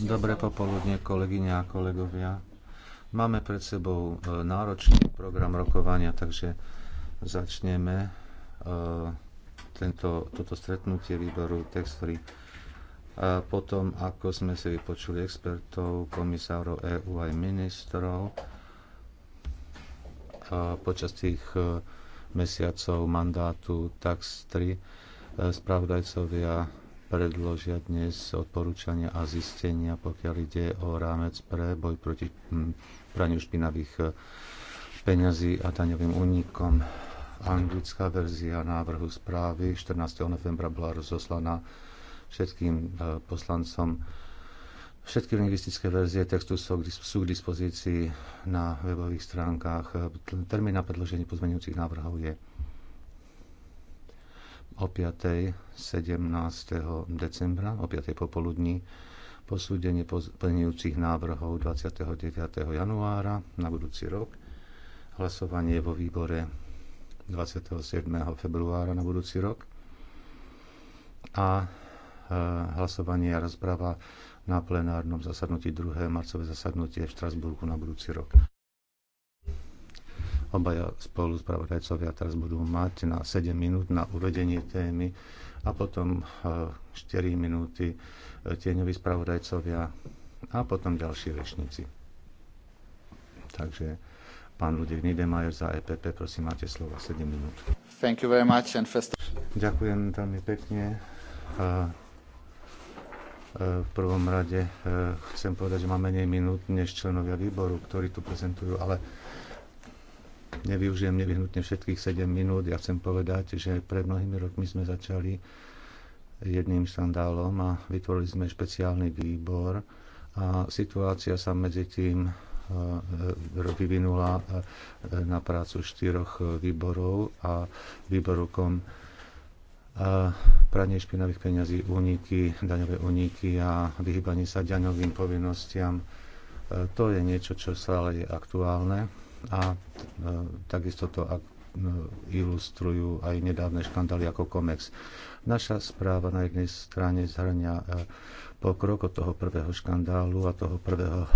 Dobré popoludne, kolegyne a kolegovia. Máme pred sebou e, náročný program rokovania, takže začneme e, tento, toto stretnutie výboru Text Free. potom, ako sme si vypočuli expertov, komisárov EU aj ministrov, e, počas tých mesiacov mandátu Tax 3 spravodajcovia predložia dnes odporúčania a zistenia, pokiaľ ide o rámec pre boj proti hm, praniu špinavých eh, peňazí a daňovým únikom. Anglická verzia návrhu správy 14. novembra bola rozoslaná všetkým eh, poslancom. Všetky lingvistické verzie textu sú, k dispozícii na webových stránkach. Termín na predloženie pozmeňujúcich návrhov je o 5. 17. decembra, o 5. popoludní, posúdenie plňujúcich návrhov 29. januára na budúci rok, hlasovanie vo výbore 27. februára na budúci rok a e, hlasovanie a rozprava na plenárnom zasadnutí 2. marcové zasadnutie v Štrasburgu na budúci rok. Obaja spolu spravodajcovia teraz budú mať na 7 minút na uvedenie témy a potom 4 eh, minúty eh, tieňoví spravodajcovia a potom ďalší rečníci. Takže pán Ludvík Niedemajer za EPP, prosím, máte slovo 7 minút. Thank you very much and first... Ďakujem veľmi pekne. Eh, v prvom rade chcem povedať, že máme menej minút než členovia výboru, ktorí tu prezentujú, ale nevyužijem nevyhnutne všetkých 7 minút. Ja chcem povedať, že pred mnohými rokmi sme začali jedným sandálom a vytvorili sme špeciálny výbor a situácia sa medzi tým eh, vyvinula eh, na prácu štyroch výborov a výboru kom eh, pranie špinavých peňazí, úniky, daňové úniky a vyhýbanie sa daňovým povinnostiam. To je niečo, čo stále je aktuálne a e, takisto to e, ilustrujú aj nedávne škandály ako COMEX. Naša správa na jednej strane zhrania e, pokrok od toho prvého škandálu a toho prvého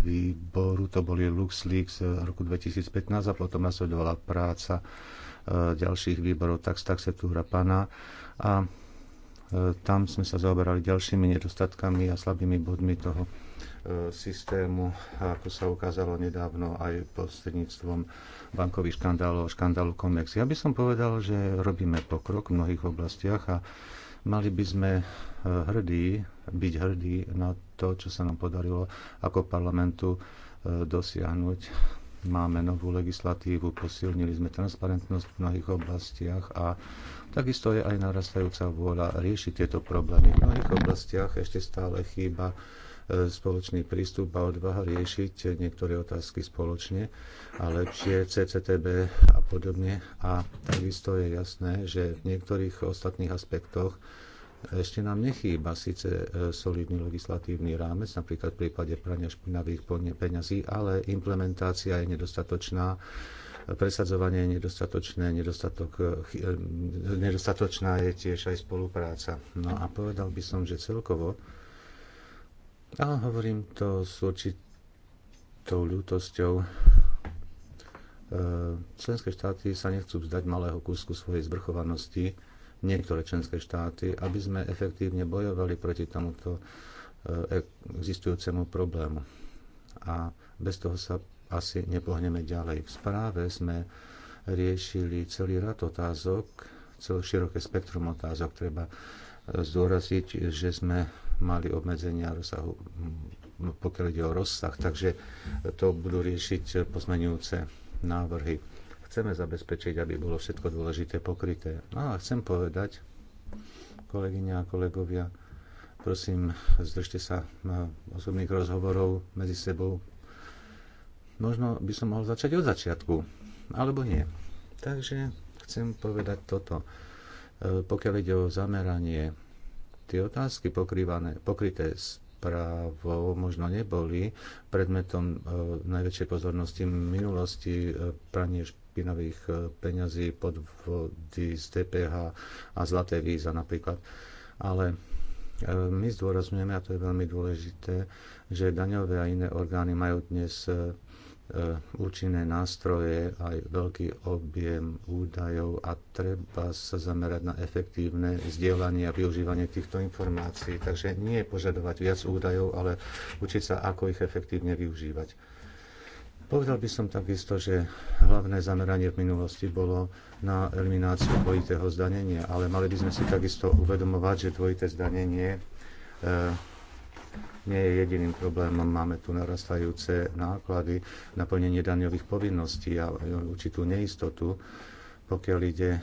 výboru. To boli LuxLeaks z roku 2015 a potom nasledovala práca ďalších výborov tax, taxetúra pana a tam sme sa zaoberali ďalšími nedostatkami a slabými bodmi toho systému, ako sa ukázalo nedávno aj prostredníctvom bankových škandálov, škandálu Comex. Ja by som povedal, že robíme pokrok v mnohých oblastiach a mali by sme eh, hrdí, byť hrdí na to, čo sa nám podarilo ako parlamentu eh, dosiahnuť. Máme novú legislatívu, posilnili sme transparentnosť v mnohých oblastiach a takisto je aj narastajúca vôľa riešiť tieto problémy. V mnohých oblastiach ešte stále chýba spoločný prístup a odvaha riešiť niektoré otázky spoločne a lepšie CCTB a podobne. A takisto je jasné, že v niektorých ostatných aspektoch ešte nám nechýba síce e, solidný legislatívny rámec, napríklad v prípade prania špinavých peňazí, ale implementácia je nedostatočná presadzovanie je nedostatočné, nedostatok, e, e, nedostatočná je tiež aj spolupráca. No a povedal by som, že celkovo a hovorím to s určitou ľútosťou. E, členské štáty sa nechcú vzdať malého kúsku svojej zvrchovanosti, niektoré členské štáty, aby sme efektívne bojovali proti tomuto e, existujúcemu problému. A bez toho sa asi nepohneme ďalej. V správe sme riešili celý rad otázok, celé široké spektrum otázok. Treba zdôraziť, že sme mali obmedzenia rozsahu, pokiaľ ide o rozsah, takže to budú riešiť pozmenujúce návrhy. Chceme zabezpečiť, aby bolo všetko dôležité pokryté. No a chcem povedať, kolegyňa a kolegovia, prosím, zdržte sa osobných rozhovorov medzi sebou. Možno by som mohol začať od začiatku, alebo nie. Takže chcem povedať toto. E, pokiaľ ide o zameranie tie otázky pokrývané, pokryté správou možno neboli predmetom e, najväčšej pozornosti minulosti minulosti e, pranie špinavých e, peňazí, podvody z DPH a zlaté víza napríklad. Ale my zdôrazňujeme, a to je veľmi dôležité, že daňové a iné orgány majú dnes E, účinné nástroje, aj veľký objem údajov a treba sa zamerať na efektívne zdieľanie a využívanie týchto informácií. Takže nie požadovať viac údajov, ale učiť sa, ako ich efektívne využívať. Povedal by som takisto, že hlavné zameranie v minulosti bolo na elimináciu dvojitého zdanenia, ale mali by sme si takisto uvedomovať, že dvojité zdanenie e, nie je jediným problémom. Máme tu narastajúce náklady na plnenie daňových povinností a určitú neistotu, pokiaľ ide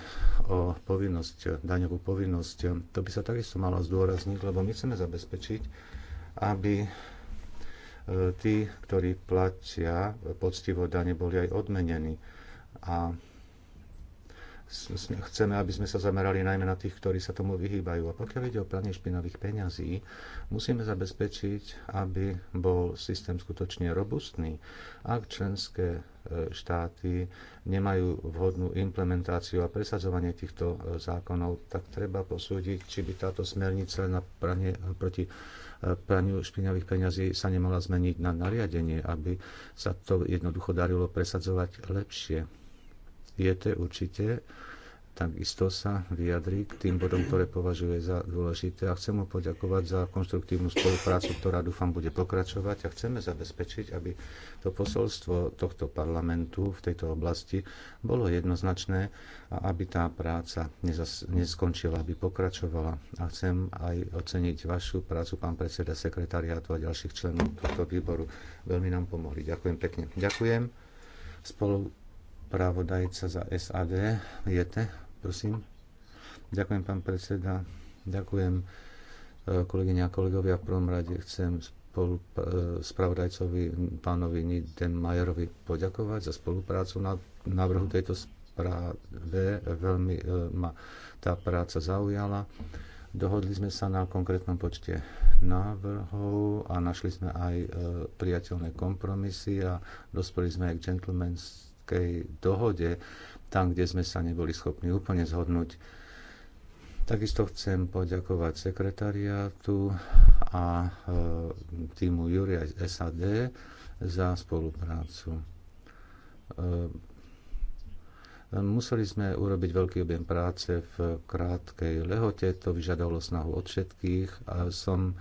o povinnosť, daňovú povinnosť. To by sa takisto malo zdôrazniť, lebo my chceme zabezpečiť, aby e, tí, ktorí platia poctivo dane, boli aj odmenení. A chceme, aby sme sa zamerali najmä na tých, ktorí sa tomu vyhýbajú. A pokiaľ ide o pranie špinavých peňazí, musíme zabezpečiť, aby bol systém skutočne robustný. Ak členské e, štáty nemajú vhodnú implementáciu a presadzovanie týchto e, zákonov, tak treba posúdiť, či by táto smernica na pranie, e, proti praniu špinavých peňazí sa nemala zmeniť na nariadenie, aby sa to jednoducho darilo presadzovať lepšie to určite takisto sa vyjadri k tým bodom, ktoré považuje za dôležité. A chcem mu poďakovať za konstruktívnu spoluprácu, ktorá dúfam bude pokračovať. A chceme zabezpečiť, aby to posolstvo tohto parlamentu v tejto oblasti bolo jednoznačné a aby tá práca neskončila, aby pokračovala. A chcem aj oceniť vašu prácu, pán predseda sekretariátu a ďalších členov tohto výboru. Veľmi nám pomohli. Ďakujem pekne. Ďakujem. Spolu spravodajca za SAD. Jete, prosím. Ďakujem, pán predseda. Ďakujem, e, kolegyne a kolegovia. V prvom rade chcem spolu, e, spravodajcovi pánovi Nidenmajerovi poďakovať za spoluprácu na návrhu tejto správe. Veľmi e, ma tá práca zaujala. Dohodli sme sa na konkrétnom počte návrhov a našli sme aj priateľné kompromisy a dospeli sme aj k gentleman's politickej dohode, tam, kde sme sa neboli schopní úplne zhodnúť. Takisto chcem poďakovať sekretariátu a e, týmu Júria SAD za spoluprácu. E, museli sme urobiť veľký objem práce v krátkej lehote, to vyžadalo snahu od všetkých a som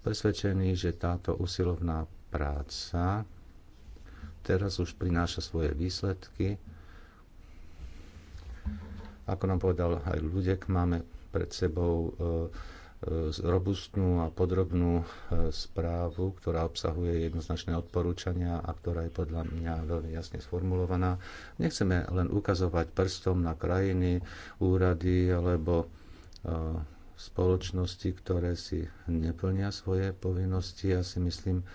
presvedčený, že táto usilovná práca teraz už prináša svoje výsledky. Ako nám povedal aj Ľudek, máme pred sebou e, e, robustnú a podrobnú e, správu, ktorá obsahuje jednoznačné odporúčania a ktorá je podľa mňa veľmi jasne sformulovaná. Nechceme len ukazovať prstom na krajiny, úrady alebo spoločnosti, ktoré si neplnia svoje povinnosti. Ja si myslím,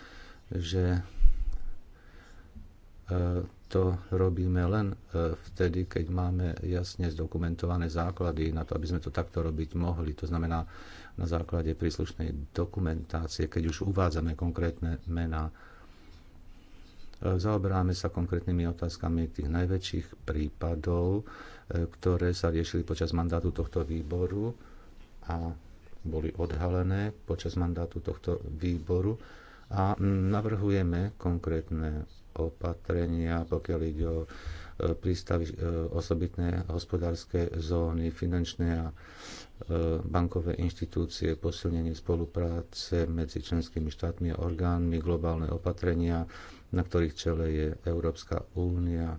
že E, to robíme len e, vtedy, keď máme jasne zdokumentované základy na to, aby sme to takto robiť mohli. To znamená na základe príslušnej dokumentácie, keď už uvádzame konkrétne mená. E, zaoberáme sa konkrétnymi otázkami tých najväčších prípadov, ktoré sa riešili počas mandátu tohto výboru a boli odhalené počas mandátu tohto výboru a navrhujeme konkrétne opatrenia, pokiaľ ide o e, prístavy, e, osobitné hospodárske zóny, finančné a e, bankové inštitúcie, posilnenie spolupráce medzi členskými štátmi a orgánmi, globálne opatrenia, na ktorých čele je Európska únia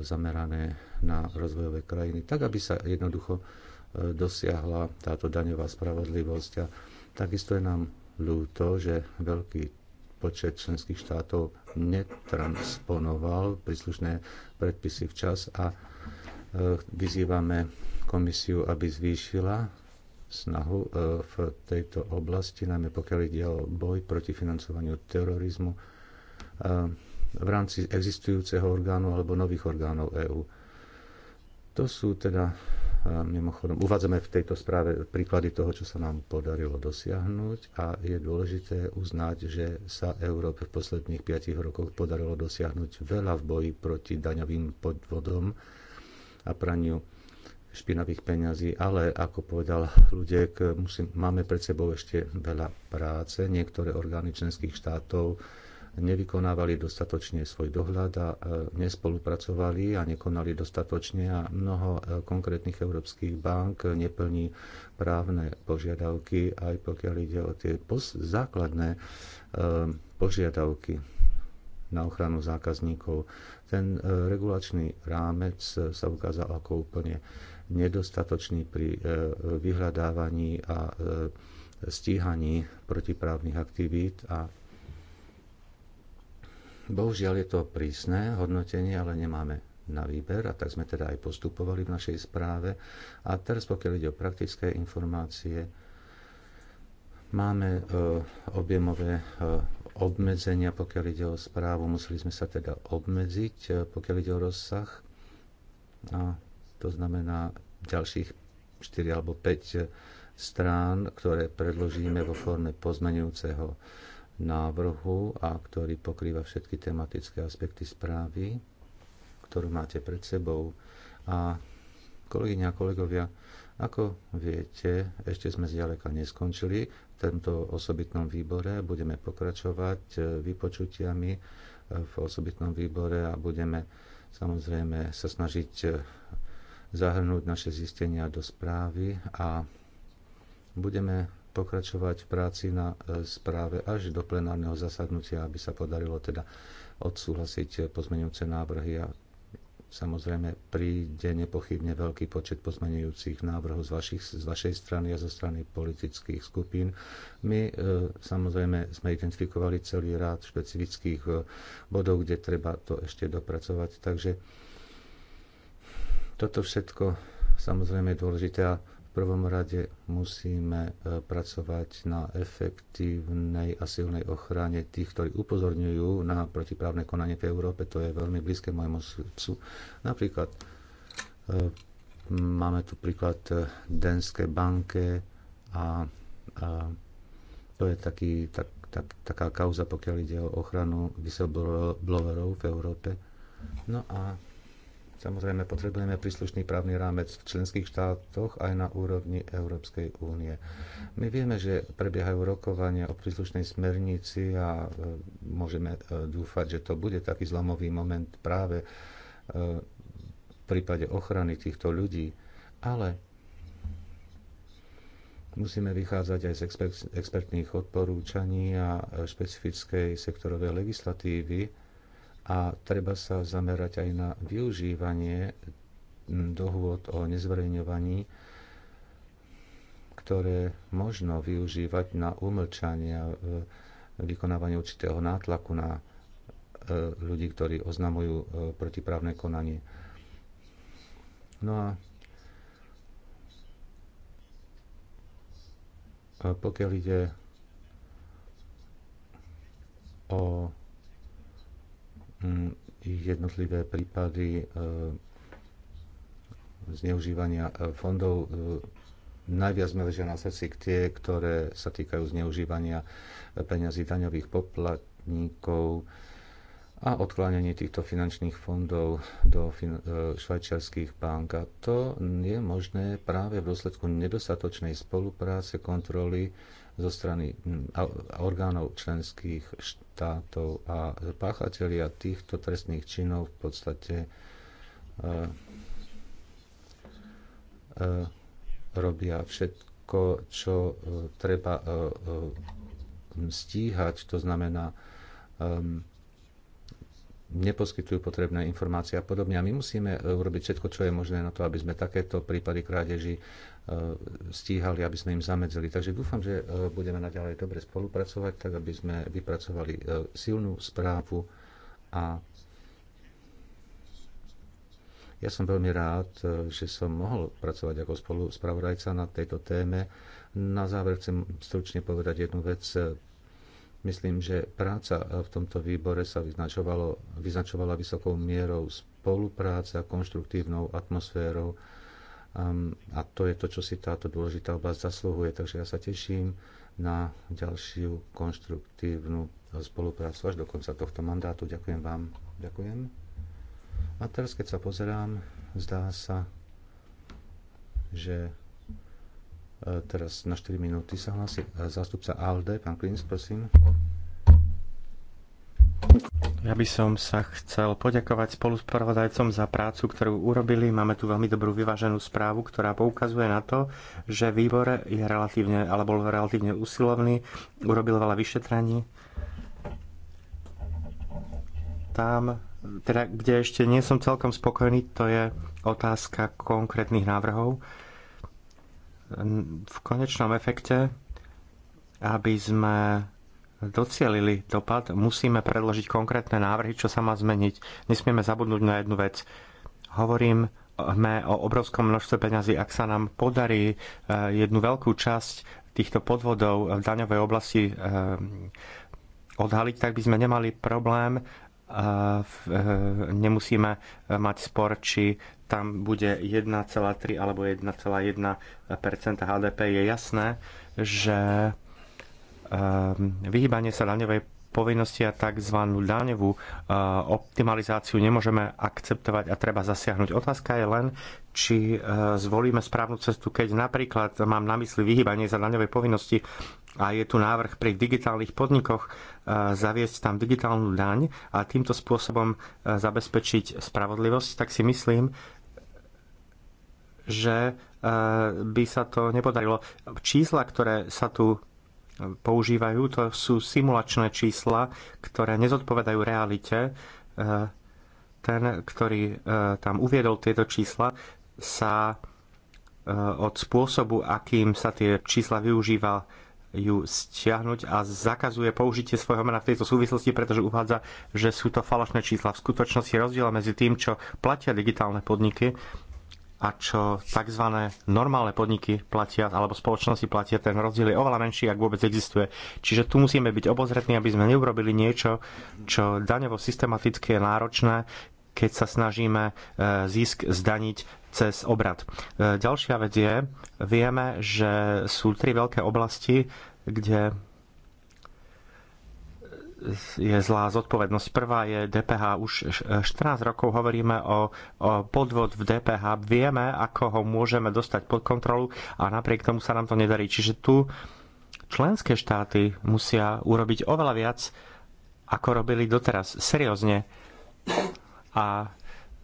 zamerané na rozvojové krajiny, tak aby sa jednoducho dosiahla táto daňová spravodlivosť. A takisto je nám ľúto, že veľký počet členských štátov netransponoval príslušné predpisy včas a e, vyzývame komisiu, aby zvýšila snahu e, v tejto oblasti, najmä pokiaľ ide o boj proti financovaniu terorizmu e, v rámci existujúceho orgánu alebo nových orgánov EÚ. To sú teda Mimochodom, uvádzame v tejto správe príklady toho, čo sa nám podarilo dosiahnuť a je dôležité uznať, že sa Európe v posledných 5 rokoch podarilo dosiahnuť veľa v boji proti daňovým podvodom a praniu špinavých peňazí, ale ako povedal ľudiek, musím, máme pred sebou ešte veľa práce. Niektoré orgány členských štátov nevykonávali dostatočne svoj dohľad a e, nespolupracovali a nekonali dostatočne a mnoho e, konkrétnych európskych bank neplní právne požiadavky, aj pokiaľ ide o tie základné e, požiadavky na ochranu zákazníkov. Ten regulačný rámec sa ukázal ako úplne nedostatočný pri vyhľadávaní a stíhaní protiprávnych aktivít a Bohužiaľ je to prísne hodnotenie, ale nemáme na výber a tak sme teda aj postupovali v našej správe. A teraz pokiaľ ide o praktické informácie, máme e, objemové e, obmedzenia, pokiaľ ide o správu. Museli sme sa teda obmedziť, e, pokiaľ ide o rozsah. A to znamená ďalších 4 alebo 5 strán, ktoré predložíme vo forme pozmenujúceho návrhu a ktorý pokrýva všetky tematické aspekty správy, ktorú máte pred sebou. A kolegyne a kolegovia, ako viete, ešte sme zďaleka neskončili v tomto osobitnom výbore. Budeme pokračovať e, vypočutiami e, v osobitnom výbore a budeme samozrejme sa snažiť e, zahrnúť naše zistenia do správy a budeme pokračovať v práci na e, správe až do plenárneho zasadnutia, aby sa podarilo teda odsúhlasiť pozmeňujúce návrhy a samozrejme príde nepochybne veľký počet pozmeňujúcich návrhov z, vašich, z vašej strany a zo strany politických skupín. My e, samozrejme sme identifikovali celý rád špecifických e, bodov, kde treba to ešte dopracovať. Takže toto všetko samozrejme je dôležité a prvom rade musíme e, pracovať na efektívnej a silnej ochrane tých, ktorí upozorňujú na protiprávne konanie v Európe. To je veľmi blízke môjmu srdcu. Napríklad e, máme tu príklad e, Denské banke a, a to je taký, tak, tak, taká kauza, pokiaľ ide o ochranu whistleblowerov v Európe. No a Samozrejme, potrebujeme príslušný právny rámec v členských štátoch aj na úrovni Európskej únie. My vieme, že prebiehajú rokovania o príslušnej smernici a e, môžeme e, dúfať, že to bude taký zlomový moment práve e, v prípade ochrany týchto ľudí. Ale musíme vychádzať aj z expertných odporúčaní a špecifickej sektorovej legislatívy, a treba sa zamerať aj na využívanie dohôd o nezverejňovaní, ktoré možno využívať na umlčanie a vykonávanie určitého nátlaku na e, ľudí, ktorí oznamujú e, protiprávne konanie. No a pokiaľ ide o Mm, jednotlivé prípady e, zneužívania e, fondov. E, najviac sme ležia na srdci tie, ktoré sa týkajú zneužívania peňazí daňových poplatníkov a odkláňanie týchto finančných fondov do fin- e, švajčiarských bank. A to je možné práve v dôsledku nedostatočnej spolupráce, kontroly zo strany orgánov členských štátov a páchatelia týchto trestných činov v podstate uh, uh, robia všetko, čo uh, treba stíhať. To znamená, um, neposkytujú potrebné informácie a podobne. A my musíme e, urobiť všetko, čo je možné na to, aby sme takéto prípady krádeží e, stíhali, aby sme im zamedzili. Takže dúfam, že e, budeme naďalej dobre spolupracovať, tak aby sme vypracovali silnú správu a ja som veľmi rád, že som mohol pracovať ako spolu spravodajca na tejto téme. Na záver chcem stručne povedať jednu vec. Myslím, že práca e, v tomto výbore sa vyznačovala vysokou mierou spolupráce a konštruktívnou atmosférou. A to je to, čo si táto dôležitá oblasť zasluhuje. Takže ja sa teším na ďalšiu konštruktívnu spoluprácu až do konca tohto mandátu. Ďakujem vám. Ďakujem. A teraz, keď sa pozerám, zdá sa, že E, teraz na 4 minúty sa hlási e, zástupca ALDE, pán Klins, prosím. Ja by som sa chcel poďakovať spoluspravodajcom za prácu, ktorú urobili. Máme tu veľmi dobrú vyváženú správu, ktorá poukazuje na to, že výbor je relatívne, ale bol relatívne usilovný, urobil veľa vyšetraní. Tam, teda, kde ešte nie som celkom spokojný, to je otázka konkrétnych návrhov v konečnom efekte, aby sme docielili dopad, musíme predložiť konkrétne návrhy, čo sa má zmeniť. Nesmieme zabudnúť na jednu vec. Hovorím sme hm, o obrovskom množstve peňazí, ak sa nám podarí e, jednu veľkú časť týchto podvodov v daňovej oblasti e, odhaliť, tak by sme nemali problém Eh, nemusíme mať spor, či tam bude 1,3 alebo 1,1 HDP. Je jasné, že eh, vyhýbanie sa daňovej povinnosti a tzv. daňovú eh, optimalizáciu nemôžeme akceptovať a treba zasiahnuť. Otázka je len, či eh, zvolíme správnu cestu, keď napríklad mám na mysli vyhýbanie za daňovej povinnosti a je tu návrh pri digitálnych podnikoch eh, zaviesť tam digitálnu daň a týmto spôsobom zabezpečiť spravodlivosť, tak si myslím, že by sa to nepodarilo. Čísla, ktoré sa tu používajú, to sú simulačné čísla, ktoré nezodpovedajú realite. E, ten, ktorý e, tam uviedol tieto čísla, sa e, od spôsobu, akým sa tie čísla využíva, ju stiahnuť a zakazuje použitie svojho mena v tejto súvislosti, pretože uvádza, že sú to falošné čísla. V skutočnosti rozdiel medzi tým, čo platia digitálne podniky a čo tzv. normálne podniky platia alebo spoločnosti platia, ten rozdiel je oveľa menší, ak vôbec existuje. Čiže tu musíme byť obozretní, aby sme neurobili niečo, čo daňovo systematicky je náročné, keď sa snažíme e, zisk zdaniť cez obrad. E, ďalšia vec je, vieme, že sú tri veľké oblasti, kde je zlá zodpovednosť. Prvá je DPH. Už 14 rokov hovoríme o, o podvod v DPH. Vieme, ako ho môžeme dostať pod kontrolu a napriek tomu sa nám to nedarí. Čiže tu členské štáty musia urobiť oveľa viac, ako robili doteraz. Seriózne. A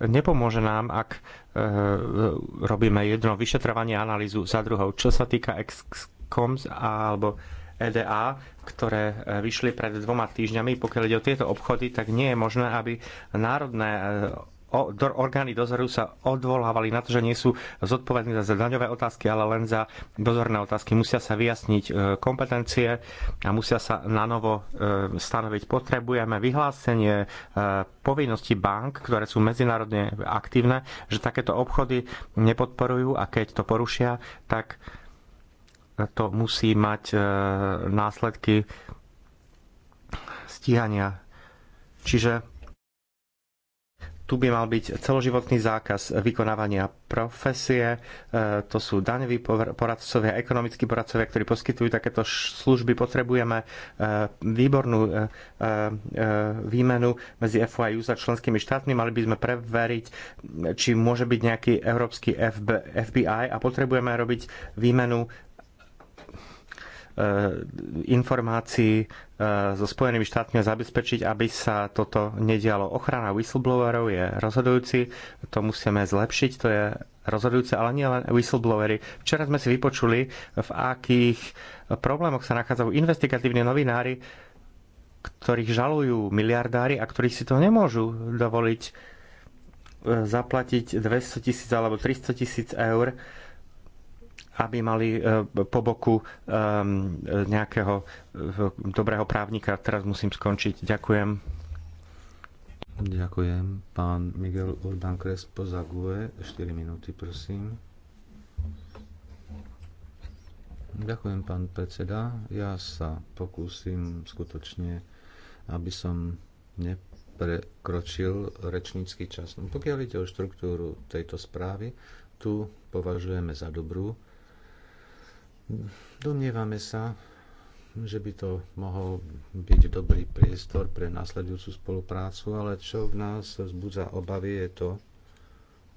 nepomôže nám, ak e, robíme jedno vyšetrovanie analýzu za druhou. Čo sa týka ex alebo EDA, ktoré e, vyšli pred dvoma týždňami. Pokiaľ ide o tieto obchody, tak nie je možné, aby národné e, orgány dozoru sa odvolávali na to, že nie sú zodpovední za daňové otázky, ale len za dozorné otázky. Musia sa vyjasniť e, kompetencie a musia sa na novo stanoviť. Potrebujeme vyhlásenie povinnosti bank, ktoré sú medzinárodne aktívne, že takéto obchody nepodporujú a keď to porušia, tak to musí mať e, následky stíhania. Čiže tu by mal byť celoživotný zákaz vykonávania profesie. E, to sú daňoví poradcovia, ekonomickí poradcovia, ktorí poskytujú takéto služby. Potrebujeme e, výbornú výmenu medzi FOIU a členskými štátmi. Mali by sme preveriť, či môže byť nejaký európsky FBI a potrebujeme robiť výmenu Eh, informácií eh, so Spojenými štátmi a zabezpečiť, aby sa toto nedialo. Ochrana whistleblowerov je rozhodujúci, to musíme zlepšiť, to je rozhodujúce, ale nie len whistleblowery. Včera sme si vypočuli, v akých problémoch sa nachádzajú investigatívni novinári, ktorých žalujú miliardári a ktorí si to nemôžu dovoliť eh, zaplatiť 200 tisíc alebo 300 tisíc eur aby mali e, po boku e, nejakého e, dobrého právnika. Teraz musím skončiť. Ďakujem. Ďakujem. Pán Miguel Urban Crespo za GUE. 4 minúty, prosím. Ďakujem, pán predseda. Ja sa pokúsim skutočne, aby som neprekročil rečnícky čas. Pokiaľ ide o štruktúru tejto správy, tu považujeme za dobrú Domnievame sa, že by to mohol byť dobrý priestor pre následujúcu spoluprácu, ale čo v nás vzbudza obavy je to,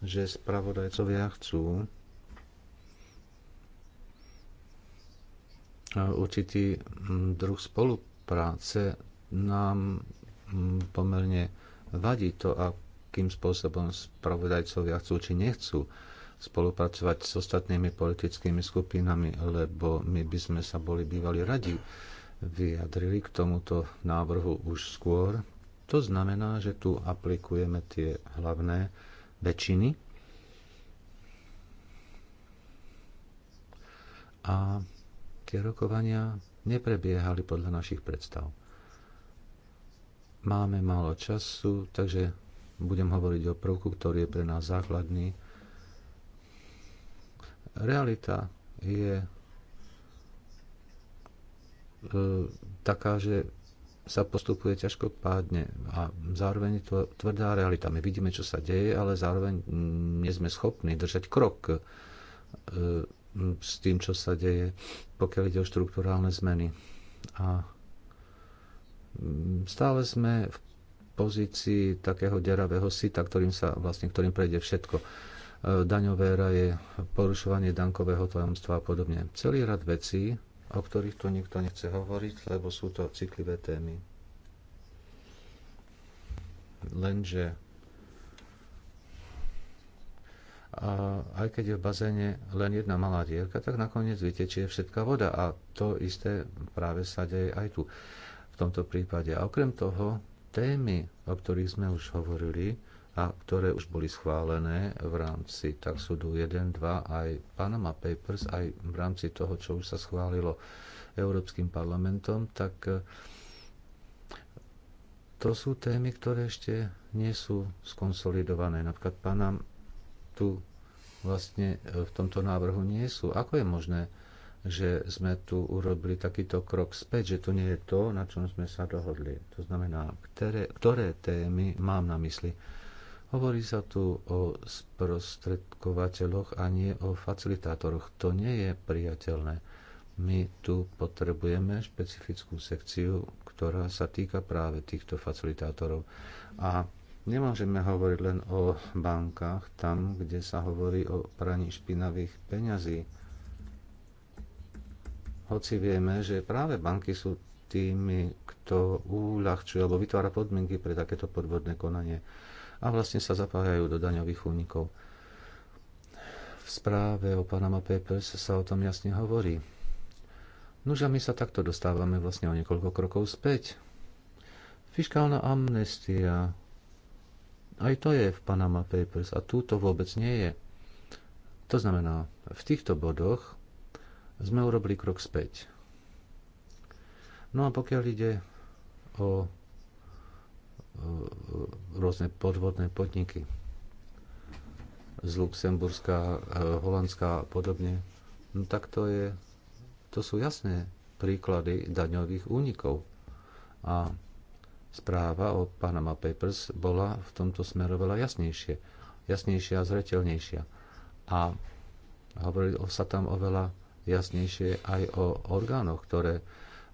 že spravodajcovia chcú určitý druh spolupráce nám pomerne vadí to, akým spôsobom spravodajcovia chcú či nechcú spolupracovať s ostatnými politickými skupinami, lebo my by sme sa boli bývali radi vyjadrili k tomuto návrhu už skôr. To znamená, že tu aplikujeme tie hlavné väčšiny. A tie rokovania neprebiehali podľa našich predstav. Máme málo času, takže budem hovoriť o prvku, ktorý je pre nás základný Realita je e, taká, že sa postupuje ťažko pádne a zároveň je to tvrdá realita. My vidíme, čo sa deje, ale zároveň nie sme schopní držať krok e, s tým, čo sa deje, pokiaľ ide o štruktúrálne zmeny. A stále sme v pozícii takého deravého syta, ktorým sa vlastne, ktorým prejde všetko. E, daňové raje, porušovanie dankového tajomstva a podobne. Celý rad vecí, o ktorých tu nikto nechce hovoriť, lebo sú to citlivé témy. Lenže a aj keď je v bazéne len jedna malá dierka, tak nakoniec vytečie všetká voda a to isté práve sa deje aj tu v tomto prípade. A okrem toho, témy, o ktorých sme už hovorili, a ktoré už boli schválené v rámci Taxudu 1, 2, aj Panama Papers, aj v rámci toho, čo už sa schválilo Európskym parlamentom, tak e, to sú témy, ktoré ešte nie sú skonsolidované. Napríklad Panam tu vlastne e, v tomto návrhu nie sú. Ako je možné, že sme tu urobili takýto krok späť, že to nie je to, na čom sme sa dohodli. To znamená, ktoré, ktoré témy mám na mysli Hovorí sa tu o sprostredkovateľoch a nie o facilitátoroch. To nie je priateľné. My tu potrebujeme špecifickú sekciu, ktorá sa týka práve týchto facilitátorov. A nemôžeme hovoriť len o bankách, tam, kde sa hovorí o praní špinavých peňazí. Hoci vieme, že práve banky sú tými, kto uľahčuje alebo vytvára podmienky pre takéto podvodné konanie a vlastne sa zapájajú do daňových únikov. V správe o Panama Papers sa o tom jasne hovorí. Nuž a my sa takto dostávame vlastne o niekoľko krokov späť. Fiskálna amnestia. Aj to je v Panama Papers a tu to vôbec nie je. To znamená, v týchto bodoch sme urobili krok späť. No a pokiaľ ide o E, e, rôzne podvodné podniky z Luxemburska, e, Holandska a podobne. No tak to, je, to sú jasné príklady daňových únikov. A správa o Panama Papers bola v tomto smeru veľa jasnejšie, jasnejšia a zretelnejšia. A hovorilo sa tam oveľa jasnejšie aj o orgánoch, ktoré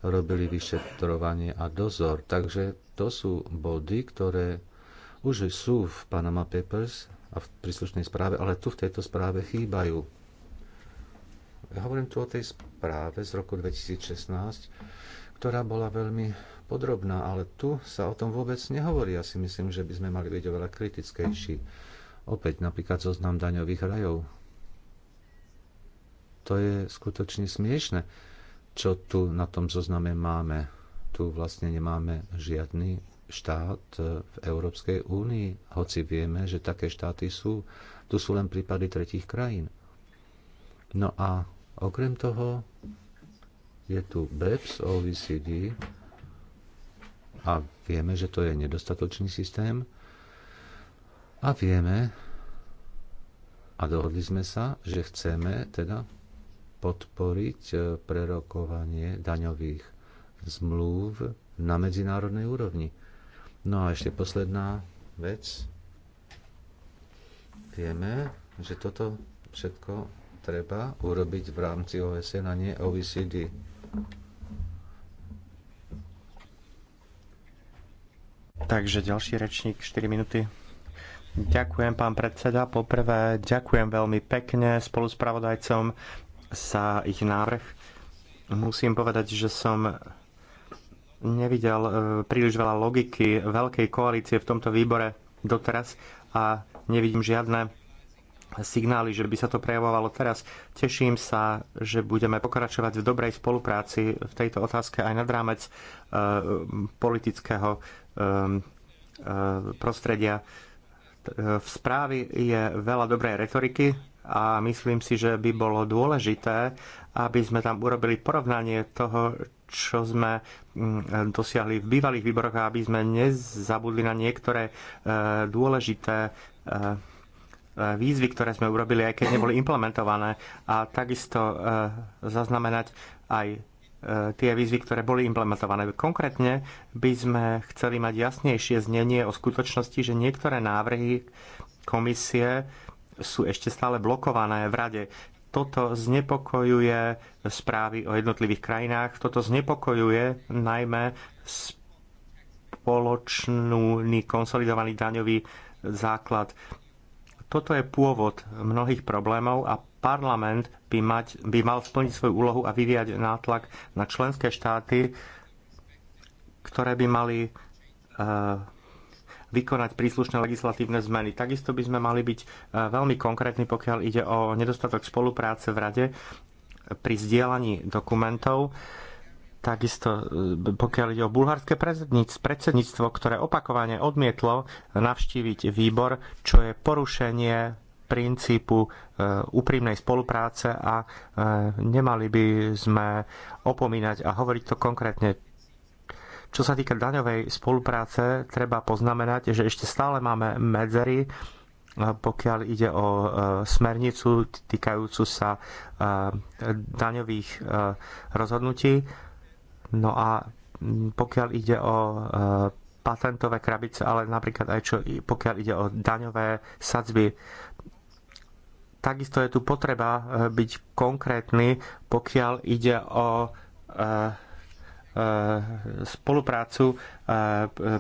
robili vyšetrovanie a dozor. Takže to sú body, ktoré už sú v Panama Papers a v príslušnej správe, ale tu v tejto správe chýbajú. Ja hovorím tu o tej správe z roku 2016, ktorá bola veľmi podrobná, ale tu sa o tom vôbec nehovorí. Ja si myslím, že by sme mali byť oveľa kritickejší. Opäť napríklad zoznam daňových rajov. To je skutočne smiešne čo tu na tom zozname máme. Tu vlastne nemáme žiadny štát e, v Európskej únii, hoci vieme, že také štáty sú. Tu sú len prípady tretich krajín. No a okrem toho je tu BEPS, OECD a vieme, že to je nedostatočný systém a vieme a dohodli sme sa, že chceme teda podporiť e, prerokovanie daňových zmluv na medzinárodnej úrovni. No a ešte posledná vec. Vieme, že toto všetko treba urobiť v rámci OSN a nie OECD. Takže ďalší rečník, 4 minúty. Ďakujem, pán predseda. Poprvé, ďakujem veľmi pekne spoluspravodajcom sa ich návrh. Musím povedať, že som nevidel e, príliš veľa logiky veľkej koalície v tomto výbore doteraz a nevidím žiadne signály, že by sa to prejavovalo teraz. Teším sa, že budeme pokračovať v dobrej spolupráci v tejto otázke aj nad rámec e, politického e, prostredia. V správy je veľa dobrej retoriky, a myslím si, že by bolo dôležité, aby sme tam urobili porovnanie toho, čo sme mm, dosiahli v bývalých výboroch a aby sme nezabudli na niektoré e, dôležité e, e, výzvy, ktoré sme urobili, aj keď neboli implementované a takisto zaznamenať aj tie výzvy, ktoré boli implementované. Konkrétne by sme chceli mať jasnejšie znenie o skutočnosti, že niektoré návrhy komisie sú ešte stále blokované v rade. Toto znepokojuje správy o jednotlivých krajinách, toto znepokojuje najmä spoločný konsolidovaný daňový základ. Toto je pôvod mnohých problémov a parlament by, mať, by mal splniť svoju úlohu a vyvíjať nátlak na členské štáty, ktoré by mali uh, vykonať príslušné legislatívne zmeny. Takisto by sme mali byť e, veľmi konkrétni, pokiaľ ide o nedostatok spolupráce v Rade pri zdieľaní dokumentov. Takisto, e, pokiaľ ide o bulharské predsedníctvo, ktoré opakovane odmietlo navštíviť výbor, čo je porušenie princípu e, úprimnej spolupráce a nemali by sme opomínať a hovoriť to konkrétne čo sa týka daňovej spolupráce, treba poznamenať, že ešte stále máme medzery, e, pokiaľ ide o e, smernicu týkajúcu sa e, daňových rozhodnutí. No a pokiaľ ide o patentové krabice, ale napríklad aj čo, pokiaľ ide o daňové sadzby. Takisto je tu potreba byť konkrétny, pokiaľ ide o E, spoluprácu, e,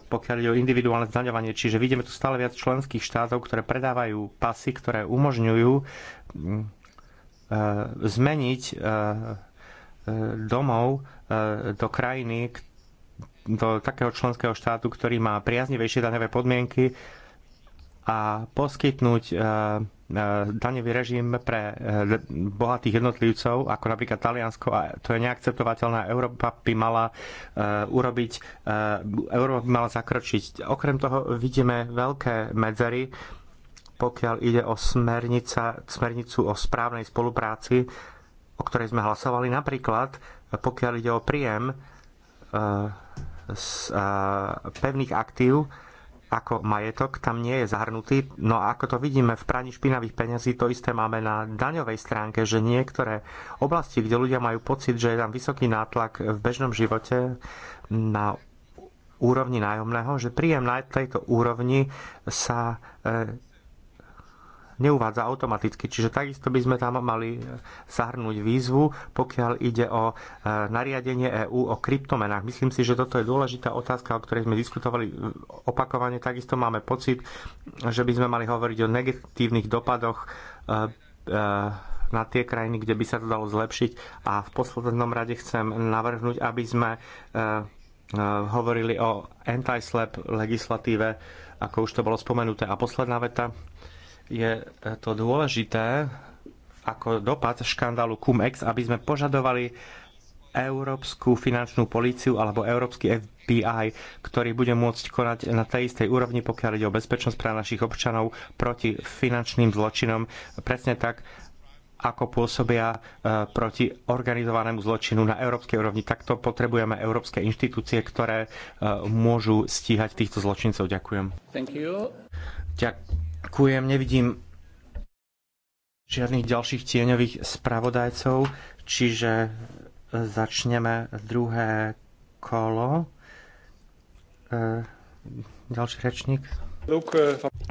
pokiaľ ide o individuálne zdaňovanie. Čiže vidíme tu stále viac členských štátov, ktoré predávajú pasy, ktoré umožňujú e, zmeniť domov do krajiny, do takého členského štátu, ktorý má priaznivejšie daňové podmienky a poskytnúť e, e, daňový režim pre e, bohatých jednotlivcov, ako napríklad Taliansko, a to je neakceptovateľné. Európa by mala urobiť, Európa by mala zakročiť. Okrem toho vidíme veľké medzery, pokiaľ ide o smernica, smernicu o správnej spolupráci, o ktorej sme hlasovali. Napríklad, pokiaľ ide o príjem z pevných aktív, ako majetok tam nie je zahrnutý. No a ako to vidíme v praní špinavých peňazí, to isté máme na daňovej stránke, že niektoré oblasti, kde ľudia majú pocit, že je tam vysoký nátlak v bežnom živote na úrovni nájomného, že príjem na tejto úrovni sa e, neuvádza automaticky. Čiže takisto by sme tam mali e, zahrnúť výzvu, pokiaľ ide o e, nariadenie EÚ o kryptomenách. Myslím si, že toto je dôležitá otázka, o ktorej sme diskutovali e, opakovane. Takisto máme pocit, že by sme mali hovoriť o negatívnych dopadoch na tie krajiny, kde by sa to dalo zlepšiť. A v poslednom rade chcem navrhnúť, aby sme hovorili o anti-slap legislatíve, ako už to bolo spomenuté. A posledná veta, je to dôležité ako dopad škandálu Ex, aby sme požadovali Európsku finančnú políciu alebo Európsky FBI, ktorý bude môcť konať na tej istej úrovni, pokiaľ ide o bezpečnosť pre našich občanov proti finančným zločinom. Presne tak, ako pôsobia e, proti organizovanému zločinu na európskej úrovni. Takto potrebujeme európske inštitúcie, ktoré e, môžu stíhať týchto zločincov. Ďakujem. Thank you. Ďakujem. Ďakujem, nevidím žiadnych ďalších tieňových spravodajcov, čiže e, začneme druhé kolo. E, ďalší rečník.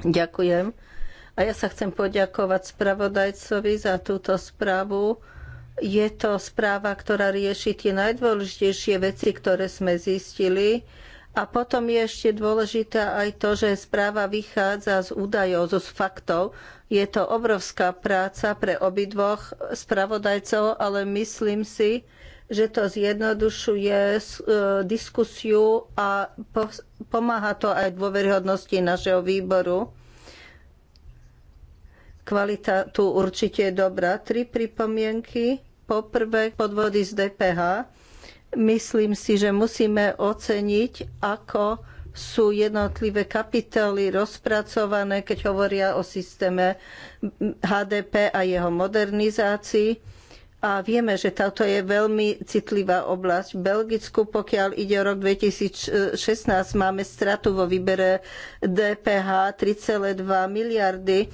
Ďakujem. A ja sa chcem poďakovať spravodajcovi za túto správu. Je to správa, ktorá rieši tie najdôležitejšie veci, ktoré sme zistili a potom je ešte dôležité aj to, že správa vychádza z údajov, zo faktov. Je to obrovská práca pre obidvoch spravodajcov, ale myslím si, že to zjednodušuje e, diskusiu a pomáha to aj dôveryhodnosti našeho výboru. Kvalita tu určite je dobrá. Tri pripomienky. Poprvé podvody z DPH Myslím si, že musíme oceniť, ako sú jednotlivé kapitoly rozpracované, keď hovoria o systéme HDP a jeho modernizácii. A vieme, že táto je veľmi citlivá oblasť. V Belgicku, pokiaľ ide o rok 2016, máme stratu vo výbere DPH 3,2 miliardy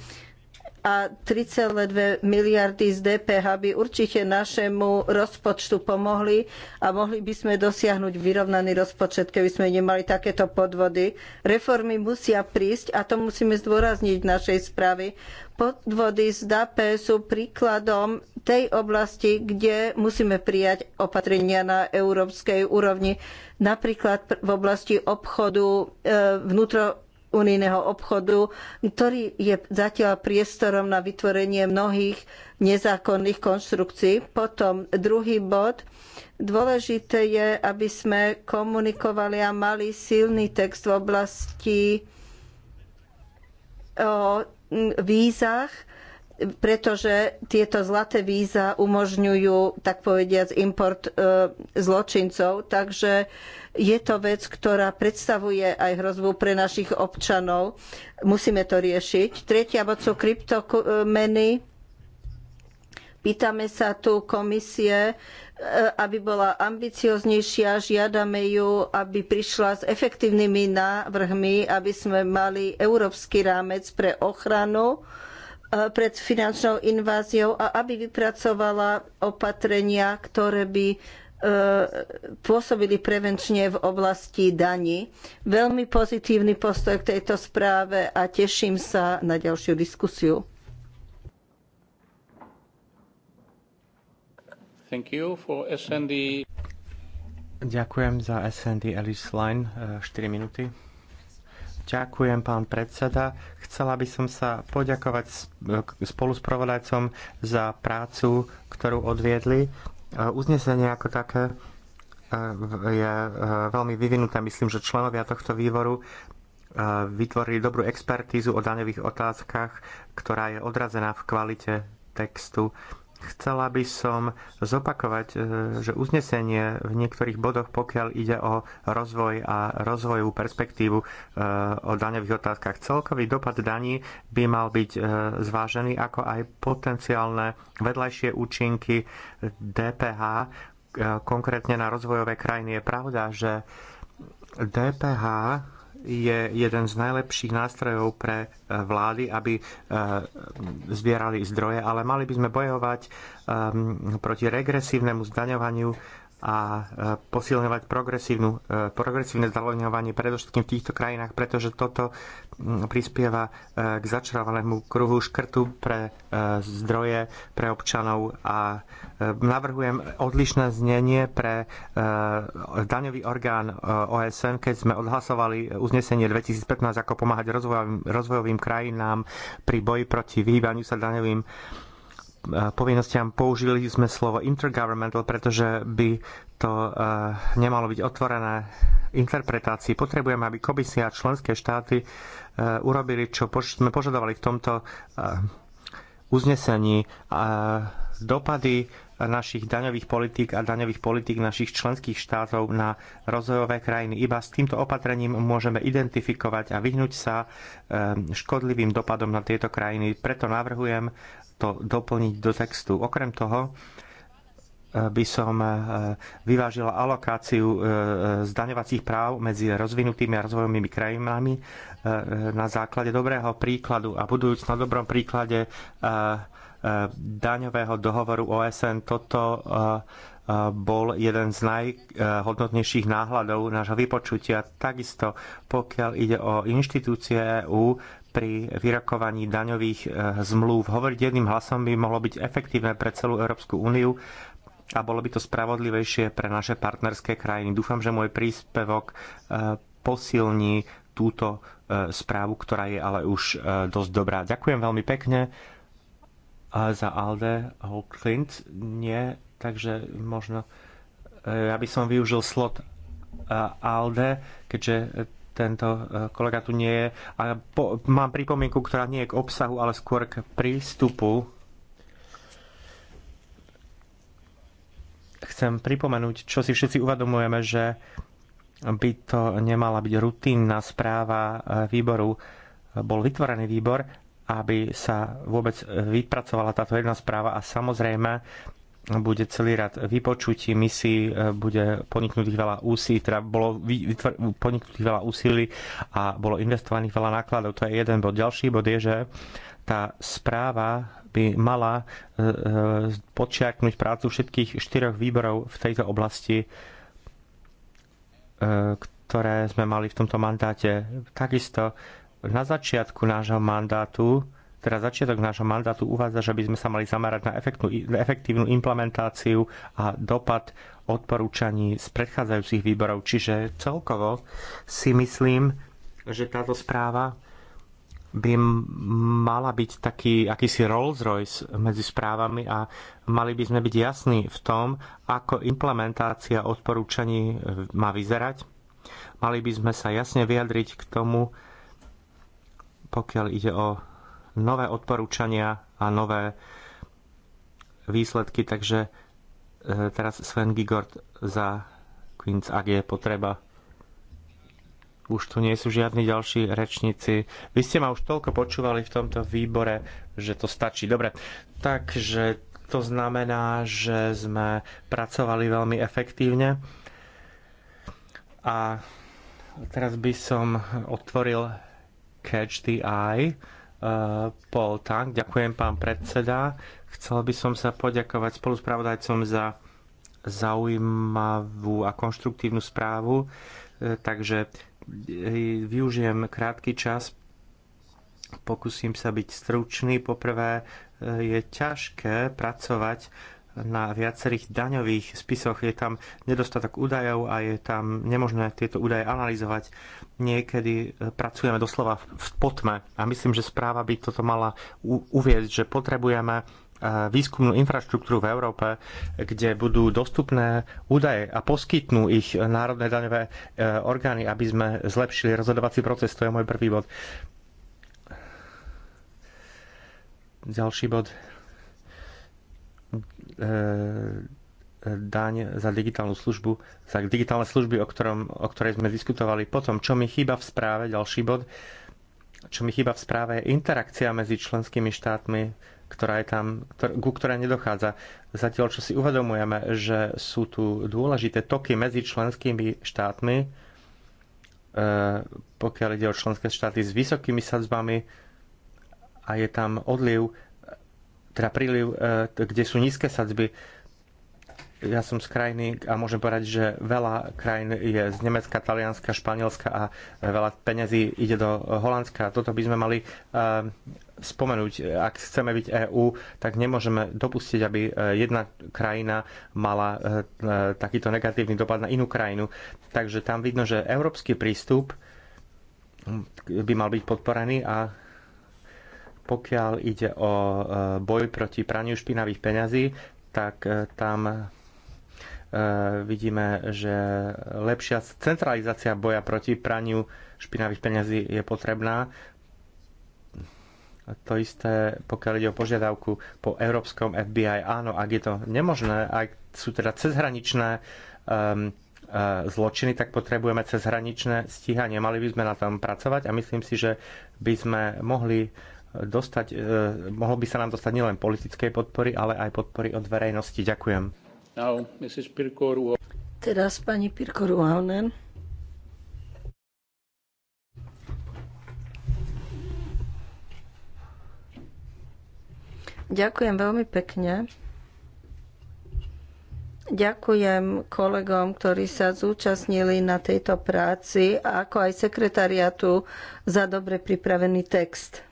a 3,2 miliardy z DPH by určite našemu rozpočtu pomohli a mohli by sme dosiahnuť vyrovnaný rozpočet, keby sme nemali takéto podvody. Reformy musia prísť a to musíme zdôrazniť v našej správe. Podvody z DAP sú príkladom tej oblasti, kde musíme prijať opatrenia na európskej úrovni, napríklad v oblasti obchodu e, vnútro unijného obchodu, ktorý je zatiaľ priestorom na vytvorenie mnohých nezákonných konštrukcií. Potom druhý bod. Dôležité je, aby sme komunikovali a mali silný text v oblasti o vízach, pretože tieto zlaté víza umožňujú, tak povediať import e, zločincov. Takže je to vec, ktorá predstavuje aj hrozbu pre našich občanov. Musíme to riešiť. Tretia vec sú kryptomeny. Pýtame sa tu komisie, e, aby bola ambicioznejšia, žiadame ju, aby prišla s efektívnymi návrhmi, aby sme mali európsky rámec pre ochranu e, pred finančnou inváziou a aby vypracovala opatrenia, ktoré by E, pôsobili prevenčne v oblasti daní. Veľmi pozitívny postoj k tejto správe a teším sa na ďalšiu diskusiu. Ďakujem za SND Alice Line, 4 e, minúty. Ďakujem, pán predseda. Chcela by som sa poďakovať spolu s e, provodajcom za prácu, ktorú odviedli Uznesenie ako také e, je e, veľmi vyvinuté. Myslím, že členovia tohto výboru e, vytvorili dobrú expertízu o daňových otázkach, ktorá je odrazená v kvalite textu Chcela by som zopakovať, e, že uznesenie v niektorých bodoch, pokiaľ ide o rozvoj a rozvojovú perspektívu e, o daňových otázkach, celkový dopad daní by mal byť e, zvážený, ako aj potenciálne vedľajšie účinky DPH, konkrétne na rozvojové krajiny. Je pravda, že DPH je jeden z najlepších nástrojov pre e, vlády, aby e, zbierali zdroje, ale mali by sme bojovať e, proti regresívnemu zdaňovaniu a e, posilňovať progresívnu, e, progresívne zdaľovňovanie predovšetkým v týchto krajinách, pretože toto prispieva e, k začarovanému kruhu škrtu pre zdroje, pre občanov a navrhujem odlišné znenie pre daňový orgán OSN, keď sme odhlasovali uznesenie 2015, ako pomáhať rozvojovým, rozvojovým krajinám pri boji proti vyhýbaniu sa daňovým povinnostiam použili sme slovo intergovernmental, pretože by to e, nemalo byť otvorené interpretácii. Potrebujeme, aby komisia a členské štáty e, urobili, čo sme požadovali v tomto e, uznesení. Dopady našich daňových politík a daňových politík našich členských štátov na rozvojové krajiny. Iba s týmto opatrením môžeme identifikovať a vyhnúť sa škodlivým dopadom na tieto krajiny. Preto navrhujem, to doplniť do textu. Okrem toho e, by som e, vyvážila alokáciu e, zdaňovacích práv medzi rozvinutými a rozvojovými krajinami na základe dobrého príkladu a budujúc na dobrom príklade daňového dohovoru OSN. Toto bol jeden z najhodnotnejších náhľadov nášho vypočutia. Takisto, pokiaľ ide o inštitúcie EÚ, pri vyrokovaní daňových e, zmluv. Hovoriť jedným hlasom by mohlo byť efektívne pre celú Európsku úniu a bolo by to spravodlivejšie pre naše partnerské krajiny. Dúfam, že môj príspevok e, posilní túto e, správu, ktorá je ale už dosť dobrá. Ďakujem veľmi pekne za Alde Clint. Nie, takže možno ja by som využil slot Alde, keďže tento e, kolega tu nie je. A po, mám pripomienku, ktorá nie je k obsahu, ale skôr k prístupu. Chcem pripomenúť, čo si všetci uvedomujeme, že by to nemala byť rutínna správa e, výboru. Bol vytvorený výbor, aby sa vôbec e, vypracovala táto jedna správa a samozrejme bude celý rad vypočutí, misií, e, bude poniknutých veľa úsilí, teda bolo poniknutých veľa úsilí a bolo investovaných veľa nákladov. To je jeden bod. Ďalší bod je, že tá správa by mala e, e, podčiarknúť prácu všetkých štyroch výborov v tejto oblasti, ktoré sme mali v tomto mandáte. Takisto na začiatku nášho mandátu Teraz začiatok nášho mandátu uvádza, že by sme sa mali zamerať na efektnú, efektívnu implementáciu a dopad odporúčaní z predchádzajúcich výborov. Čiže celkovo si myslím, že táto správa by mala byť taký akýsi Rolls Royce medzi správami a mali by sme byť jasní v tom, ako implementácia odporúčaní e, má vyzerať. Mali by sme sa jasne vyjadriť k tomu, pokiaľ ide o nové odporúčania a nové výsledky, takže e, teraz Sven Gigord za Queens, ak je potreba. Už tu nie sú žiadni ďalší rečníci. Vy ste ma už toľko počúvali v tomto výbore, že to stačí. Dobre, takže to znamená, že sme pracovali veľmi efektívne. A teraz by som otvoril Catch the Eye Eh, Paul Ďakujem, pán predseda. Chcel by som sa poďakovať spoluspravodajcom za zaujímavú a konštruktívnu správu. Eh, takže eh, využijem krátky čas. Pokúsim sa byť stručný. Poprvé, je ťažké pracovať na viacerých daňových spisoch. Je tam nedostatok údajov a je tam nemožné tieto údaje analyzovať. Niekedy e, pracujeme doslova v potme a myslím, že správa by toto mala uvieť, že potrebujeme e, výskumnú infraštruktúru v Európe, kde budú dostupné údaje a poskytnú ich národné daňové e, orgány, aby sme zlepšili rozhodovací proces. To je môj prvý bod. Ďalší bod. Eh, eh, daň za digitálnu službu, za digitálne služby, o, ktorom, o ktorej sme diskutovali potom. Čo mi chýba v správe, ďalší bod, čo mi chýba v správe je interakcia medzi členskými štátmi, ktorá je tam, ktor, ku ktorej nedochádza. Zatiaľ, čo si uvedomujeme, že sú tu dôležité toky medzi členskými štátmi, e, pokiaľ ide o členské štáty s vysokými sadzbami a je tam odliv teda príliv, e, kde sú nízke sadzby. Ja som z krajiny a môžem povedať, že veľa krajín je z Nemecka, Talianska, Španielska a veľa peňazí ide do Holandska. Toto by sme mali e, spomenúť. Ak chceme byť EÚ, tak nemôžeme dopustiť, aby e, jedna krajina mala takýto negatívny dopad na inú krajinu. Takže tam vidno, že európsky prístup by mal byť podporený a pokiaľ ide o e, boj proti praniu špinavých peňazí, tak e, tam e, vidíme, že lepšia centralizácia boja proti praniu špinavých peňazí je potrebná. To isté, pokiaľ ide o požiadavku po európskom FBI, áno, ak je to nemožné, ak sú teda cezhraničné um, zločiny, tak potrebujeme cezhraničné stíhanie. Mali by sme na tom pracovať a myslím si, že by sme mohli dostať, e, mohlo by sa nám dostať nielen politickej podpory, ale aj podpory od verejnosti. Ďakujem. Now, Mrs. Teraz pani Pirko Ruhonen. Ďakujem veľmi pekne. Ďakujem kolegom, ktorí sa zúčastnili na tejto práci, ako aj sekretariatu za dobre pripravený text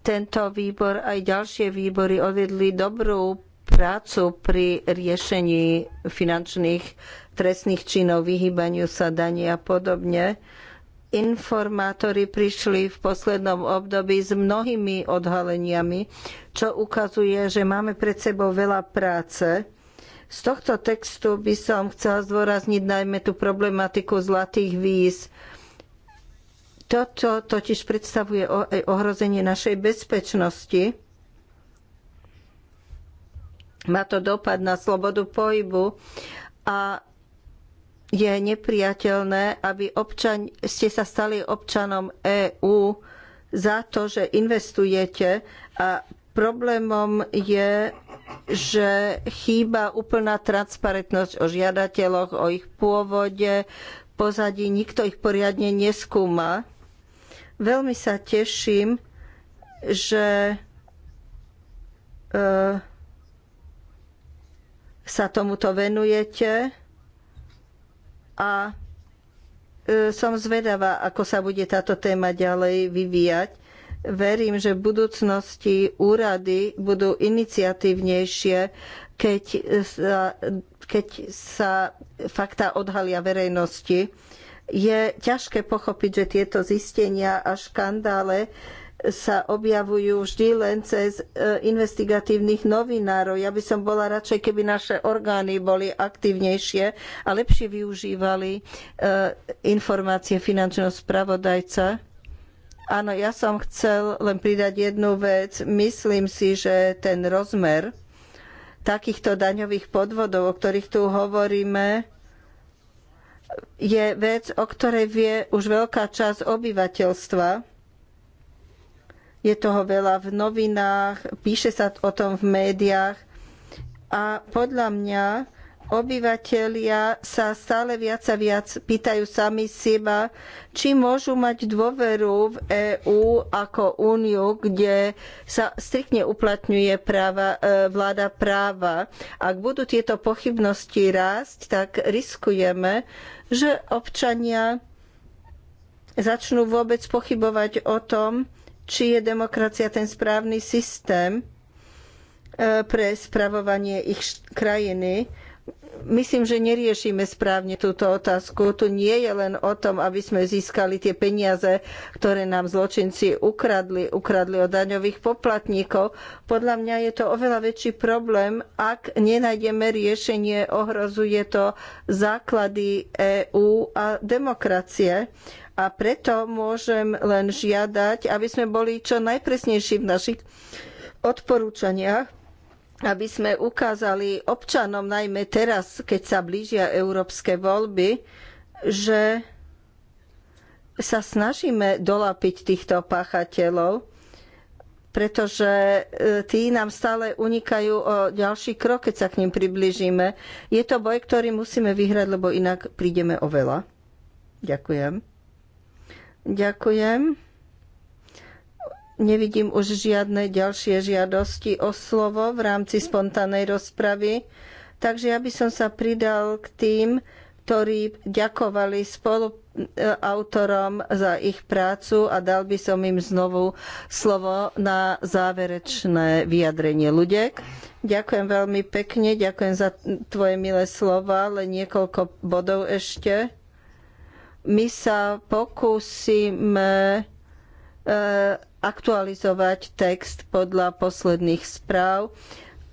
tento výbor aj ďalšie výbory odvedli dobrú prácu pri riešení finančných trestných činov, vyhýbaniu sa daní a podobne. Informátori prišli v poslednom období s mnohými odhaleniami, čo ukazuje, že máme pred sebou veľa práce. Z tohto textu by som chcela zdôrazniť najmä tú problematiku zlatých víz, toto totiž predstavuje ohrozenie našej bezpečnosti. Má to dopad na slobodu pohybu a je nepriateľné, aby občan, ste sa stali občanom EÚ za to, že investujete a problémom je, že chýba úplná transparentnosť o žiadateľoch, o ich pôvode, pozadí, nikto ich poriadne neskúma. Veľmi sa teším, že e, sa tomuto venujete a e, som zvedavá, ako sa bude táto téma ďalej vyvíjať. Verím, že v budúcnosti úrady budú iniciatívnejšie, keď sa, keď sa fakta odhalia verejnosti je ťažké pochopiť, že tieto zistenia a škandále sa objavujú vždy len cez e, investigatívnych novinárov. Ja by som bola radšej, keby naše orgány boli aktívnejšie a lepšie využívali e, informácie finančného spravodajca. Áno, ja som chcel len pridať jednu vec. Myslím si, že ten rozmer takýchto daňových podvodov, o ktorých tu hovoríme, je vec, o ktorej vie už veľká časť obyvateľstva. Je toho veľa v novinách, píše sa o tom v médiách a podľa mňa obyvatelia sa stále viac a viac pýtajú sami seba, či môžu mať dôveru v EÚ ako úniu, kde sa striktne uplatňuje práva, e, vláda práva. Ak budú tieto pochybnosti rásť, tak riskujeme, že občania začnú vôbec pochybovať o tom, či je demokracia ten správny systém eh, pre spravovanie ich krajiny myslím, že neriešime správne túto otázku. Tu nie je len o tom, aby sme získali tie peniaze, ktoré nám zločinci ukradli, ukradli od daňových poplatníkov. Podľa mňa je to oveľa väčší problém, ak nenájdeme riešenie, ohrozuje to základy EÚ a demokracie. A preto môžem len žiadať, aby sme boli čo najpresnejší v našich odporúčaniach aby sme ukázali občanom, najmä teraz, keď sa blížia európske voľby, že sa snažíme dolapiť týchto páchateľov, pretože e, tí nám stále unikajú o ďalší krok, keď sa k ním priblížime. Je to boj, ktorý musíme vyhrať, lebo inak prídeme o veľa. Ďakujem. Ďakujem. Nevidím už žiadne ďalšie žiadosti o slovo v rámci spontánnej rozpravy, takže ja by som sa pridal k tým, ktorí ďakovali spoluautorom za ich prácu a dal by som im znovu slovo na záverečné vyjadrenie. Ľudek, ďakujem veľmi pekne, ďakujem za tvoje milé slova, len niekoľko bodov ešte. My sa pokúsime e, aktualizovať text podľa posledných správ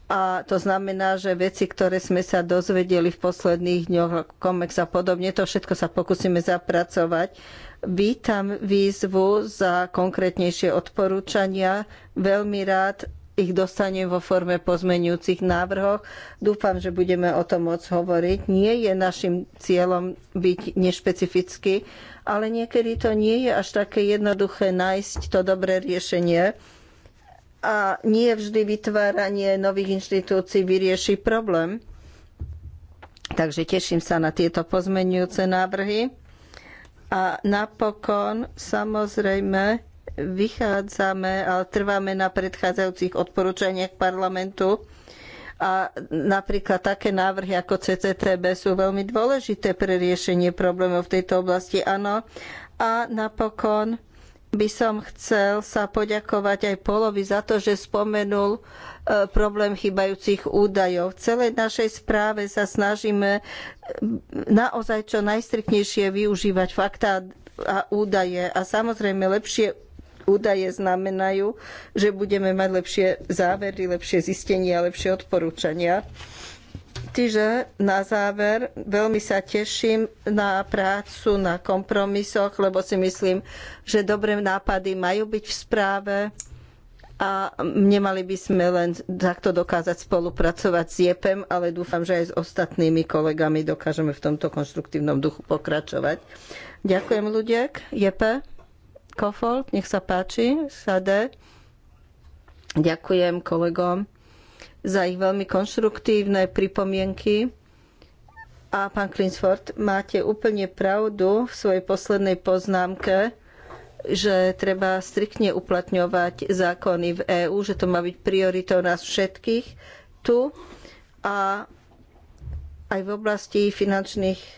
a to znamená, že veci, ktoré sme sa dozvedeli v posledných dňoch, komex a podobne, to všetko sa pokúsime zapracovať. Vítam výzvu za konkrétnejšie odporúčania. Veľmi rád ich dostanem vo forme pozmenujúcich návrhov. Dúfam, že budeme o tom môcť hovoriť. Nie je našim cieľom byť nešpecificky, ale niekedy to nie je až také jednoduché nájsť to dobré riešenie a nie vždy vytváranie nových inštitúcií vyrieši problém. Takže teším sa na tieto pozmenujúce návrhy. A napokon samozrejme vychádzame, ale trváme na predchádzajúcich odporúčaniach parlamentu a napríklad také návrhy ako CCTB sú veľmi dôležité pre riešenie problémov v tejto oblasti. Áno. A napokon by som chcel sa poďakovať aj Polovi za to, že spomenul e, problém chýbajúcich údajov. V celej našej správe sa snažíme e, naozaj čo najstriktnejšie využívať fakta a údaje a samozrejme lepšie údaje znamenajú, že budeme mať lepšie závery, lepšie zistenia, lepšie odporúčania. Čiže na záver veľmi sa teším na prácu, na kompromisoch, lebo si myslím, že dobré nápady majú byť v správe a nemali by sme len takto dokázať spolupracovať s JEPem, ale dúfam, že aj s ostatnými kolegami dokážeme v tomto konštruktívnom duchu pokračovať. Ďakujem, Ludek. JEPe? nech sa páči, Sade. Ďakujem kolegom za ich veľmi konštruktívne pripomienky. A pán Klinsford, máte úplne pravdu v svojej poslednej poznámke, že treba striktne uplatňovať zákony v EÚ, že to má byť prioritou nás všetkých tu a aj v oblasti finančných e,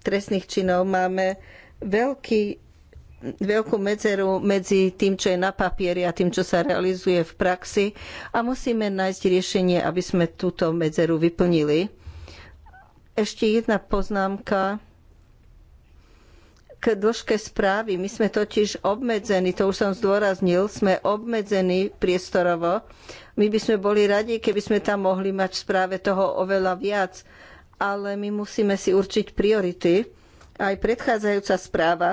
trestných činov máme veľký veľkú medzeru medzi tým, čo je na papieri a tým, čo sa realizuje v praxi a musíme nájsť riešenie, aby sme túto medzeru vyplnili. Ešte jedna poznámka k dĺžke správy. My sme totiž obmedzení, to už som zdôraznil, sme obmedzení priestorovo. My by sme boli radi, keby sme tam mohli mať v správe toho oveľa viac, ale my musíme si určiť priority. Aj predchádzajúca správa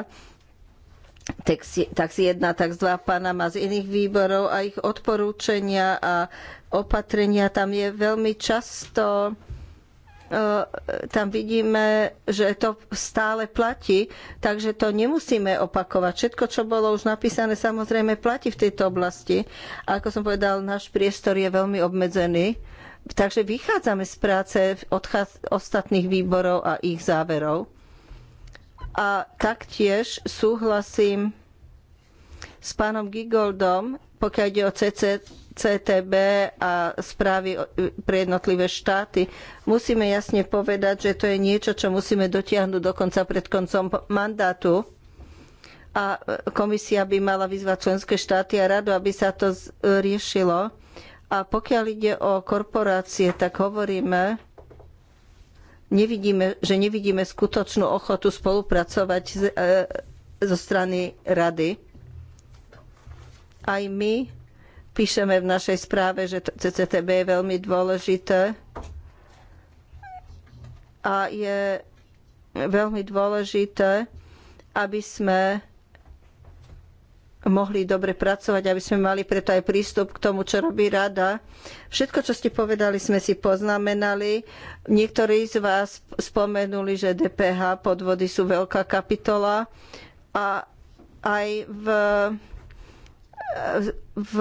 jedna, tak z dva Panama z iných výborov a ich odporúčania a opatrenia. Tam je veľmi často e, tam vidíme, že to stále platí, takže to nemusíme opakovať. Všetko, čo bolo už napísané, samozrejme platí v tejto oblasti. A ako som povedal, náš priestor je veľmi obmedzený, takže vychádzame z práce od ostatných výborov a ich záverov. A taktiež súhlasím s pánom Gigoldom, pokiaľ ide o CCTB a správy pre jednotlivé štáty. Musíme jasne povedať, že to je niečo, čo musíme dotiahnuť dokonca pred koncom mandátu a e, komisia by mala vyzvať členské štáty a radu, aby sa to riešilo. A pokiaľ ide o korporácie, tak hovoríme, nevidíme, že nevidíme skutočnú ochotu spolupracovať z, e, zo strany rady. Aj my píšeme v našej správe, že CCTB je veľmi dôležité a je veľmi dôležité, aby sme mohli dobre pracovať, aby sme mali preto aj prístup k tomu, čo robí rada. Všetko, čo ste povedali, sme si poznamenali. Niektorí z vás spomenuli, že DPH podvody sú veľká kapitola a aj v v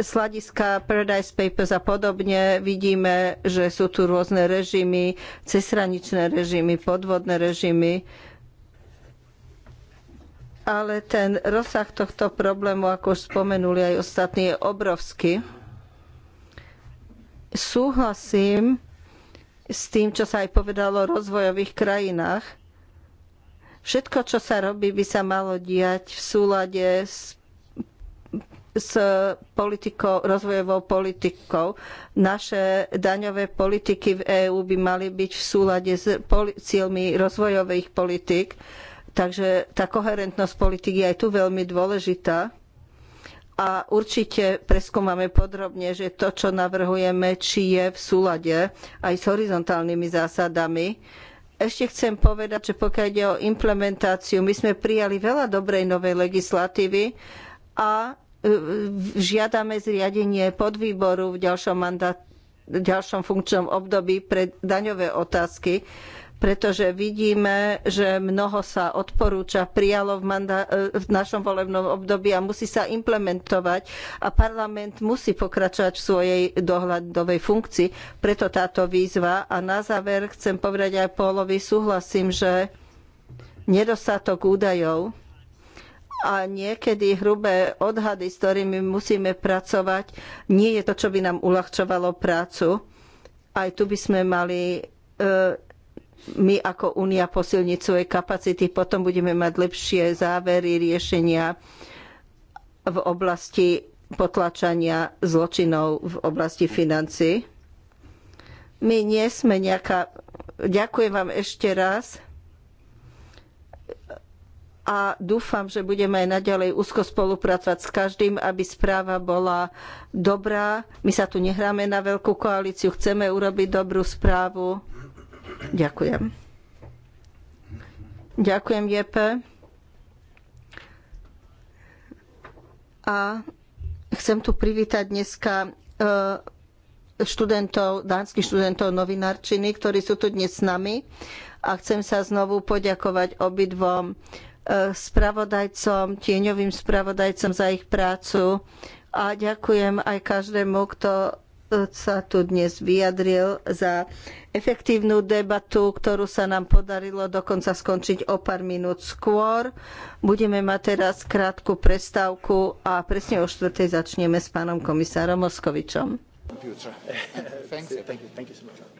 sladiska Paradise Papers a podobne vidíme, že sú tu rôzne režimy, cezhraničné režimy, podvodné režimy ale ten rozsah tohto problému, ako už spomenuli aj ostatní, je obrovský. Súhlasím s tým, čo sa aj povedalo o rozvojových krajinách. Všetko, čo sa robí, by sa malo diať v súlade s, s politikou, rozvojovou politikou. Naše daňové politiky v EÚ by mali byť v súlade s cieľmi rozvojových politik. Takže tá koherentnosť politiky je aj tu veľmi dôležitá. A určite preskúmame podrobne, že to, čo navrhujeme, či je v súlade aj s horizontálnymi zásadami. Ešte chcem povedať, že pokiaľ ide o implementáciu, my sme prijali veľa dobrej novej legislatívy a e, žiadame zriadenie podvýboru v ďalšom, mandát, v ďalšom funkčnom období pre daňové otázky pretože vidíme, že mnoho sa odporúča, prijalo v, v našom volebnom období a musí sa implementovať a parlament musí pokračovať v svojej dohľadovej funkcii. Preto táto výzva a na záver chcem povedať aj Pólovi, súhlasím, že nedostatok údajov a niekedy hrubé odhady, s ktorými musíme pracovať, nie je to, čo by nám uľahčovalo prácu. Aj tu by sme mali e, my ako Únia posilniť svoje kapacity, potom budeme mať lepšie závery, riešenia v oblasti potlačania zločinov v oblasti financií. My nie sme nejaká... Ďakujem vám ešte raz a dúfam, že budeme aj naďalej úzko spolupracovať s každým, aby správa bola dobrá. My sa tu nehráme na veľkú koalíciu, chceme urobiť dobrú správu Ďakujem. Ďakujem, Jepe. A chcem tu privítať dneska eh, študentov, dánskych študentov novinárčiny, ktorí sú tu dnes s nami. A chcem sa znovu poďakovať obidvom eh, spravodajcom, tieňovým spravodajcom za ich prácu a ďakujem aj každému, kto sa tu dnes vyjadril za efektívnu debatu, ktorú sa nám podarilo dokonca skončiť o pár minút skôr. Budeme mať teraz krátku prestávku a presne o štvrtej začneme s pánom komisárom Moskovičom. Thank you,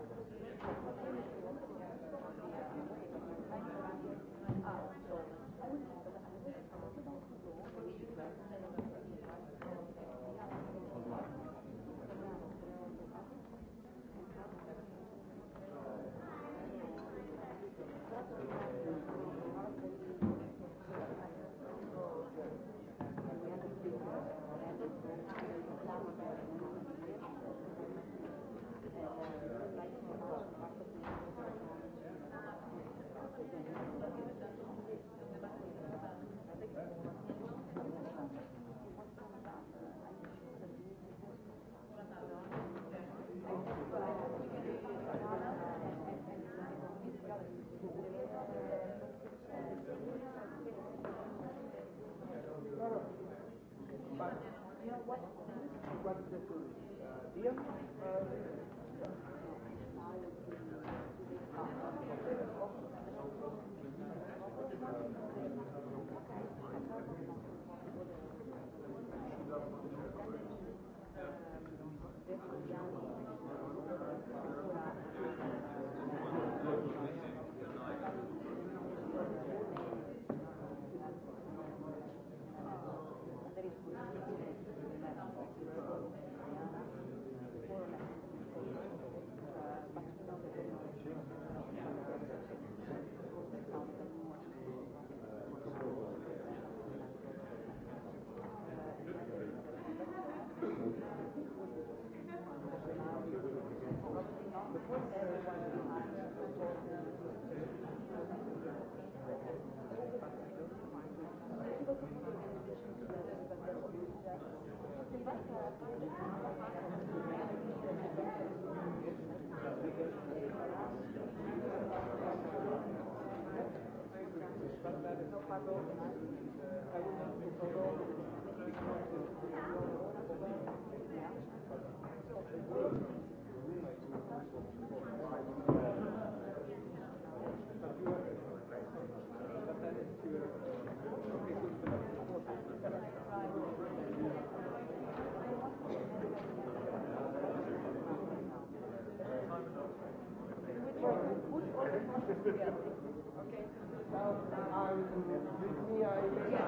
Thank you. Okay. Now, um, with me, I. Yeah.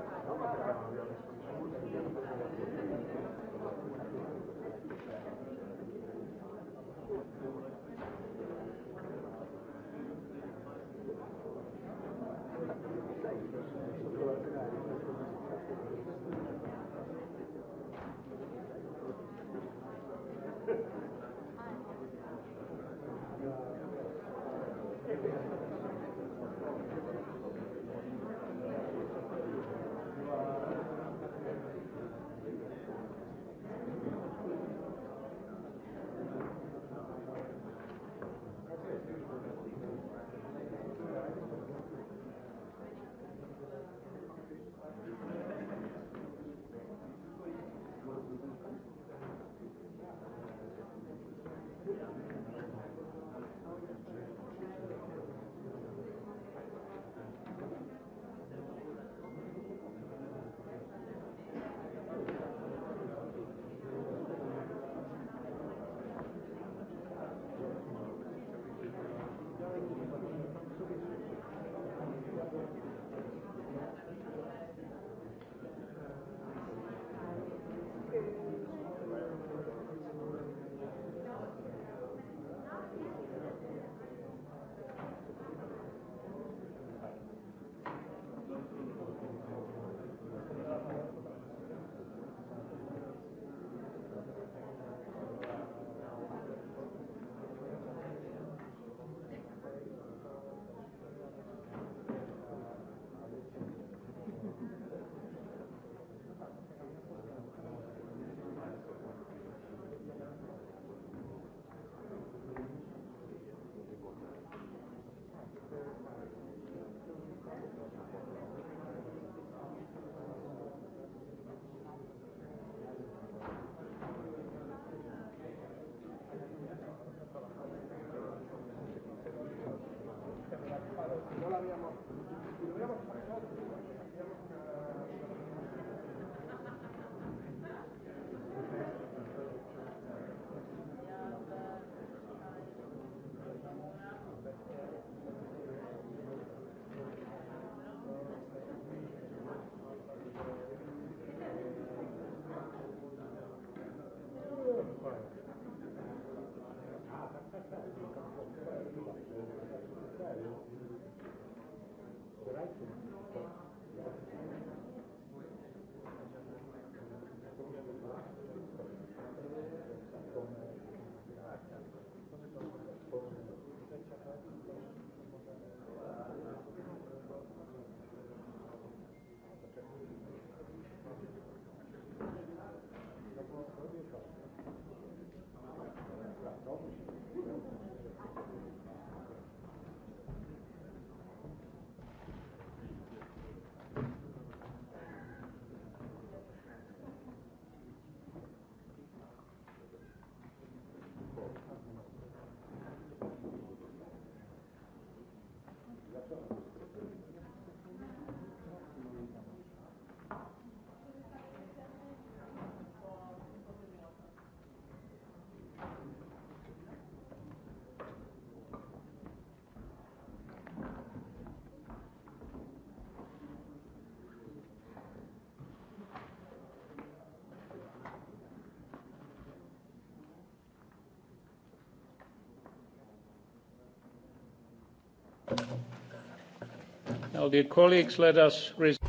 Grazie.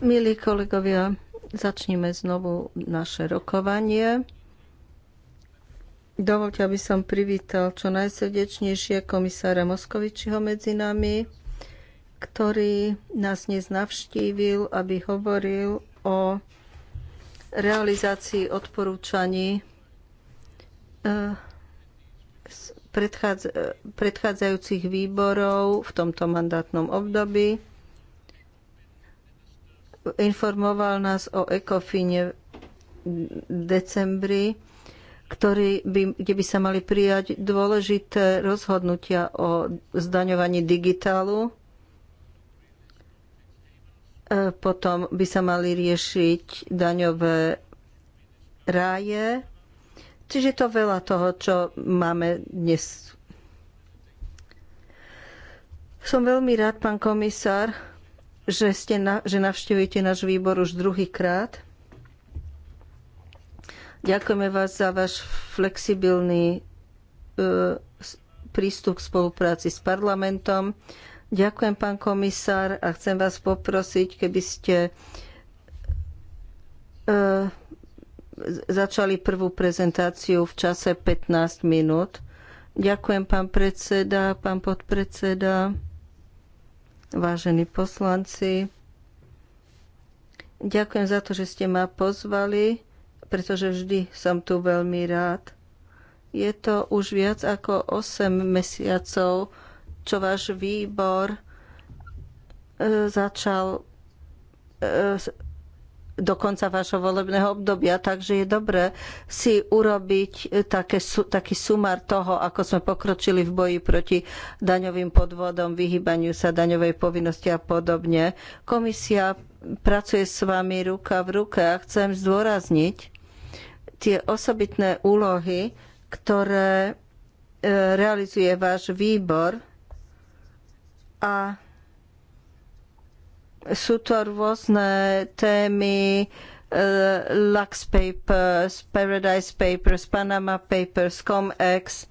Milí kolegovia, začneme znovu naše rokovanie. Dovolte, aby som privítal čo najsrdečnejšie komisára Moskovičiho medzi nami, ktorý nás dnes navštívil, aby hovoril o realizácii odporúčaní eh, eh, predchádzajúcich výborov v tomto mandátnom období informoval nás o ECOFINE decembri, ktorý by, kde by sa mali prijať dôležité rozhodnutia o zdaňovaní digitálu. E, potom by sa mali riešiť daňové ráje. Čiže to veľa toho, čo máme dnes. Som veľmi rád, pán komisár, že, ste na, že navštevujete náš výbor už druhýkrát. Ďakujeme vás za váš flexibilný e, prístup k spolupráci s parlamentom. Ďakujem, pán komisár, a chcem vás poprosiť, keby ste e, začali prvú prezentáciu v čase 15 minút. Ďakujem, pán predseda, pán podpredseda vážení poslanci. Ďakujem za to, že ste ma pozvali, pretože vždy som tu veľmi rád. Je to už viac ako 8 mesiacov, čo váš výbor e, začal e, do konca vášho volebného obdobia, takže je dobré si urobiť také, taký sumár toho, ako sme pokročili v boji proti daňovým podvodom, vyhýbaniu sa daňovej povinnosti a podobne. Komisia pracuje s vami ruka v ruke a chcem zdôrazniť tie osobitné úlohy, ktoré e, realizuje váš výbor a sú to rôzne témy, e, Lux Papers, Paradise Papers, Panama Papers, ComEx.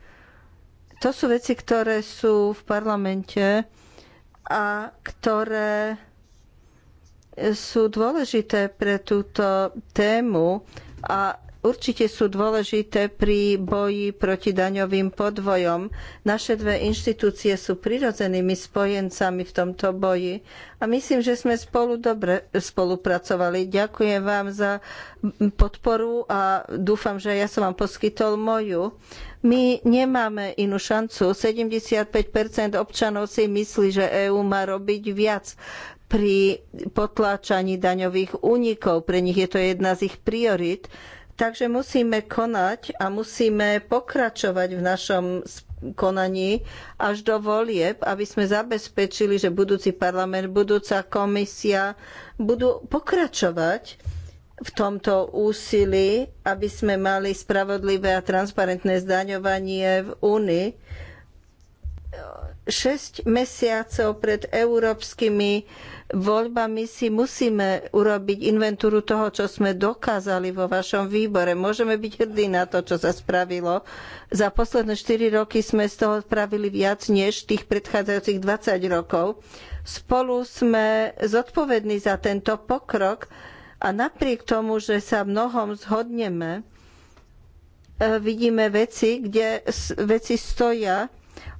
To sú veci, ktoré sú v parlamente a ktoré sú dôležité pre túto tému a určite sú dôležité pri boji proti daňovým podvojom. Naše dve inštitúcie sú prirodzenými spojencami v tomto boji a myslím, že sme spolu dobre spolupracovali. Ďakujem vám za podporu a dúfam, že ja som vám poskytol moju. My nemáme inú šancu. 75 občanov si myslí, že EÚ má robiť viac pri potláčaní daňových únikov. Pre nich je to jedna z ich priorit Takže musíme konať a musíme pokračovať v našom konaní až do volieb, aby sme zabezpečili, že budúci parlament, budúca komisia budú pokračovať v tomto úsilí, aby sme mali spravodlivé a transparentné zdaňovanie v Únii 6 mesiacov pred európskymi voľbami si musíme urobiť inventúru toho, čo sme dokázali vo vašom výbore. Môžeme byť hrdí na to, čo sa spravilo. Za posledné štyri roky sme z toho spravili viac než tých predchádzajúcich 20 rokov. Spolu sme zodpovední za tento pokrok a napriek tomu, že sa mnohom zhodneme, e, vidíme veci, kde veci stoja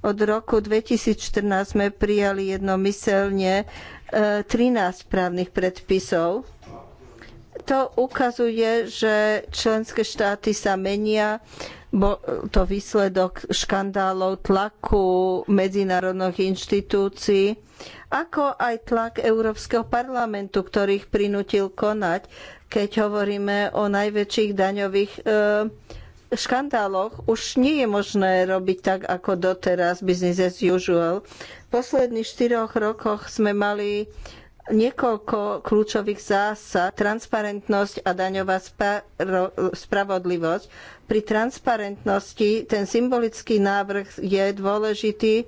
od roku 2014 sme prijali jednomyselne 13 e, právnych predpisov. To ukazuje, že členské štáty sa menia. Bol to výsledok škandálov, tlaku medzinárodných inštitúcií, ako aj tlak Európskeho parlamentu, ktorý ich prinútil konať, keď hovoríme o najväčších daňových e, škandáloch už nie je možné robiť tak, ako doteraz, business as usual. V posledných štyroch rokoch sme mali niekoľko kľúčových zásad, transparentnosť a daňová spravodlivosť. Pri transparentnosti ten symbolický návrh je dôležitý, e,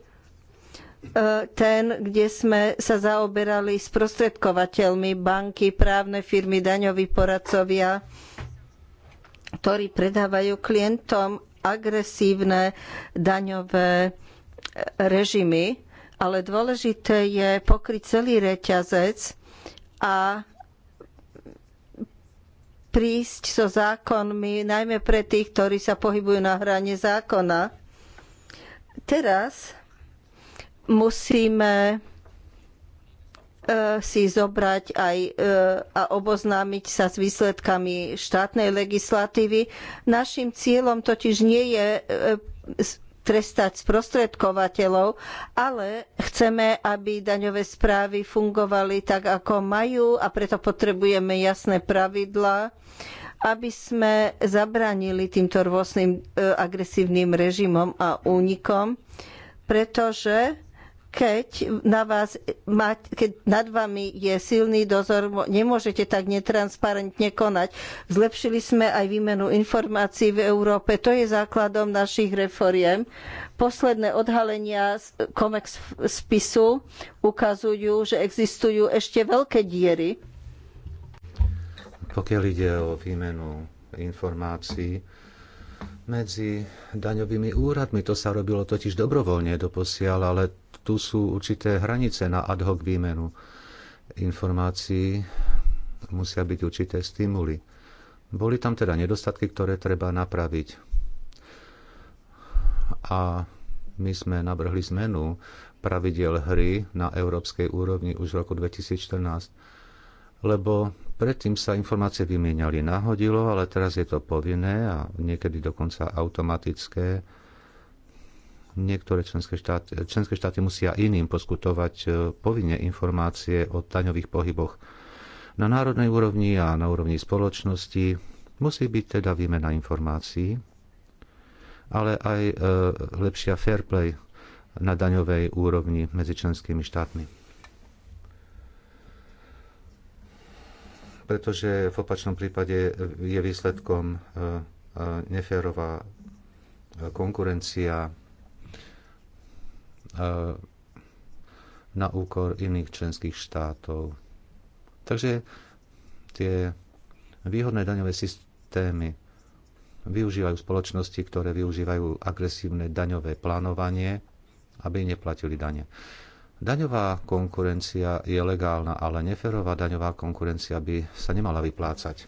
ten, kde sme sa zaoberali sprostredkovateľmi, banky, právne firmy, daňoví poradcovia, ktorí predávajú klientom agresívne daňové e, režimy, ale dôležité je pokryť celý reťazec a prísť so zákonmi, najmä pre tých, ktorí sa pohybujú na hrane zákona. Teraz musíme E, si zobrať aj e, a oboznámiť sa s výsledkami štátnej legislatívy. Naším cieľom totiž nie je e, trestať sprostredkovateľov, ale chceme, aby daňové správy fungovali tak, ako majú a preto potrebujeme jasné pravidlá, aby sme zabránili týmto rôznym agresívnym režimom a únikom, pretože keď, na vás, keď nad vami je silný dozor, nemôžete tak netransparentne konať. Zlepšili sme aj výmenu informácií v Európe. To je základom našich reforiem. Posledné odhalenia z COMEX spisu ukazujú, že existujú ešte veľké diery. Pokiaľ ide o výmenu informácií, medzi daňovými úradmi. To sa robilo totiž dobrovoľne doposiaľ, ale tu sú určité hranice na ad hoc výmenu informácií, musia byť určité stimuly. Boli tam teda nedostatky, ktoré treba napraviť. A my sme navrhli zmenu pravidel hry na európskej úrovni už v roku 2014, lebo predtým sa informácie vymieniali Nahodilo, ale teraz je to povinné a niekedy dokonca automatické niektoré členské štáty, členské štáty musia iným poskutovať e, povinne informácie o daňových pohyboch. Na národnej úrovni a na úrovni spoločnosti musí byť teda výmena informácií, ale aj e, lepšia fair play na daňovej úrovni medzi členskými štátmi. Pretože v opačnom prípade je výsledkom e, neférová konkurencia E, na úkor iných členských štátov. Takže tie výhodné daňové systémy využívajú spoločnosti, ktoré využívajú agresívne daňové plánovanie, aby neplatili dane. Daňová konkurencia je legálna, ale neferová daňová konkurencia by sa nemala vyplácať.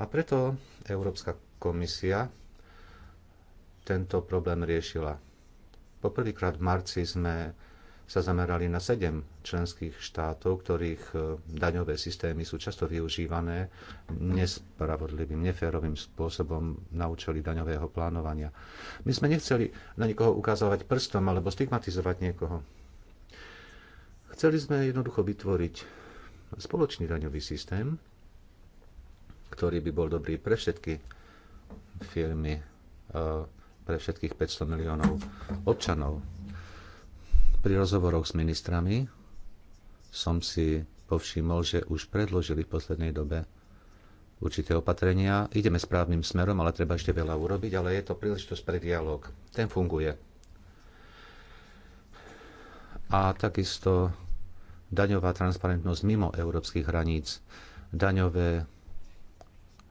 A preto Európska komisia tento problém riešila Poprvýkrát v marci sme sa zamerali na sedem členských štátov, ktorých e, daňové systémy sú často využívané nespravodlivým, neférovým spôsobom na účely daňového plánovania. My sme nechceli na nikoho ukázovať prstom alebo stigmatizovať niekoho. Chceli sme jednoducho vytvoriť spoločný daňový systém, ktorý by bol dobrý pre všetky firmy, e, pre všetkých 500 miliónov občanov. Pri rozhovoroch s ministrami som si povšimol, že už predložili v poslednej dobe určité opatrenia. Ideme správnym smerom, ale treba ešte veľa urobiť, ale je to príležitosť pre dialog. Ten funguje. A takisto daňová transparentnosť mimo európskych hraníc, daňové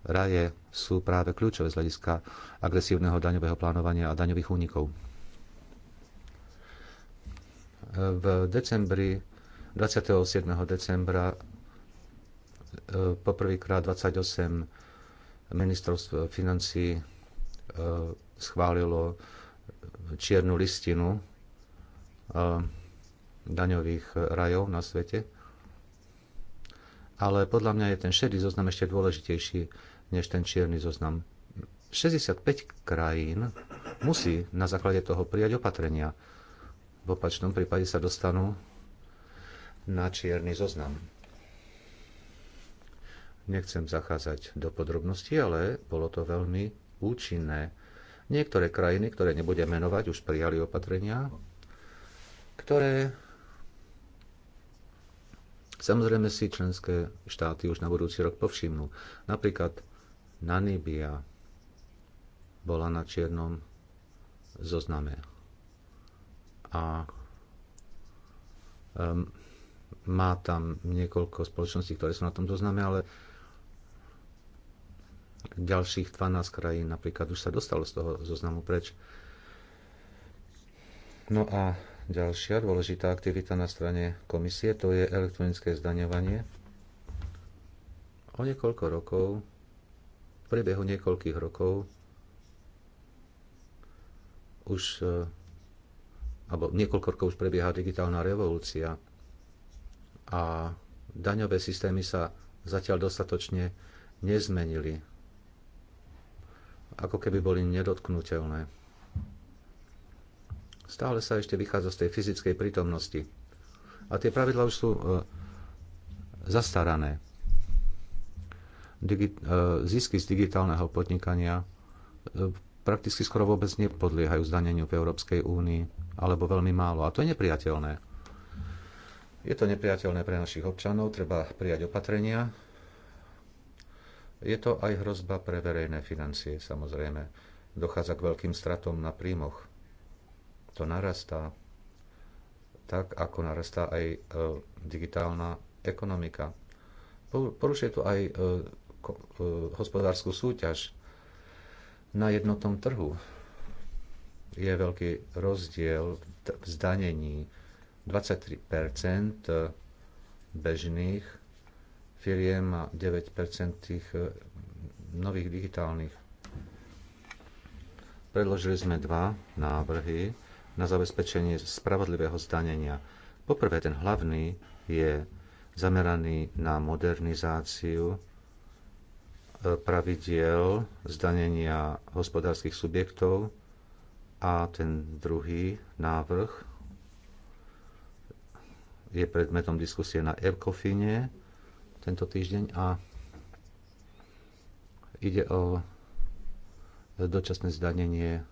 raje sú práve kľúčové z hľadiska agresívneho daňového plánovania a daňových únikov. V decembri, 27. decembra e, poprvýkrát 28 ministerstv financí e, schválilo čiernu listinu e, daňových rajov na svete. Ale podľa mňa je ten šedý zoznam ešte dôležitejší než ten čierny zoznam. 65 krajín musí na základe toho prijať opatrenia. V opačnom prípade sa dostanú na čierny zoznam. Nechcem zacházať do podrobností, ale bolo to veľmi účinné. Niektoré krajiny, ktoré nebudem menovať, už prijali opatrenia, ktoré samozrejme si členské štáty už na budúci rok povšimnú. Napríklad Namíbia bola na čiernom zozname. A um, má tam niekoľko spoločností, ktoré sú na tom zozname, ale ďalších 12 krajín napríklad už sa dostalo z toho zoznamu preč. No a ďalšia dôležitá aktivita na strane komisie to je elektronické zdaňovanie. O niekoľko rokov priebehu niekoľkých rokov už e, alebo niekoľko rokov už prebieha digitálna revolúcia a daňové systémy sa zatiaľ dostatočne nezmenili. Ako keby boli nedotknutelné. Stále sa ešte vychádza z tej fyzickej prítomnosti. A tie pravidla už sú e, zastarané. E, zisky z digitálneho podnikania e, prakticky skoro vôbec nepodliehajú zdaneniu v Európskej únii, alebo veľmi málo. A to je nepriateľné. Je to nepriateľné pre našich občanov, treba prijať opatrenia. Je to aj hrozba pre verejné financie, samozrejme. Dochádza k veľkým stratom na príjmoch. To narastá tak, ako narastá aj e, digitálna ekonomika. Porušuje to aj E, hospodárskú súťaž na jednotnom trhu. Je veľký rozdiel v zdanení 23 bežných firiem a 9 tých e, nových digitálnych. Predložili sme dva návrhy na zabezpečenie spravodlivého zdanenia. Poprvé, ten hlavný je zameraný na modernizáciu pravidiel zdanenia hospodárskych subjektov a ten druhý návrh je predmetom diskusie na Ercofine tento týždeň a ide o dočasné zdanenie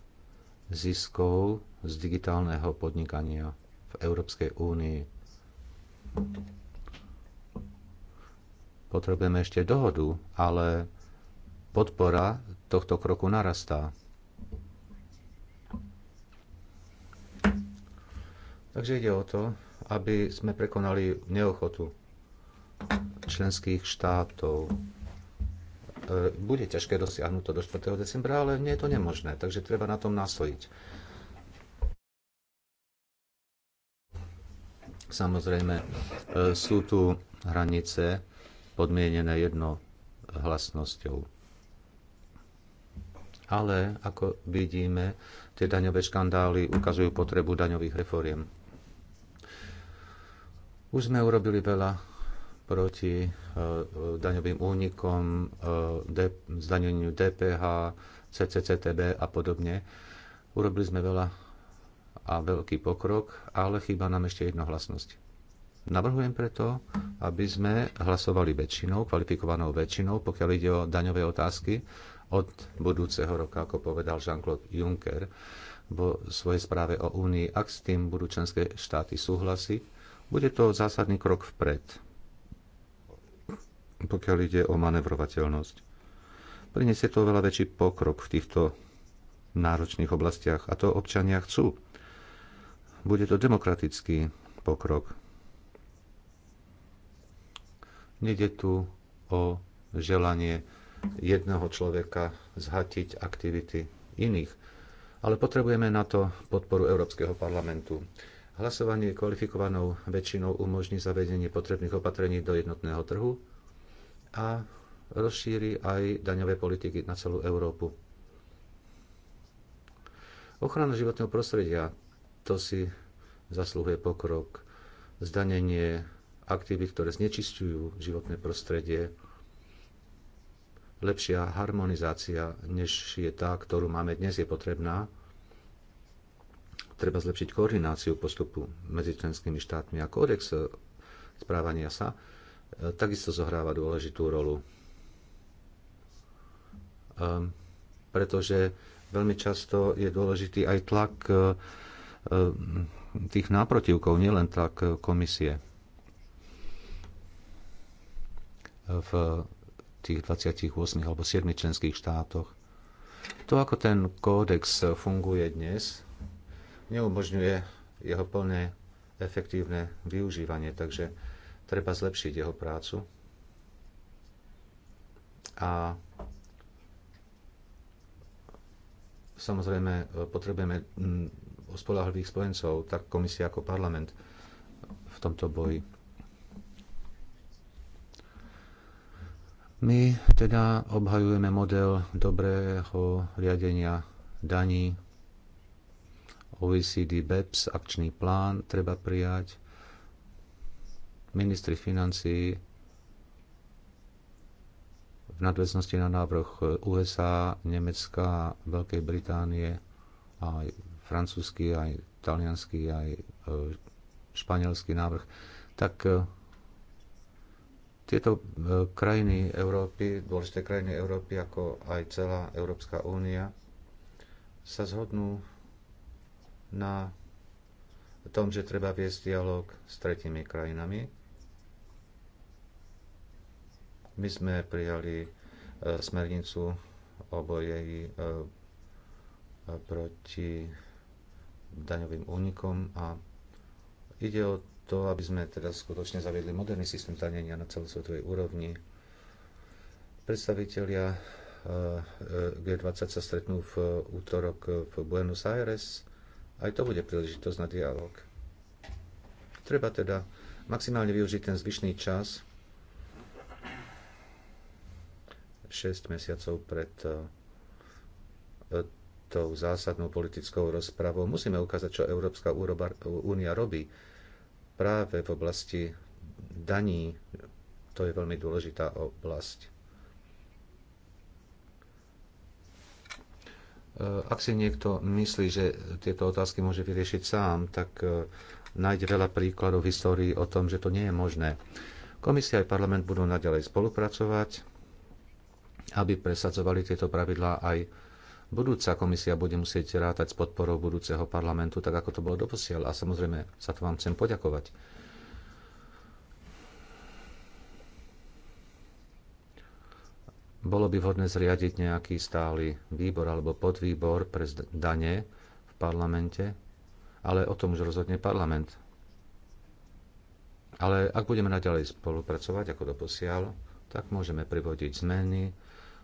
ziskov z digitálneho podnikania v Európskej únii. Potrebujeme ešte dohodu, ale podpora tohto kroku narastá. Takže ide o to, aby sme prekonali neochotu členských štátov. E, bude ťažké dosiahnuť to do 4. decembra, ale nie je to nemožné, takže treba na tom nastojiť. Samozrejme, e, sú tu hranice podmienené jednohlasnosťou ale ako vidíme, tie daňové škandály ukazujú potrebu daňových reforiem. Už sme urobili veľa proti e, e, daňovým únikom, e, zdaňovaniu DPH, CCCTB a podobne. Urobili sme veľa a veľký pokrok, ale chýba nám ešte jednohlasnosť. Navrhujem preto, aby sme hlasovali väčšinou, kvalifikovanou väčšinou, pokiaľ ide o daňové otázky od budúceho roka, ako povedal Jean-Claude Juncker vo svojej správe o Únii. Ak s tým budú členské štáty súhlasiť, bude to zásadný krok vpred, pokiaľ ide o manevrovateľnosť. Prinesie to veľa väčší pokrok v týchto náročných oblastiach a to občania chcú. Bude to demokratický pokrok. Nede tu o želanie jedného človeka zhatiť aktivity iných. Ale potrebujeme na to podporu Európskeho parlamentu. Hlasovanie kvalifikovanou väčšinou umožní zavedenie potrebných opatrení do jednotného trhu a rozšíri aj daňové politiky na celú Európu. Ochrana životného prostredia, to si zaslúhuje pokrok, zdanenie aktivít, ktoré znečisťujú životné prostredie, lepšia harmonizácia, než je tá, ktorú máme dnes, je potrebná. Treba zlepšiť koordináciu postupu medzi členskými štátmi a kódex eh, správania sa eh, takisto zohráva dôležitú rolu. Ehm, pretože veľmi často je dôležitý aj tlak eh, ehm, tých náprotivkov, nielen tlak komisie. V tých 28 alebo 7 členských štátoch. To, ako ten kódex funguje dnes, neumožňuje jeho plné efektívne využívanie, takže treba zlepšiť jeho prácu. A samozrejme potrebujeme mm, spolahlivých spojencov, tak komisia ako parlament v tomto boji. My teda obhajujeme model dobrého riadenia daní. OECD BEPS, akčný plán treba prijať. Ministri financí v nadväznosti na návrh USA, Nemecka, Veľkej Británie, aj francúzsky, aj talianský, aj e, španielský návrh, tak e, tieto e, krajiny Európy, dôležité krajiny Európy, ako aj celá Európska únia, sa zhodnú na tom, že treba viesť dialog s tretimi krajinami. My sme prijali e, smernicu o boji e, proti daňovým únikom a ide o to, aby sme teda skutočne zaviedli moderný systém zdanenia na celosvetovej úrovni. Predstavitelia eh, eh, G20 sa stretnú v eh, útorok v Buenos Aires. Aj to bude príležitosť na dialog. Treba teda maximálne využiť ten zvyšný čas 6 mesiacov pred tou zásadnou politickou rozpravou. Musíme ukázať, čo Európska únia robí práve v oblasti daní. To je veľmi dôležitá oblasť. Ak si niekto myslí, že tieto otázky môže vyriešiť sám, tak eh, nájde veľa príkladov v histórii o tom, že to nie je možné. Komisia aj parlament budú naďalej spolupracovať, aby presadzovali tieto pravidlá aj budúca komisia bude musieť rátať s podporou budúceho parlamentu, tak ako to bolo doposiaľ. A samozrejme, sa to vám chcem poďakovať. Bolo by vhodné zriadiť nejaký stály výbor alebo podvýbor pre dane v parlamente, ale o tom už rozhodne parlament. Ale ak budeme naďalej spolupracovať ako doposiaľ, tak môžeme privodiť zmeny,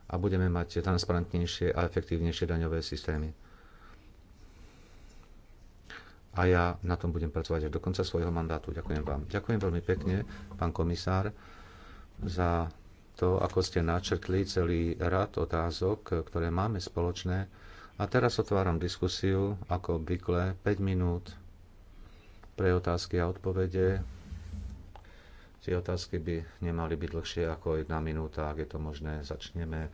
a budeme mať transparentnejšie a efektívnejšie daňové systémy. A ja na tom budem pracovať až do konca svojho mandátu. Ďakujem vám. Ďakujem veľmi pekne, pán komisár, za to, ako ste načrtli celý rad otázok, ktoré máme spoločné. A teraz otváram diskusiu, ako obvykle, 5 minút pre otázky a odpovede Tie otázky by nemali byť dlhšie ako jedna minúta, ak je to možné. Začneme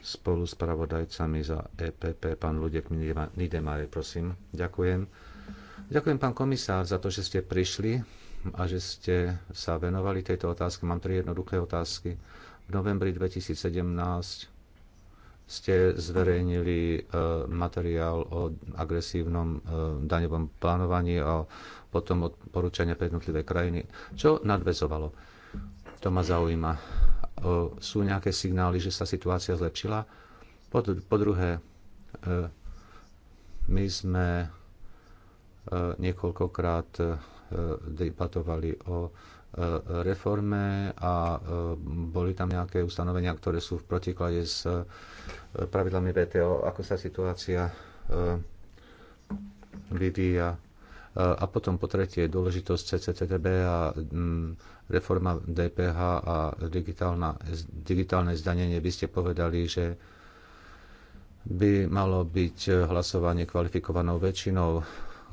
spolu s pravodajcami za EPP. Pán Ludek Nidemare, prosím. Ďakujem. Ďakujem, pán komisár, za to, že ste prišli a že ste sa venovali tejto otázke. Mám tri jednoduché otázky. V novembri 2017 ste zverejnili e, materiál o agresívnom e, daňovom plánovaní a potom odporúčania pre jednotlivé krajiny. Čo nadvezovalo? To ma zaujíma. E, sú nejaké signály, že sa situácia zlepšila? Po, po druhé, my sme niekoľkokrát debatovali o reforme a e, boli tam nejaké ustanovenia, ktoré sú v protiklade s e, pravidlami VTO, ako sa situácia e, vyvíja. A potom po tretie dôležitosť CCTB a reforma DPH a digitálne zdanenie. Vy ste povedali, že by malo byť hlasovanie kvalifikovanou väčšinou.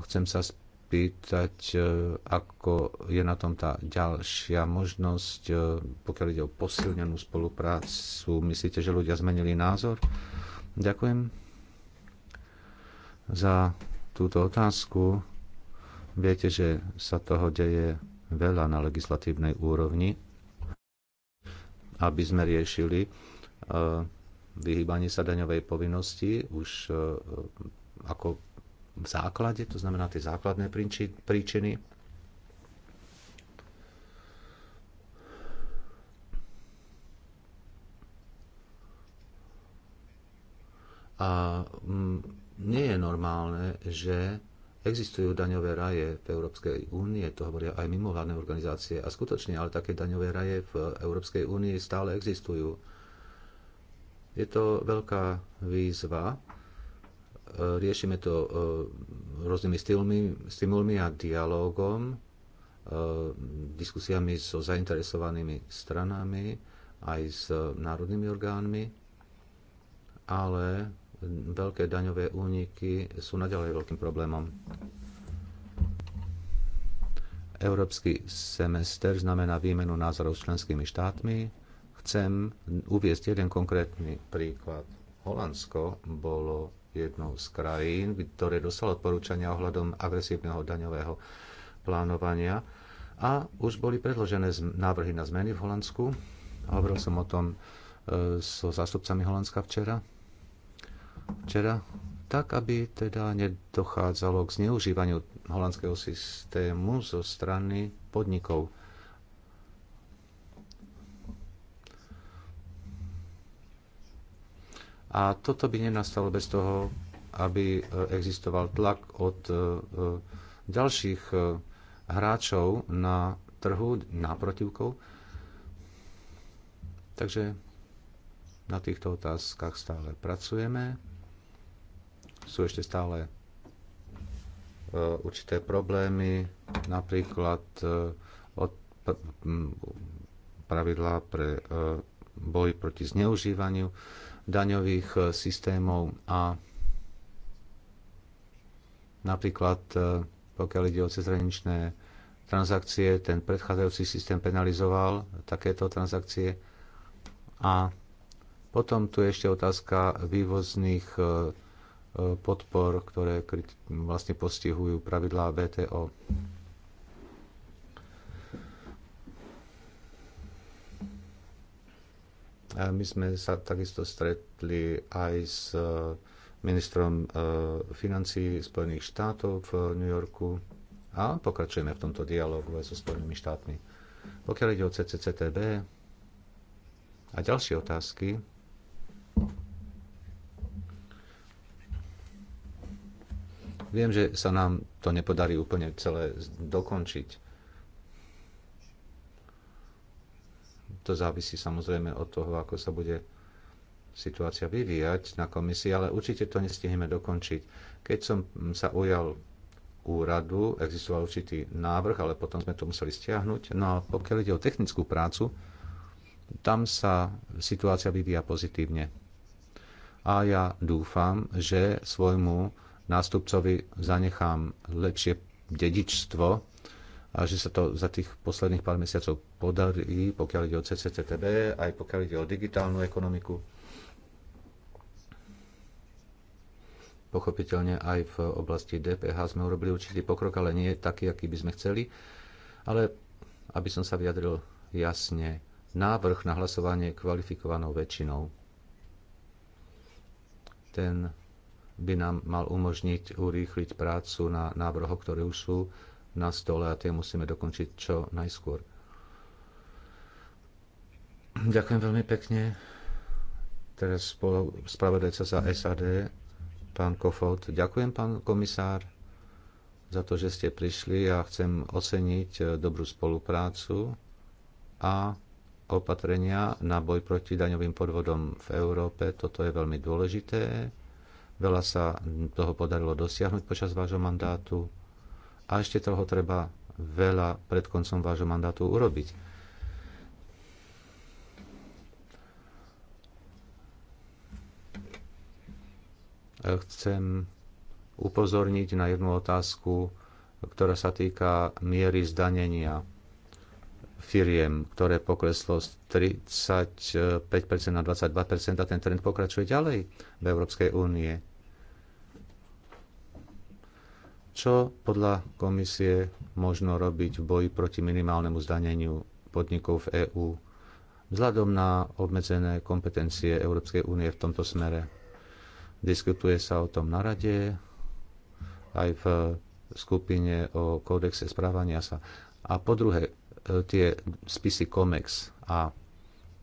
Chcem sa spýtať, e, ako je na tom tá ďalšia možnosť, e, pokiaľ ide o posilnenú spoluprácu. Myslíte, že ľudia zmenili názor? Ďakujem za túto otázku. Viete, že sa toho deje veľa na legislatívnej úrovni, aby sme riešili e, vyhýbanie sa daňovej povinnosti už ako v základe, to znamená tie základné príčiny. A mm, nie je normálne, že existujú daňové raje v Európskej únie, to hovoria aj mimovládne organizácie a skutočne, ale také daňové raje v Európskej únii stále existujú. Je to veľká výzva riešime to e, rôznymi stimulmi, stimulmi a dialogom, e, diskusiami so zainteresovanými stranami, aj s národnými orgánmi, ale veľké daňové úniky sú naďalej veľkým problémom. Európsky semester znamená výmenu názorov s členskými štátmi. Chcem uviezť jeden konkrétny príklad. Holandsko bolo jednou z krajín, ktoré dostalo odporúčania ohľadom agresívneho daňového plánovania a už boli predložené návrhy na zmeny v Holandsku. Hovoril som o tom e, so zástupcami Holandska včera. Včera tak, aby teda nedochádzalo k zneužívaniu holandského systému zo strany podnikov. A toto by nenastalo bez toho, aby e, existoval tlak od e, e, ďalších hráčov na trhu, na protivkov. Takže na týchto otázkach stále pracujeme. Sú ešte stále určité problémy, napríklad od pravidlá pre boj proti zneužívaniu daňových eh, systémov a napríklad eh, pokiaľ ide o cezhraničné transakcie, ten predchádzajúci systém penalizoval takéto transakcie a potom tu je ešte otázka vývozných eh, podpor, ktoré vlastne postihujú pravidlá VTO. My sme sa takisto stretli aj s e, ministrom e, financí Spojených štátov v New Yorku a pokračujeme v tomto dialogu aj so Spojenými štátmi. Pokiaľ ide o CCCTB a ďalšie otázky, Viem, že sa nám to nepodarí úplne celé dokončiť To závisí samozrejme od toho, ako sa bude situácia vyvíjať na komisii, ale určite to nestihneme dokončiť. Keď som sa ujal úradu, existoval určitý návrh, ale potom sme to museli stiahnuť. No a pokiaľ ide o technickú prácu, tam sa situácia vyvíja pozitívne. A ja dúfam, že svojmu nástupcovi zanechám lepšie dedičstvo a že sa to za tých posledných pár mesiacov podarí, pokiaľ ide o CCCTB, aj pokiaľ ide o digitálnu ekonomiku. Pochopiteľne aj v oblasti DPH sme urobili určitý pokrok, ale nie taký, aký by sme chceli. Ale aby som sa vyjadril jasne, návrh na hlasovanie kvalifikovanou väčšinou, ten by nám mal umožniť urýchliť prácu na návrhoch, ktoré už sú na stole a tie musíme dokončiť čo najskôr. Ďakujem veľmi pekne. Teraz spravodajca za SAD, pán Kofot. Ďakujem, pán komisár, za to, že ste prišli a chcem oceniť eh, dobrú spoluprácu a opatrenia na boj proti daňovým podvodom v Európe. Toto je veľmi dôležité. Veľa sa toho podarilo dosiahnuť počas vášho mandátu a ešte toho treba veľa pred koncom vášho mandátu urobiť. Chcem upozorniť na jednu otázku, ktorá sa týka miery zdanenia firiem, ktoré pokleslo z 35% na 22% a ten trend pokračuje ďalej v Európskej únie. Čo podľa komisie možno robiť v boji proti minimálnemu zdaneniu podnikov v EÚ vzhľadom na obmedzené kompetencie Európskej únie v tomto smere? Diskutuje sa o tom na rade, aj v skupine o kódexe správania sa. A po druhé, e, tie spisy COMEX a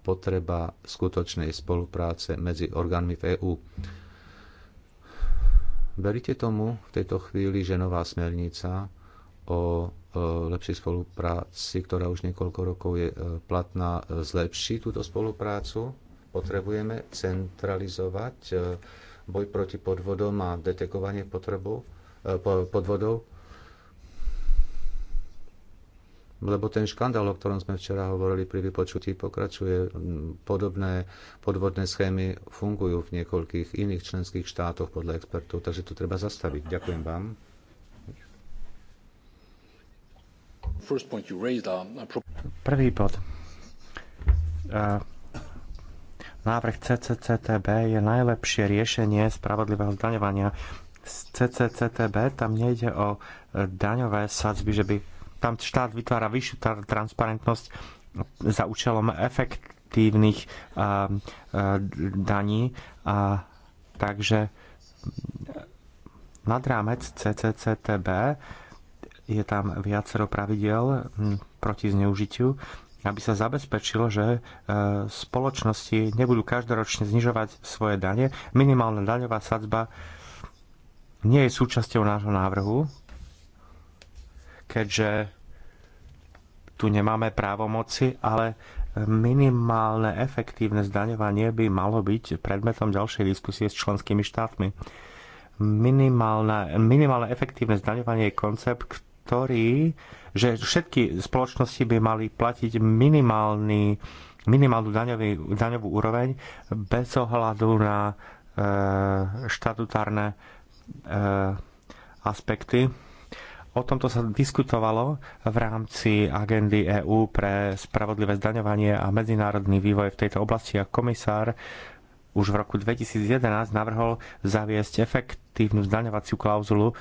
potreba skutočnej spolupráce medzi orgánmi v EÚ. Veríte tomu v tejto chvíli, že nová smernica o e, lepšej spolupráci, ktorá už niekoľko rokov je e, platná, e, zlepší túto spoluprácu? Potrebujeme centralizovať boj proti podvodom a detekovanie potrebu, podvodov? lebo ten škandál, o ktorom sme včera hovorili pri vypočutí, pokračuje. Podobné podvodné schémy fungujú v niekoľkých iných členských štátoch podľa expertov, takže to treba zastaviť. Ďakujem vám. Uh, Prvý bod. Uh, návrh CCCTB je najlepšie riešenie spravodlivého zdaňovania. CCCTB tam nejde o uh, daňové sadzby, že by tam štát vytvára vyššiu transparentnosť za účelom efektívnych daní. A, takže nad rámec CCCTB je tam viacero pravidel hm, proti zneužitiu, aby sa zabezpečilo, že e, spoločnosti nebudú každoročne znižovať svoje dane. Minimálna daňová sadzba nie je súčasťou nášho návrhu, keďže tu nemáme právomoci, ale minimálne efektívne zdaňovanie by malo byť predmetom ďalšej diskusie s členskými štátmi. Minimálne, minimálne efektívne zdaňovanie je koncept, ktorý, že všetky spoločnosti by mali platiť minimálny, minimálnu daňový, daňovú úroveň bez ohľadu na e, štatutárne e, aspekty O tomto sa diskutovalo v rámci agendy EÚ pre spravodlivé zdaňovanie a medzinárodný vývoj v tejto oblasti a komisár už v roku 2011 navrhol zaviesť efektívnu zdaňovaciu klauzulu,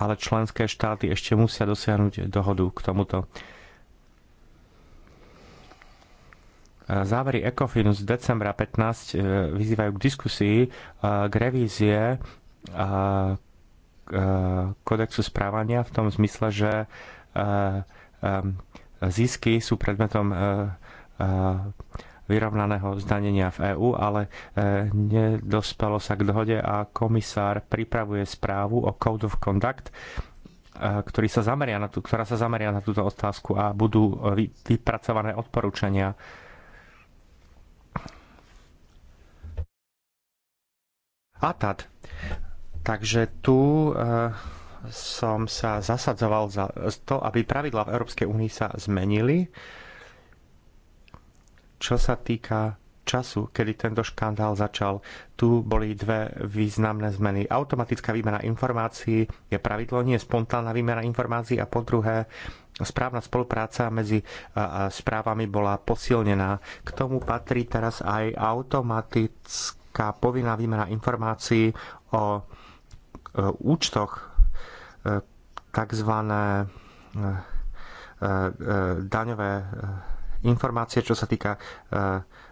ale členské štáty ešte musia dosiahnuť dohodu k tomuto. Závery ECOFIN z decembra 15 eh, vyzývajú k diskusii eh, k revízie eh, Eh, kodexu správania v tom zmysle, že eh, zisky sú predmetom eh, vyrovnaného zdanenia v EÚ, ale nedospelo sa k dohode a komisár pripravuje správu o Code of Conduct, ktorý sa zameria na tú, ktorá sa zameria na túto otázku a budú vypracované odporúčania. ATAD Takže tu eh, som sa zasadzoval za to, aby pravidlá v Európskej únii sa zmenili, čo sa týka času, kedy tento škandál začal. Tu boli dve významné zmeny. Automatická výmena informácií je pravidlo, nie spontánna výmena informácií a po druhé správna spolupráca medzi eh, správami bola posilnená. K tomu patrí teraz aj automatická povinná výmena informácií o Eh, účtoch eh, tzv. Eh, daňové informácie, čo sa týka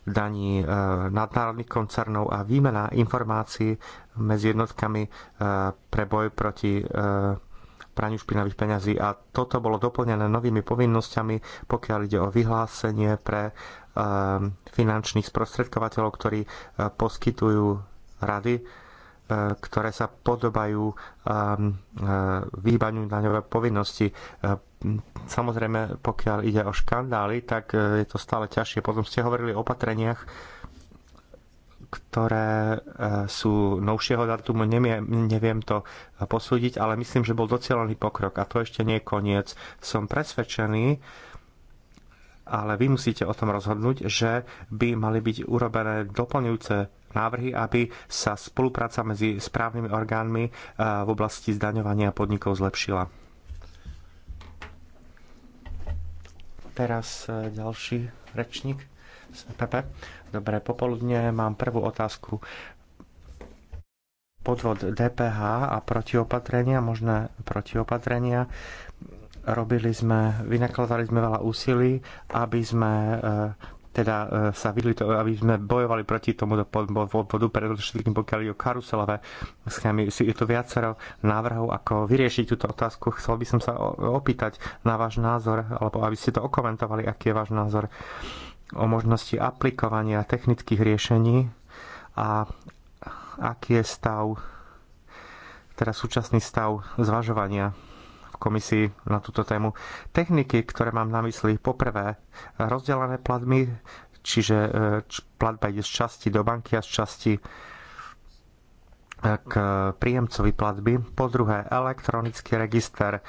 daní nadnárodných koncernov a výmena informácií medzi jednotkami pre boj proti praniu špinavých peňazí a toto bolo doplnené novými povinnosťami, pokiaľ ide o vyhlásenie pre finančných sprostredkovateľov, ktorí poskytujú rady E, ktoré sa podobajú e, e, výbaniu daňové povinnosti. Samozrejme, pokiaľ ide o škandály, tak je to stále ťažšie. Potom ste hovorili o opatreniach, ktoré sú novšieho datumu, neviem, to posúdiť, ale myslím, že bol docielený pokrok a to ešte nie je koniec. Som presvedčený, ale vy musíte o tom rozhodnúť, že by mali byť urobené doplňujúce návrhy, aby sa spolupráca medzi správnymi orgánmi eh, v oblasti zdaňovania podnikov zlepšila. Teraz eh, ďalší rečník z PP. Dobré popoludne, mám prvú otázku. Podvod DPH a protiopatrenia, možné protiopatrenia. Robili sme, vynakladali sme veľa úsilí, aby sme eh, teda e, sa vyhli, to, aby sme bojovali proti do podvodu, všetkým pokiaľ je o karuselové schémy. Je to viacero návrhov, ako vyriešiť túto otázku. Chcel by som sa opýtať na váš názor, alebo aby ste to okomentovali, aký je váš názor o možnosti aplikovania technických riešení a aký je stav, teda súčasný stav zvažovania komisii na túto tému. Techniky, ktoré mám na mysli, poprvé rozdelené platby, čiže e, platba ide z časti do banky a z časti e, k príjemcovi platby. Po druhé, elektronický register e,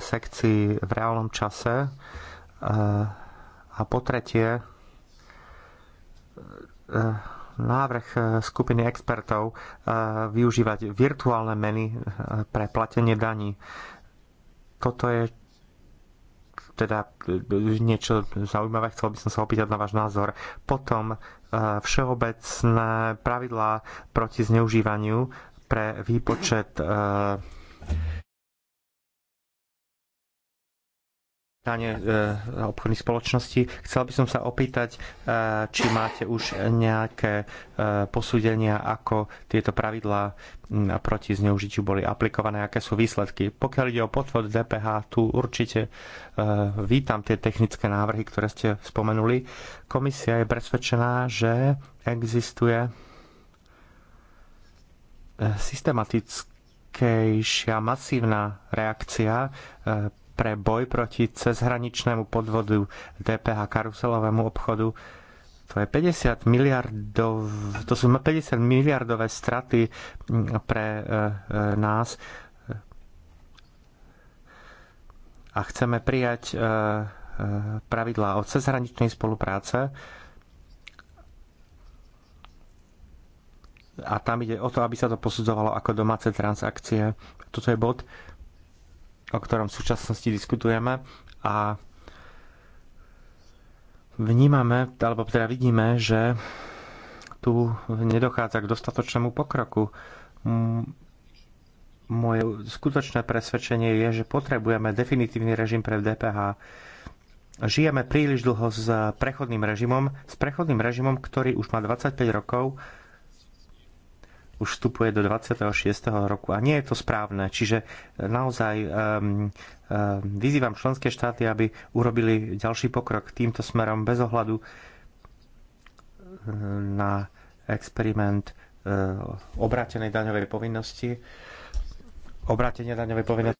sekcií v reálnom čase. A po tretie, návrh skupiny expertov využívať virtuálne meny pre platenie daní. Toto je teda e, niečo zaujímavé, chcel by som sa opýtať na váš názor. Potom e, všeobecné pravidlá proti zneužívaniu pre výpočet e, strane e, obchodných spoločností. Chcel by som sa opýtať, e, či máte už nejaké e, posúdenia, ako tieto pravidlá proti zneužitiu boli aplikované, aké sú výsledky. Pokiaľ ide o podvod DPH, tu určite vítam tie technické návrhy, ktoré ste spomenuli. Komisia je presvedčená, že existuje systematickejšia masívna reakcia pre boj proti cezhraničnému podvodu DPH karuselovému obchodu. To je 50 miliardov, to sú 50 miliardové straty mm, pre e, e, nás a chceme prijať e, pravidlá o cezhraničnej spolupráce. A tam ide o to, aby sa to posudzovalo ako domáce transakcie. Toto je bod, o ktorom v súčasnosti diskutujeme a vnímame, alebo teda vidíme, že tu nedochádza k dostatočnému pokroku. Moje skutočné presvedčenie je, že potrebujeme definitívny režim pre DPH. Žijeme príliš dlho s prechodným režimom, s prechodným režimom, ktorý už má 25 rokov už vstupuje do 26. roku. A nie je to správne. Čiže eh, naozaj um, um, vyzývam členské štáty, aby urobili ďalší pokrok týmto smerom bez ohľadu eh, na experiment um, eh, obrátenej daňovej povinnosti. Obrátenie daňovej povinnosti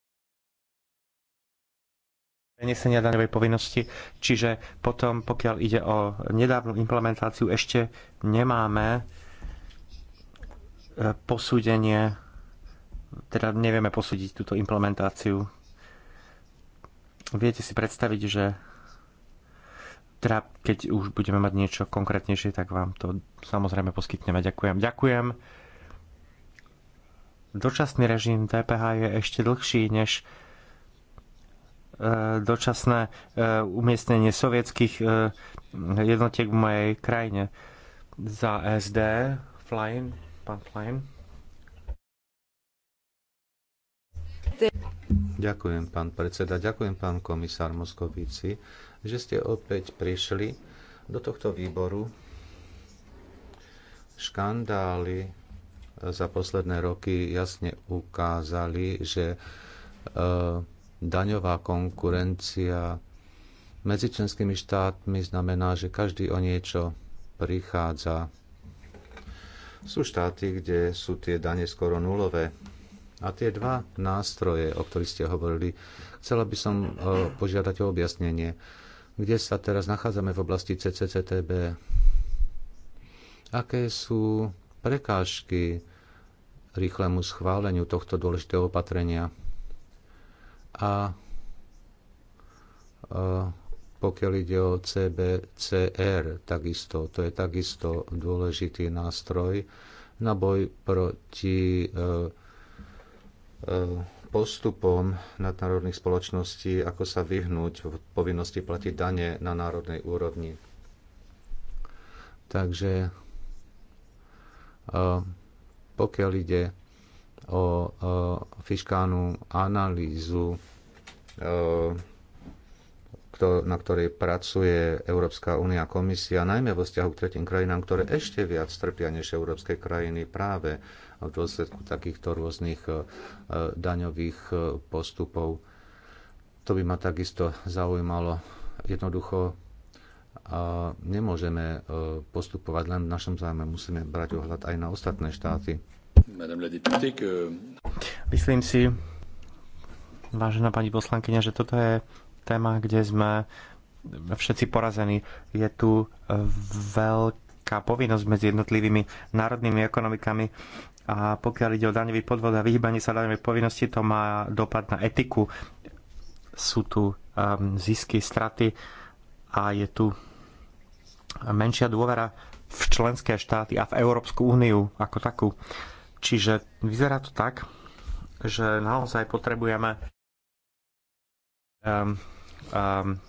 prenesenia daňovej povinnosti. Čiže potom, pokiaľ ide o nedávnu implementáciu, ešte nemáme E, posúdenie, teda nevieme posúdiť túto implementáciu. Viete si predstaviť, že teda keď už budeme mať niečo konkrétnejšie, tak vám to samozrejme poskytneme. Ďakujem. Ďakujem. Dočasný režim DPH je ešte dlhší než e, dočasné e, umiestnenie sovietských jednotiek v mojej krajine. Za SD, Flying. Pán Ďakujem, pán predseda, ďakujem, pán komisár Moskovici, že ste opäť prišli do tohto výboru. Škandály za posledné roky jasne ukázali, že e, daňová konkurencia medzi členskými štátmi znamená, že každý o niečo prichádza sú štáty, kde sú tie dane skoro nulové. A tie dva nástroje, o ktorých ste hovorili, chcela by som e, požiadať o objasnenie, kde sa teraz nachádzame v oblasti CCCTB. Aké sú prekážky rýchlemu schváleniu tohto dôležitého opatrenia? A e, pokiaľ ide o CBCR, takisto, to je takisto dôležitý nástroj na boj proti e, e, postupom nadnárodných spoločností, ako sa vyhnúť v povinnosti platiť dane na národnej úrovni. Takže e, pokiaľ ide o fiskálnu analýzu, na ktorej pracuje Európska únia a komisia, najmä vo vzťahu k tretím krajinám, ktoré ešte viac trpia než európske krajiny práve v dôsledku takýchto rôznych e, e, daňových e, postupov. To by ma takisto zaujímalo. Jednoducho nemôžeme postupovať len v našom zájme, musíme brať ohľad aj na ostatné štáty. Myslím si, vážená pani poslankyňa, že toto je téma, kde sme všetci porazení. Je tu veľká povinnosť medzi jednotlivými národnými ekonomikami a pokiaľ ide o daňový podvod a vyhýbanie sa daňovej povinnosti, to má dopad na etiku. Sú tu um, zisky, straty a je tu menšia dôvera v členské štáty a v Európsku úniu ako takú. Čiže vyzerá to tak, že naozaj potrebujeme um,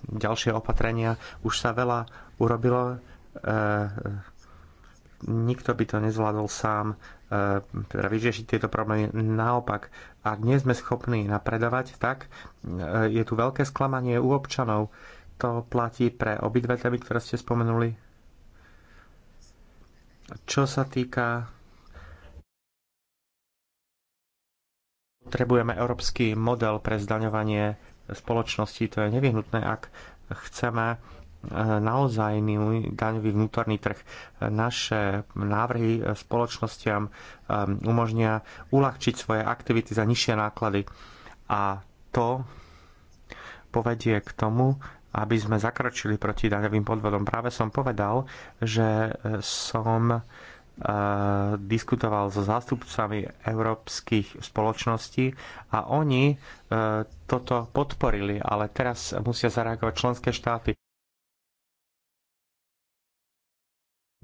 ďalšie opatrenia. Už sa veľa urobilo. E, nikto by to nezvládol sám e, teda vyriešiť tieto problémy. Naopak, ak nie sme schopní napredovať, tak e, je tu veľké sklamanie u občanov. To platí pre obidve témy, ktoré ste spomenuli. Čo sa týka potrebujeme európsky model pre zdaňovanie spoločnosti. To je nevyhnutné, ak chceme e, naozaj daňový vnútorný trh. Naše návrhy spoločnostiam e, umožnia uľahčiť svoje aktivity za nižšie náklady. A to povedie k tomu, aby sme zakročili proti daňovým podvodom. Práve som povedal, že e, som diskutoval so zástupcami európskych spoločností a oni e, toto podporili, ale teraz musia zareagovať členské štáty.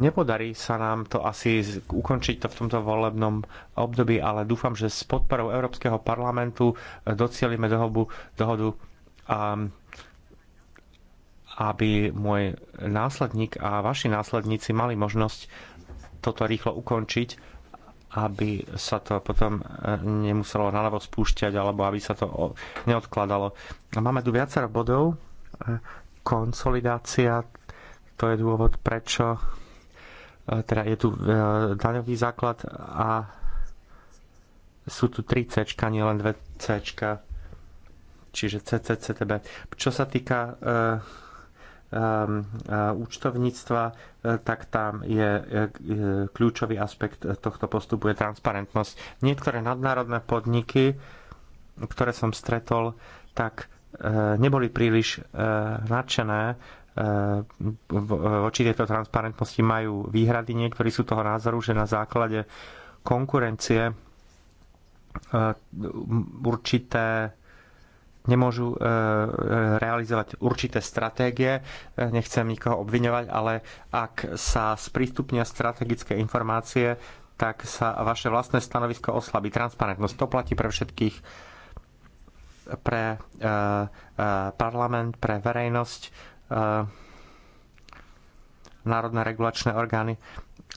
Nepodarí sa nám to asi ukončiť to v tomto volebnom období, ale dúfam, že s podporou Európskeho parlamentu e, docielime dohodu, dohodu, aby môj následník a vaši následníci mali možnosť toto rýchlo ukončiť, aby sa to potom e, nemuselo naľavo spúšťať alebo aby sa to neodkladalo. Máme tu viacero bodov. E, konsolidácia, to je dôvod, prečo e, teda je tu daňový základ a sú tu 3 C, nie len 2 C, čiže CCCTB. Čo sa týka Ehm, e, účtovníctva, e, tak tam je e, kľúčový aspekt tohto postupu je transparentnosť. Niektoré nadnárodné podniky, ktoré som stretol, tak neboli príliš nadšené voči tejto transparentnosti majú výhrady. Niektorí sú toho názoru, že na základe konkurencie určité nemôžu e, realizovať určité stratégie. E, nechcem nikoho obviňovať, ale ak sa sprístupnia strategické informácie, tak sa vaše vlastné stanovisko oslabí. Transparentnosť to platí pre všetkých, pre e, parlament, pre verejnosť, národné regulačné orgány.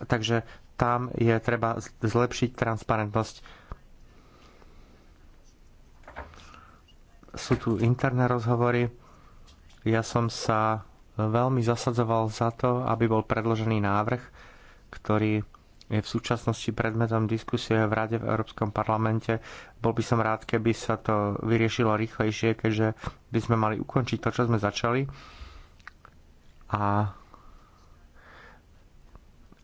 Takže tam je treba zlepšiť transparentnosť sú tu interné rozhovory. Ja som sa veľmi zasadzoval za to, aby bol predložený návrh, ktorý je v súčasnosti predmetom diskusie v Rade v Európskom parlamente. Bol by som rád, keby sa to vyriešilo rýchlejšie, keďže by sme mali ukončiť to, čo sme začali. A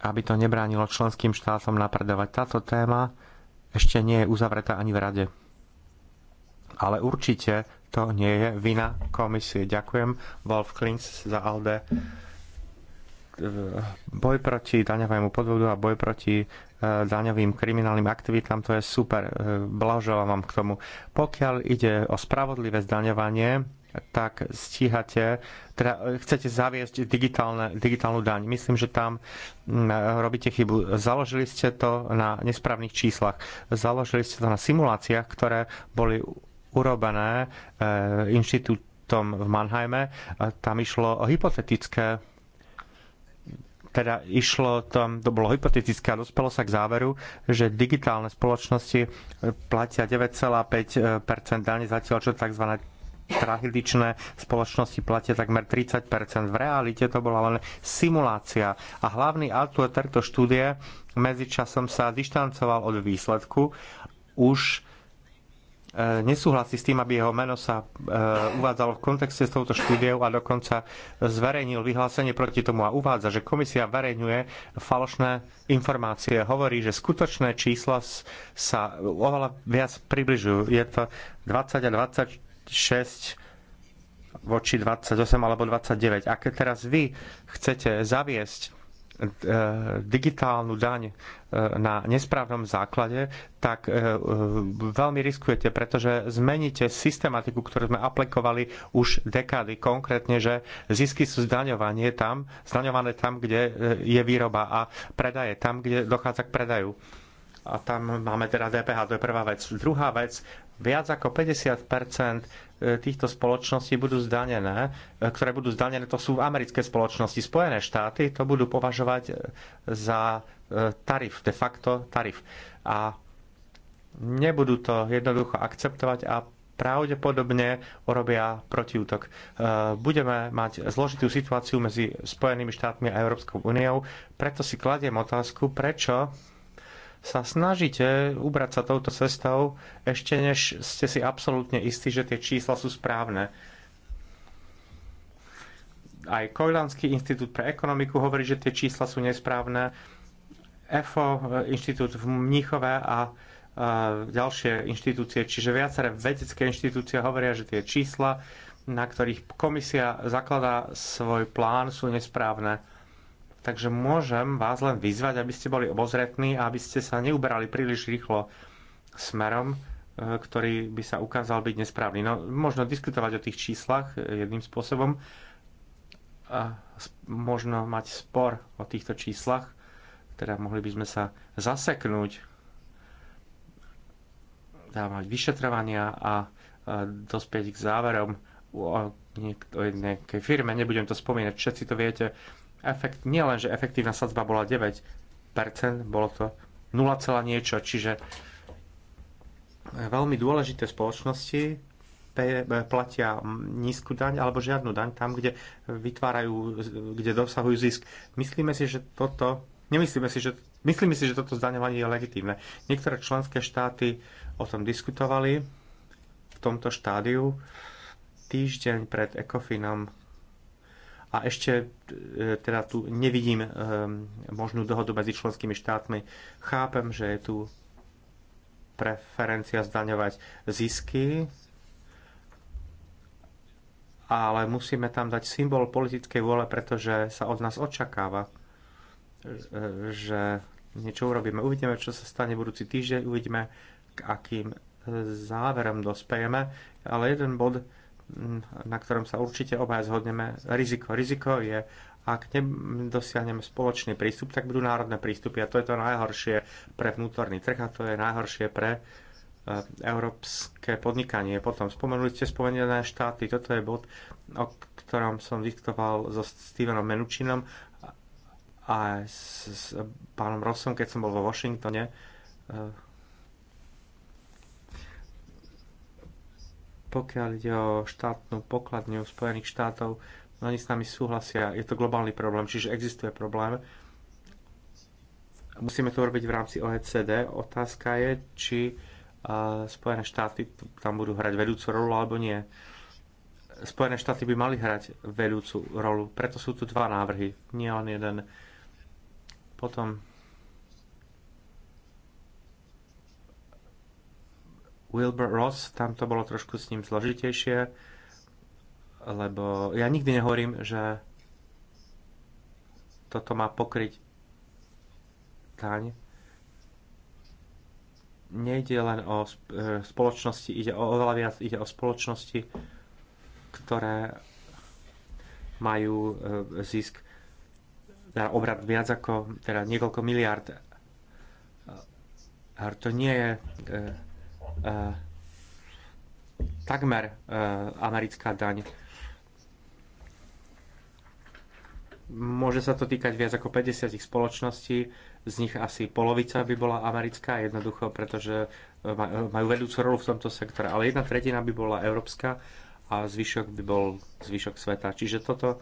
aby to nebránilo členským štátom napredovať. Táto téma ešte nie je uzavretá ani v Rade ale určite to nie je vina komisie. Ďakujem Wolf Klins za ALDE. E, boj proti daňovému podvodu a boj proti e, daňovým kriminálnym aktivitám, to je super. E, blahoželám vám k tomu. Pokiaľ ide o spravodlivé zdaňovanie, tak stíhate, teda chcete zaviesť digitálne, digitálnu daň. Myslím, že tam robíte chybu. Založili ste to na nesprávnych číslach. Založili ste to na simuláciách, ktoré boli urobené e, inštitútom v Mannheime. Tam išlo o hypotetické teda išlo tam, to bolo hypotetické a dospelo sa k záveru, že digitálne spoločnosti platia 9,5% dane, zatiaľ čo tzv. tradičné spoločnosti platia takmer 30%. V realite to bola len simulácia. A hlavný autor tejto štúdie medzičasom sa dištancoval od výsledku. Už E, nesúhlasí s tým, aby jeho meno sa e, uvádzalo v kontexte s touto štúdiou a dokonca zverejnil vyhlásenie proti tomu a uvádza, že komisia verejňuje falošné informácie. Hovorí, že skutočné čísla sa oveľa viac približujú. Je to 20 a 26 voči 28 alebo 29. A keď teraz vy chcete zaviesť Eh, digitálnu daň eh, na nesprávnom základe, tak eh, veľmi riskujete, pretože zmeníte systematiku, ktorú sme aplikovali už dekády. Konkrétne, že zisky sú zdaňovanie tam, zdaňované tam, kde je výroba a predaje tam, kde dochádza k predaju. A tam máme teda DPH, to je prvá vec. Druhá vec, Viac ako 50 e, týchto spoločností budú zdanené, e, ktoré budú zdanené, to sú americké spoločnosti. Spojené štáty to budú považovať e, za tarif, de facto tarif. A nebudú to jednoducho akceptovať a pravdepodobne urobia protiútok. Budeme mať zložitú situáciu medzi Spojenými štátmi a Európskou úniou, preto si kladiem otázku, prečo sa snažíte ubrať sa touto cestou, ešte než ste si absolútne istí, že tie čísla sú správne. Aj Kojlanský inštitút pre ekonomiku hovorí, že tie čísla sú nesprávne. EFO, e, inštitút v Mníchove a e, ďalšie inštitúcie, čiže viaceré vedecké inštitúcie hovoria, že tie čísla, na ktorých komisia zakladá svoj plán, sú nesprávne. Takže môžem vás len vyzvať, aby ste boli obozretní a aby ste sa neuberali príliš rýchlo smerom, e, ktorý by sa ukázal byť nesprávny. No, možno diskutovať o tých číslach e, jedným spôsobom a možno mať spor o týchto číslach, teda mohli by sme sa zaseknúť, dávať vyšetrovania a e, dospieť k záverom o nejakej firme. Nebudem to spomínať, všetci to viete efekt, nie len, že efektívna sadzba bola 9%, bolo to 0, niečo, čiže veľmi dôležité spoločnosti platia nízku daň alebo žiadnu daň tam, kde vytvárajú, kde dosahujú zisk. Myslíme si, že toto Nemyslíme si, že, myslíme si, že toto zdaňovanie je legitímne. Niektoré členské štáty o tom diskutovali v tomto štádiu. Týždeň pred ECOFINom a ešte e, teda tu nevidím e, možnú dohodu medzi členskými štátmi. Chápem, že je tu preferencia zdaňovať zisky, ale musíme tam dať symbol politickej vôle, pretože sa od nás očakáva, e, že niečo urobíme. Uvidíme, čo sa stane budúci týždeň, uvidíme, k akým záverom dospejeme, ale jeden bod na ktorom sa určite obaja zhodneme, riziko. Riziko je, ak nedosiahneme spoločný prístup, tak budú národné prístupy a to je to najhoršie pre vnútorný trh a to je najhoršie pre e, európske podnikanie. Potom spomenuli ste spomenené štáty. Toto je bod, o ktorom som diskutoval so Stevenom Menučinom a s, s pánom Rossom, keď som bol vo Washingtone e, Pokiaľ ide o štátnu pokladňu Spojených štátov, no oni s nami súhlasia, je to globálny problém, čiže existuje problém. Musíme to robiť v rámci OECD. Otázka je, či Spojené štáty tam budú hrať vedúcu rolu alebo nie. Spojené štáty by mali hrať vedúcu rolu, preto sú tu dva návrhy, nie len jeden. Potom Wilbur Ross, tam to bolo trošku s ním zložitejšie, lebo ja nikdy nehovorím, že toto má pokryť taň. Nejde len o e, spoločnosti, ide o oveľa viac, ide o spoločnosti, ktoré majú e, zisk, na obrad viac ako teda niekoľko miliard. A e, to nie je E, takmer e, americká daň. Môže sa to týkať viac ako 50 spoločností, z nich asi polovica by bola americká, jednoducho, pretože e, majú vedúcu rolu v tomto sektore, ale jedna tretina by bola európska a zvyšok by bol zvyšok sveta. Čiže toto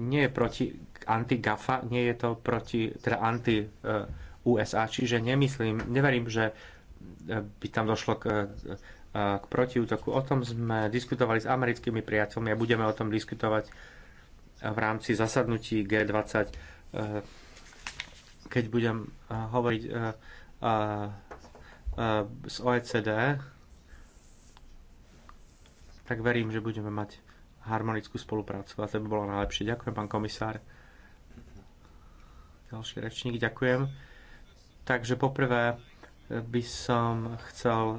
nie je proti anti-GAFA, nie je to proti, teda anti-USA, čiže nemyslím, neverím, že by tam došlo k, k protiútoku. O tom sme diskutovali s americkými priateľmi a budeme o tom diskutovať v rámci zasadnutí G20. Eh, keď budem eh, hovoriť eh, z OECD, tak verím, že budeme mať harmonickú spoluprácu a to by bolo najlepšie. Ďakujem, pán komisár. Ďalší rečník, ďakujem. Takže poprvé, by som chcel e,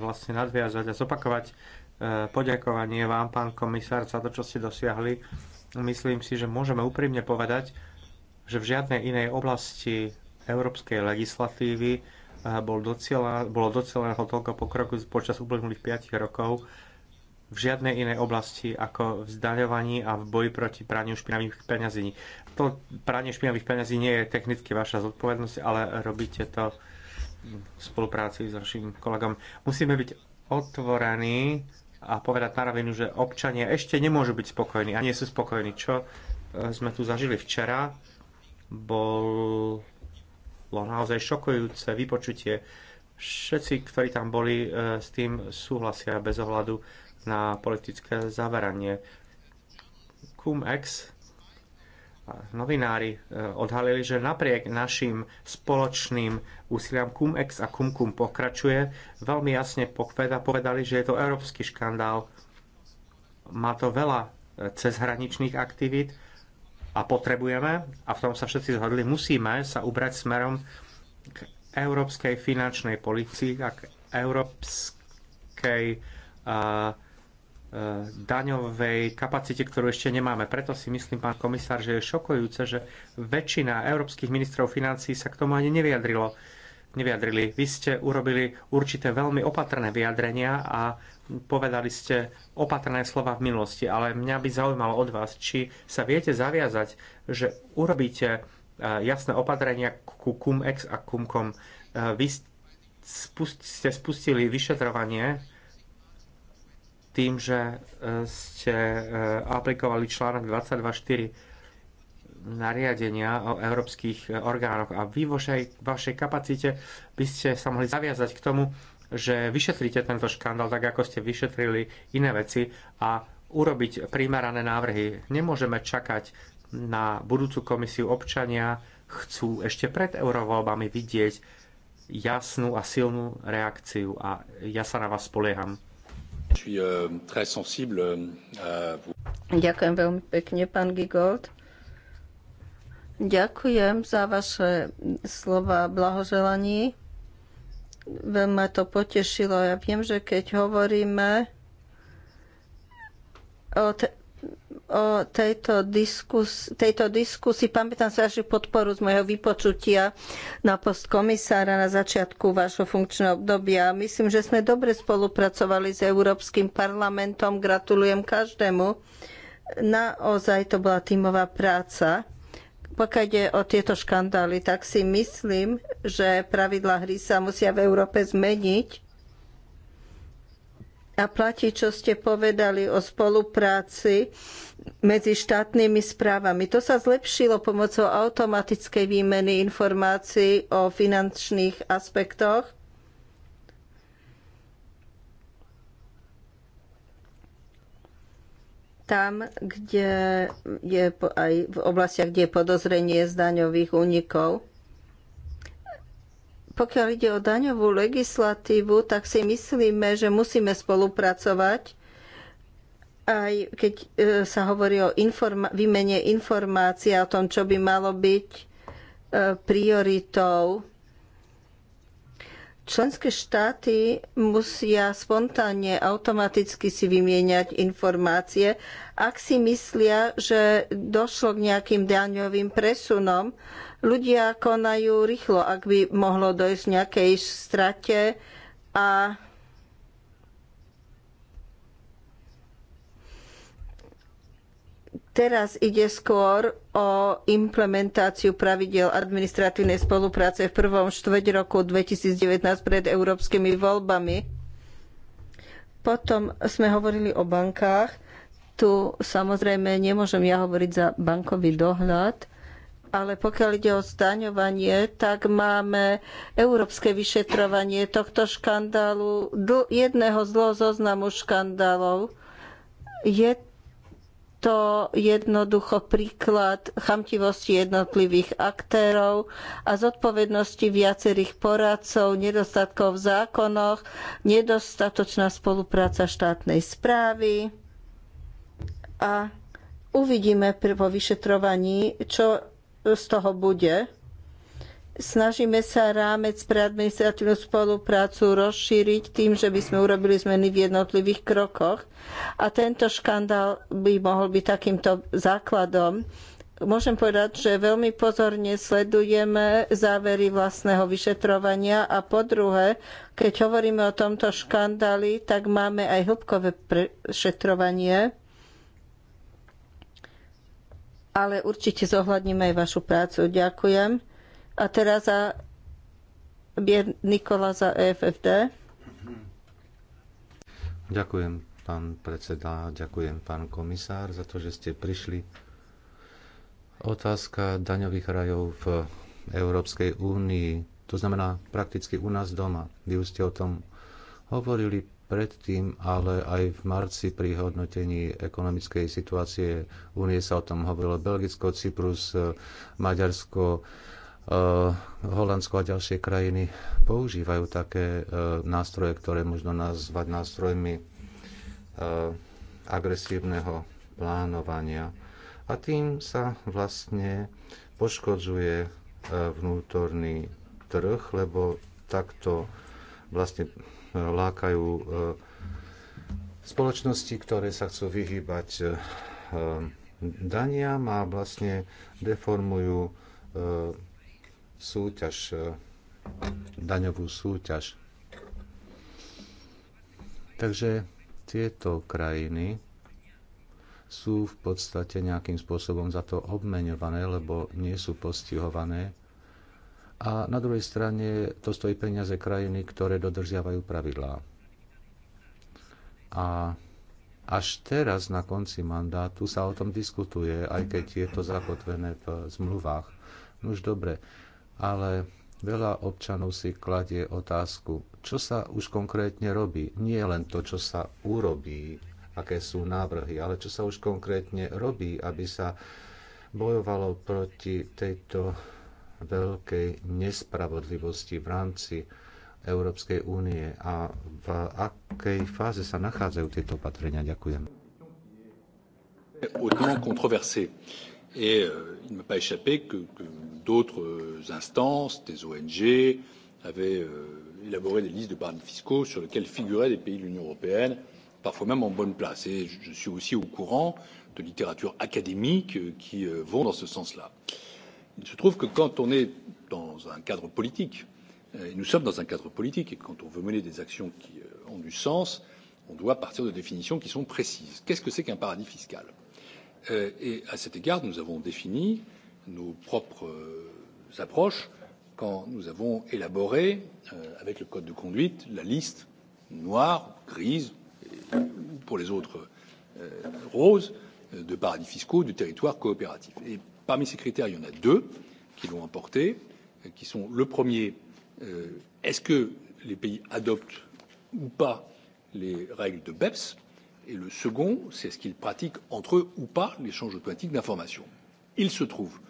vlastne nadviazať a zopakovať e, poďakovanie vám, pán komisár, za to, čo ste dosiahli. Myslím si, že môžeme úprimne povedať, že v žiadnej inej oblasti európskej legislatívy e, bol docela, bolo doceleného toľko pokroku počas uplynulých 5 rokov v žiadnej inej oblasti ako v zdaňovaní a v boji proti praniu špinavých peňazí. To pranie špinavých peňazí nie je technicky vaša zodpovednosť, ale robíte to uh, v spolupráci s našim kolegom. Musíme byť otvorení a povedať na rovinu, že občania ešte nemôžu byť spokojní a nie sú spokojní. Čo e, sme tu zažili včera, bolo naozaj šokujúce vypočutie. Všetci, ktorí tam boli, e, s tým súhlasia bez ohľadu na politické zaveranie. Cum ex novinári e, odhalili, že napriek našim spoločným úsiliam Cum Ex a Cum Cum pokračuje, veľmi jasne povedali, že je to európsky škandál. Má to veľa e, cezhraničných aktivít a potrebujeme, a v tom sa všetci zhodli, musíme sa ubrať smerom k európskej finančnej policii a k európskej uh, E, daňovej kapacite, ktorú ešte nemáme. Preto si myslím, pán komisár, že je šokujúce, že väčšina európskych ministrov financí sa k tomu ani nevyjadrilo. Nevyjadrili. Vy ste urobili určité veľmi opatrné vyjadrenia a povedali ste opatrné slova v minulosti, ale mňa by zaujímalo od vás, či sa viete zaviazať, že urobíte e, jasné opatrenia ku cum ex a cum com. E, vy ste spustili vyšetrovanie tým, že e, ste e, aplikovali článok 22.4 nariadenia o európskych e, orgánoch a vy vo vašej, vašej kapacite by ste sa mohli zaviazať k tomu, že vyšetríte tento škandál tak, ako ste vyšetrili iné veci a urobiť primerané návrhy. Nemôžeme čakať na budúcu komisiu občania, chcú ešte pred eurovoľbami vidieť jasnú a silnú reakciu a ja sa na vás spolieham. Euh, euh, Ďakujem veľmi pekne, pán Gigold. Ďakujem za vaše slova blahoželaní. Veľmi ma to potešilo. Ja viem, že keď hovoríme o o tejto, diskus, tejto diskusii. Pamätám sa vašu podporu z mojho vypočutia na post komisára na začiatku vášho funkčného obdobia. Myslím, že sme dobre spolupracovali s Európskym parlamentom. Gratulujem každému. Naozaj to bola tímová práca. Pokiaľ ide o tieto škandály, tak si myslím, že pravidlá hry sa musia v Európe zmeniť a platí, čo ste povedali o spolupráci medzi štátnymi správami. To sa zlepšilo pomocou automatickej výmeny informácií o finančných aspektoch. Tam, kde je aj v oblastiach, kde je podozrenie z daňových únikov. Pokiaľ ide o daňovú legislatívu, tak si myslíme, že musíme spolupracovať, aj keď e, sa hovorí o informa- výmene informácií o tom, čo by malo byť e, prioritou. Členské štáty musia spontánne, automaticky si vymieňať informácie, ak si myslia, že došlo k nejakým daňovým presunom, Ľudia konajú rýchlo, ak by mohlo dojsť nejakej strate a Teraz ide skôr o implementáciu pravidel administratívnej spolupráce v prvom štvrť roku 2019 pred európskymi voľbami. Potom sme hovorili o bankách. Tu samozrejme nemôžem ja hovoriť za bankový dohľad, ale pokiaľ ide o zdaňovanie, tak máme európske vyšetrovanie tohto škandálu, jedného zlo zoznamu škandálov. Je to jednoducho príklad chamtivosti jednotlivých aktérov a zodpovednosti viacerých poradcov, nedostatkov v zákonoch, nedostatočná spolupráca štátnej správy a uvidíme po vyšetrovaní, čo z toho bude. Snažíme sa rámec pre administratívnu spoluprácu rozšíriť tým, že by sme urobili zmeny v jednotlivých krokoch. A tento škandál by mohol byť takýmto základom. Môžem povedať, že veľmi pozorne sledujeme závery vlastného vyšetrovania a po druhé, keď hovoríme o tomto škandáli, tak máme aj hĺbkové prešetrovanie ale určite zohľadníme aj vašu prácu. Ďakujem. A teraz za Bier Nikola za EFFD. Ďakujem, pán predseda, ďakujem, pán komisár, za to, že ste prišli. Otázka daňových rajov v Európskej únii, to znamená prakticky u nás doma. Vy už ste o tom hovorili, predtým, ale aj v marci pri hodnotení ekonomickej situácie únie sa o tom hovorilo Belgicko, Cyprus, e, Maďarsko, e, Holandsko a ďalšie krajiny používajú také e, nástroje, ktoré možno nazvať nástrojmi agresívneho plánovania. A tým sa vlastne poškodzuje vnútorný trh, lebo takto vlastne lákajú eh, spoločnosti, ktoré sa chcú vyhýbať eh, daniam a vlastne deformujú eh, súťaž, daňovú súťaž. Takže tieto krajiny sú v podstate nejakým spôsobom za to obmeňované, lebo nie sú postihované a na druhej strane to stojí peniaze krajiny, ktoré dodržiavajú pravidlá. A až teraz na konci mandátu sa o tom diskutuje, aj keď je to zakotvené v zmluvách. No už dobre, ale veľa občanov si kladie otázku, čo sa už konkrétne robí. Nie len to, čo sa urobí, aké sú návrhy, ale čo sa už konkrétne robí, aby sa bojovalo proti tejto veľkej nespravodlivosti v rámci Európskej únie a v akej fáze sa nachádzajú tieto opatrenia? Ďakujem. Hautement controversé. Et euh, il ne m'a pas échappé que, que d'autres euh, instances, des ONG, avaient euh, élaboré des listes de paradis fiscaux sur lesquelles figuraient les pays de l'Union européenne, parfois même en bonne place. Et je, je suis aussi au courant de littérature académique euh, qui euh, vont dans ce sens-là. Euh, il se trouve que quand on est dans un cadre politique euh, et nous sommes dans un cadre politique et quand on veut mener des actions qui euh, ont du sens on doit partir de définitions qui sont précises. qu'est ce que c'est qu'un paradis fiscal? Euh, et à cet égard nous avons défini nos propres approches quand nous avons élaboré avec le code de conduite la liste noire grise et pour les autres rose de paradis fiscaux du territoire coopératif. Et Parmi ces critères, il y en a deux qui l'ont emporté, euh, qui sont le premier, euh, est-ce que les pays adoptent ou pas les règles de BEPS et le second, c'est est ce qu'ils pratiquent entre eux ou pas l'échange automatique d'informations. Il se trouve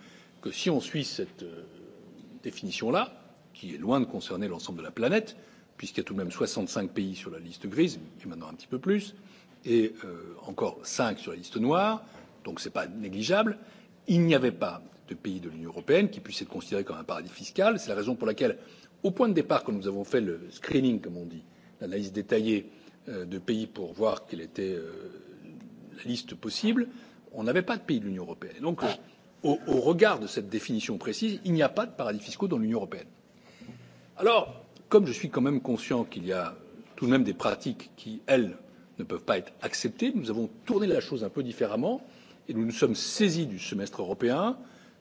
que si on suit cette euh, définition-là, qui est loin de concerner l'ensemble de la planète, puisqu'il y a tout de même 65 pays sur la liste grise, et maintenant un petit peu plus, et euh, encore 5 sur la liste noire, donc ce n'est pas négligeable, il n'y avait pas de pays de l'union européenne qui puisse être considéré comme un paradis fiscal c'est la raison pour laquelle au point de départ quand nous avons fait le screening comme on dit l'analyse détaillée euh, de pays pour voir quelle était euh, la liste possible on n'avait pas de pays de l'union européenne. donc euh, au, au regard de cette définition précise il n'y a pas de paradis fiscaux dans l'union européenne. alors comme je suis quand même conscient qu'il y a tout de même des pratiques qui elles ne peuvent pas être acceptées nous avons tourné la chose un peu différemment et nous nous sommes saisis du semestre européen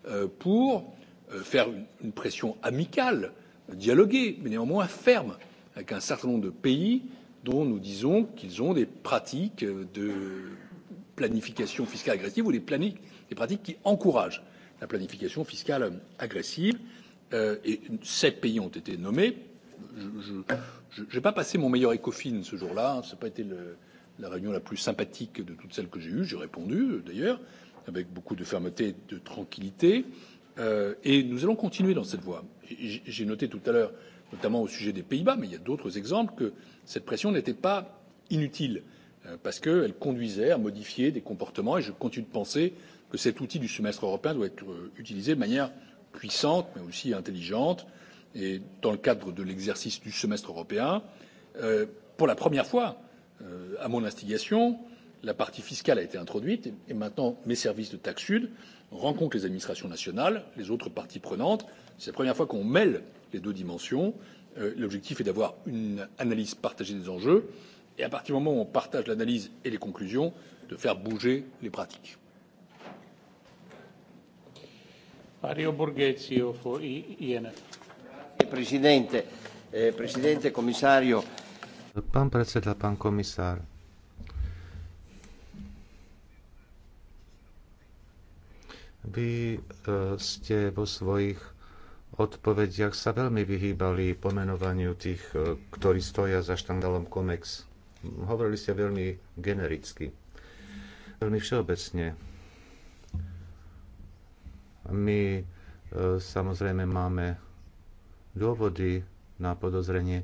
euh, pour euh, faire une pression amicale dialoguer mais néanmoins ferme avec un certain nombre de pays dont nous disons qu'ils ont des pratiques de planification fiscale agressive ou des pratiques qui encouragent la planification fiscale agressive euh, et sept pays ont été nommés. je n'ai pas passé mon meilleur écofine ce jour là ce n'a pas été la réunion la plus sympathique de toutes celles que j'ai eues j'ai répondu euh, d'ailleurs avec beaucoup de fermeté et de tranquillité euh, et nous allons continuer dans cette voie. j'ai noté tout à l'heure notamment au sujet des pays bas mais il y a d'autres exemples que cette pression n'était pas inutile euh, parce qu'elle conduisait à modifier des comportements et je continue de penser que cet outil du semestre européen doit être utilisé de manière puissante mais aussi intelligente et dans le cadre de l'exercice du semestre européen pour la première fois Euh, à mon instigation la partie fiscale a été introduite et maintenant mes services de taxe sud rencontrent les administrations nationales les autres parties prenantes. c'est la première fois qu'on mêle les deux dimensions. Euh, l'objectif est d'avoir une analyse partagée des enjeux et à partir du moment où on partage l'analyse et les conclusions de faire bouger les pratiques. Mario Borghezio for INF. Presidente, eh, Presidente, Commissario, Pán predseda, pán komisár, vy e, ste vo svojich odpovediach sa veľmi vyhýbali pomenovaniu tých, e, ktorí stoja za štandalom COMEX. Hovorili ste veľmi genericky, veľmi všeobecne. My e, samozrejme máme dôvody na podozrenie,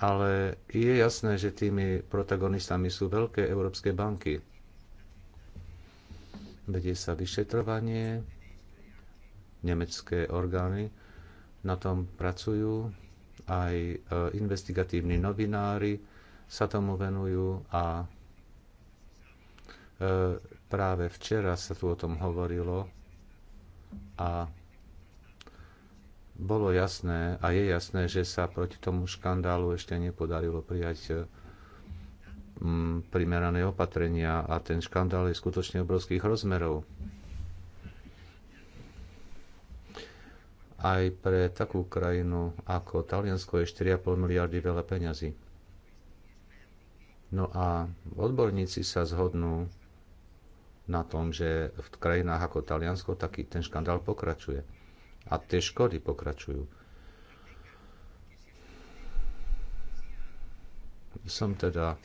ale je jasné, že tými protagonistami sú veľké európske banky. Vedie sa vyšetrovanie, nemecké orgány na tom pracujú, aj e, investigatívni novinári sa tomu venujú a e, práve včera sa tu o tom hovorilo a bolo jasné a je jasné, že sa proti tomu škandálu ešte nepodarilo prijať eh, mm, primerané opatrenia a ten škandál je skutočne obrovských rozmerov. Aj pre takú krajinu ako Taliansko je 4,5 miliardy veľa peňazí. No a odborníci sa zhodnú na tom, že v krajinách ako Taliansko taký ten škandál pokračuje a tie škody pokračujú. Som teda e,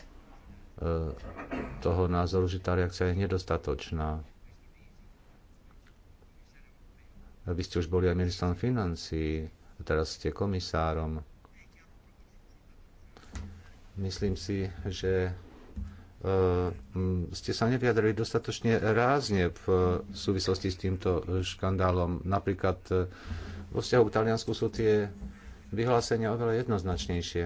toho názoru, že tá reakcia je nedostatočná. Vy ste už boli aj ministrom financí, a teraz ste komisárom. Myslím si, že Ehm, ste sa neviadrili dostatočne rázne v e, súvislosti s týmto škandálom. Napríklad e, vo vzťahu k Taliansku sú tie vyhlásenia oveľa jednoznačnejšie.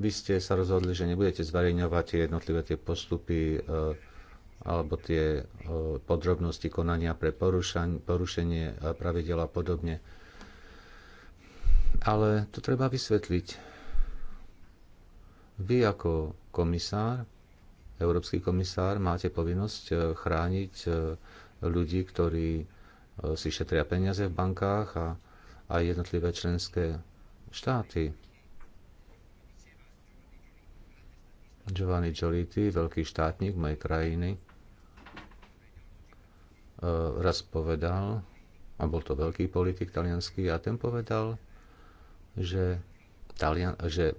Vy ste sa rozhodli, že nebudete zverejňovať tie jednotlivé tie postupy e, alebo tie podrobnosti konania pre porušenie pravidel a podobne. Ale to treba vysvetliť vy ako komisár, európsky komisár, máte povinnosť e, chrániť e, ľudí, ktorí e, si šetria peniaze v bankách a aj jednotlivé členské štáty. Giovanni Giolitti, veľký štátnik mojej krajiny, raz povedal, a bol to veľký politik talianský, a ten povedal, že, Talian, že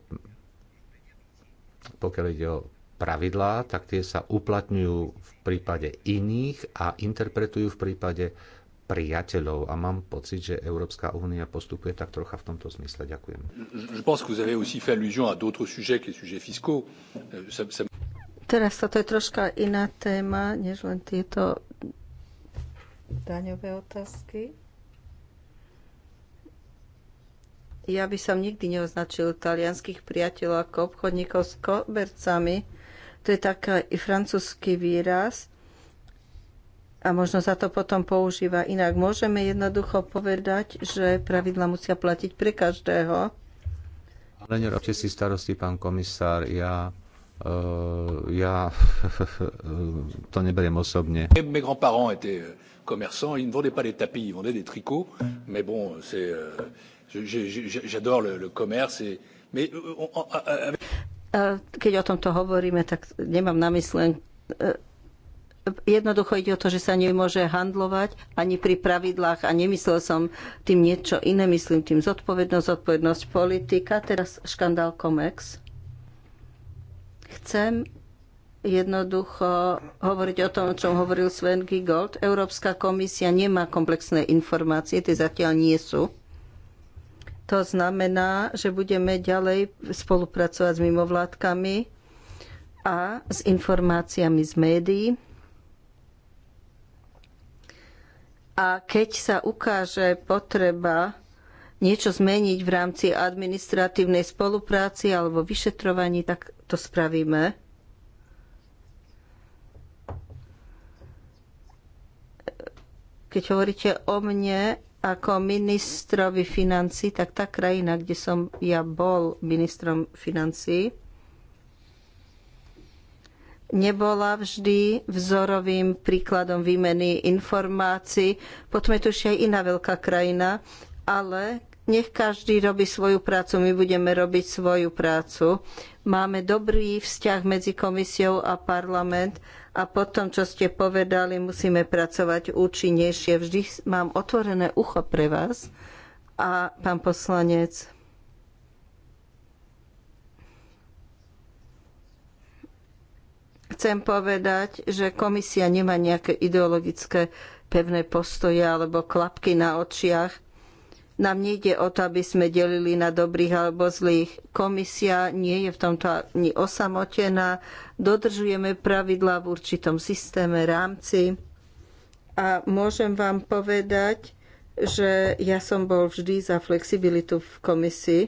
pokiaľ ide o pravidlá, tak tie sa uplatňujú v prípade iných a interpretujú v prípade priateľov. A mám pocit, že Európska únia postupuje tak trocha v tomto zmysle. Ďakujem. Teraz toto je troška iná téma, než len tieto daňové otázky. ja by som nikdy neoznačil talianských priateľov ako obchodníkov s kobercami. To je taký francúzsky výraz a možno sa to potom používa inak. Môžeme jednoducho povedať, že pravidla musia platiť pre každého. Ale nerobte si starosti, pán komisár. Ja Uh, ja to neberiem osobne commerçants. Ils ne vendaient pas des tapis, ils vendaient des tricots. Mais bon, c'est, euh, j'adore le, le commerce. Et, mais, euh, on, on, avec... Keď o tomto hovoríme, tak nemám na mysle jednoducho ide o to, že sa nemôže handlovať ani pri pravidlách a nemyslel som tým niečo iné, myslím tým zodpovednosť, zodpovednosť politika, teraz škandál COMEX. Chcem jednoducho hovoriť o tom, o čom hovoril Sven Gigold. Európska komisia nemá komplexné informácie, tie zatiaľ nie sú. To znamená, že budeme ďalej spolupracovať s mimovládkami a s informáciami z médií. A keď sa ukáže potreba niečo zmeniť v rámci administratívnej spolupráci alebo vyšetrovaní, tak to spravíme Keď hovoríte o mne ako ministrovi financí, tak tá krajina, kde som ja bol ministrom financí, nebola vždy vzorovým príkladom výmeny informácií. Potom je tu ešte aj iná veľká krajina, ale nech každý robí svoju prácu, my budeme robiť svoju prácu. Máme dobrý vzťah medzi komisiou a parlament a po tom, čo ste povedali, musíme pracovať účinnejšie. Vždy mám otvorené ucho pre vás. A pán poslanec. Chcem povedať, že komisia nemá nejaké ideologické pevné postoje alebo klapky na očiach nám nejde o to, aby sme delili na dobrých alebo zlých. Komisia nie je v tomto ani osamotená. Dodržujeme pravidlá v určitom systéme, rámci. A môžem vám povedať, že ja som bol vždy za flexibilitu v komisii,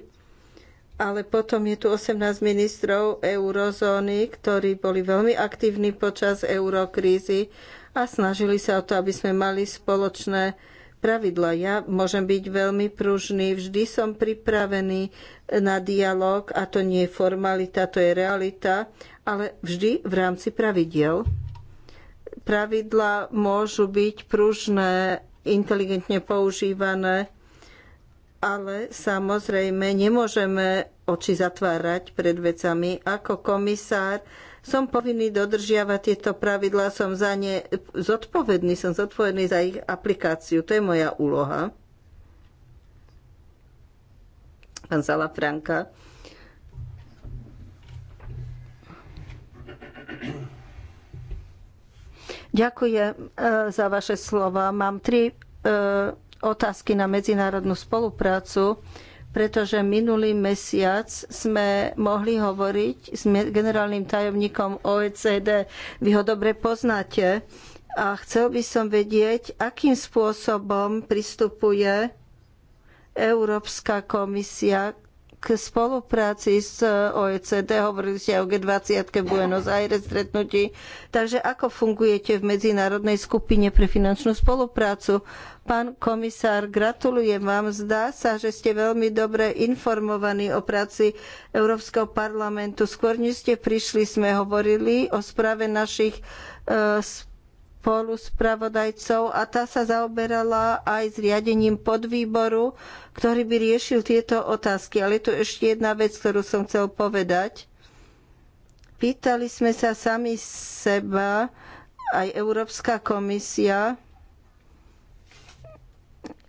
ale potom je tu 18 ministrov eurozóny, ktorí boli veľmi aktívni počas eurokrízy a snažili sa o to, aby sme mali spoločné pravidla. Ja môžem byť veľmi pružný, vždy som pripravený na dialog a to nie je formalita, to je realita, ale vždy v rámci pravidiel. Pravidla môžu byť pružné, inteligentne používané, ale samozrejme nemôžeme oči zatvárať pred vecami. Ako komisár som povinný dodržiavať tieto pravidlá, som za ne zodpovedný, som zodpovedný za ich aplikáciu. To je moja úloha. Pán Zala Franka. Ďakujem eh, za vaše slova. Mám tri eh, otázky na medzinárodnú spoluprácu pretože minulý mesiac sme mohli hovoriť s generálnym tajomníkom OECD. Vy ho dobre poznáte a chcel by som vedieť, akým spôsobom pristupuje Európska komisia k spolupráci s OECD, hovorili ste o G20 v Buenos Aires stretnutí. Takže ako fungujete v medzinárodnej skupine pre finančnú spoluprácu? Pán komisár, gratulujem vám. Zdá sa, že ste veľmi dobre informovaní o práci Európskeho parlamentu. Skôr než ste prišli, sme hovorili o správe našich e, spoluspravodajcov a tá sa zaoberala aj zriadením podvýboru, ktorý by riešil tieto otázky. Ale je tu ešte jedna vec, ktorú som chcel povedať. Pýtali sme sa sami seba, aj Európska komisia,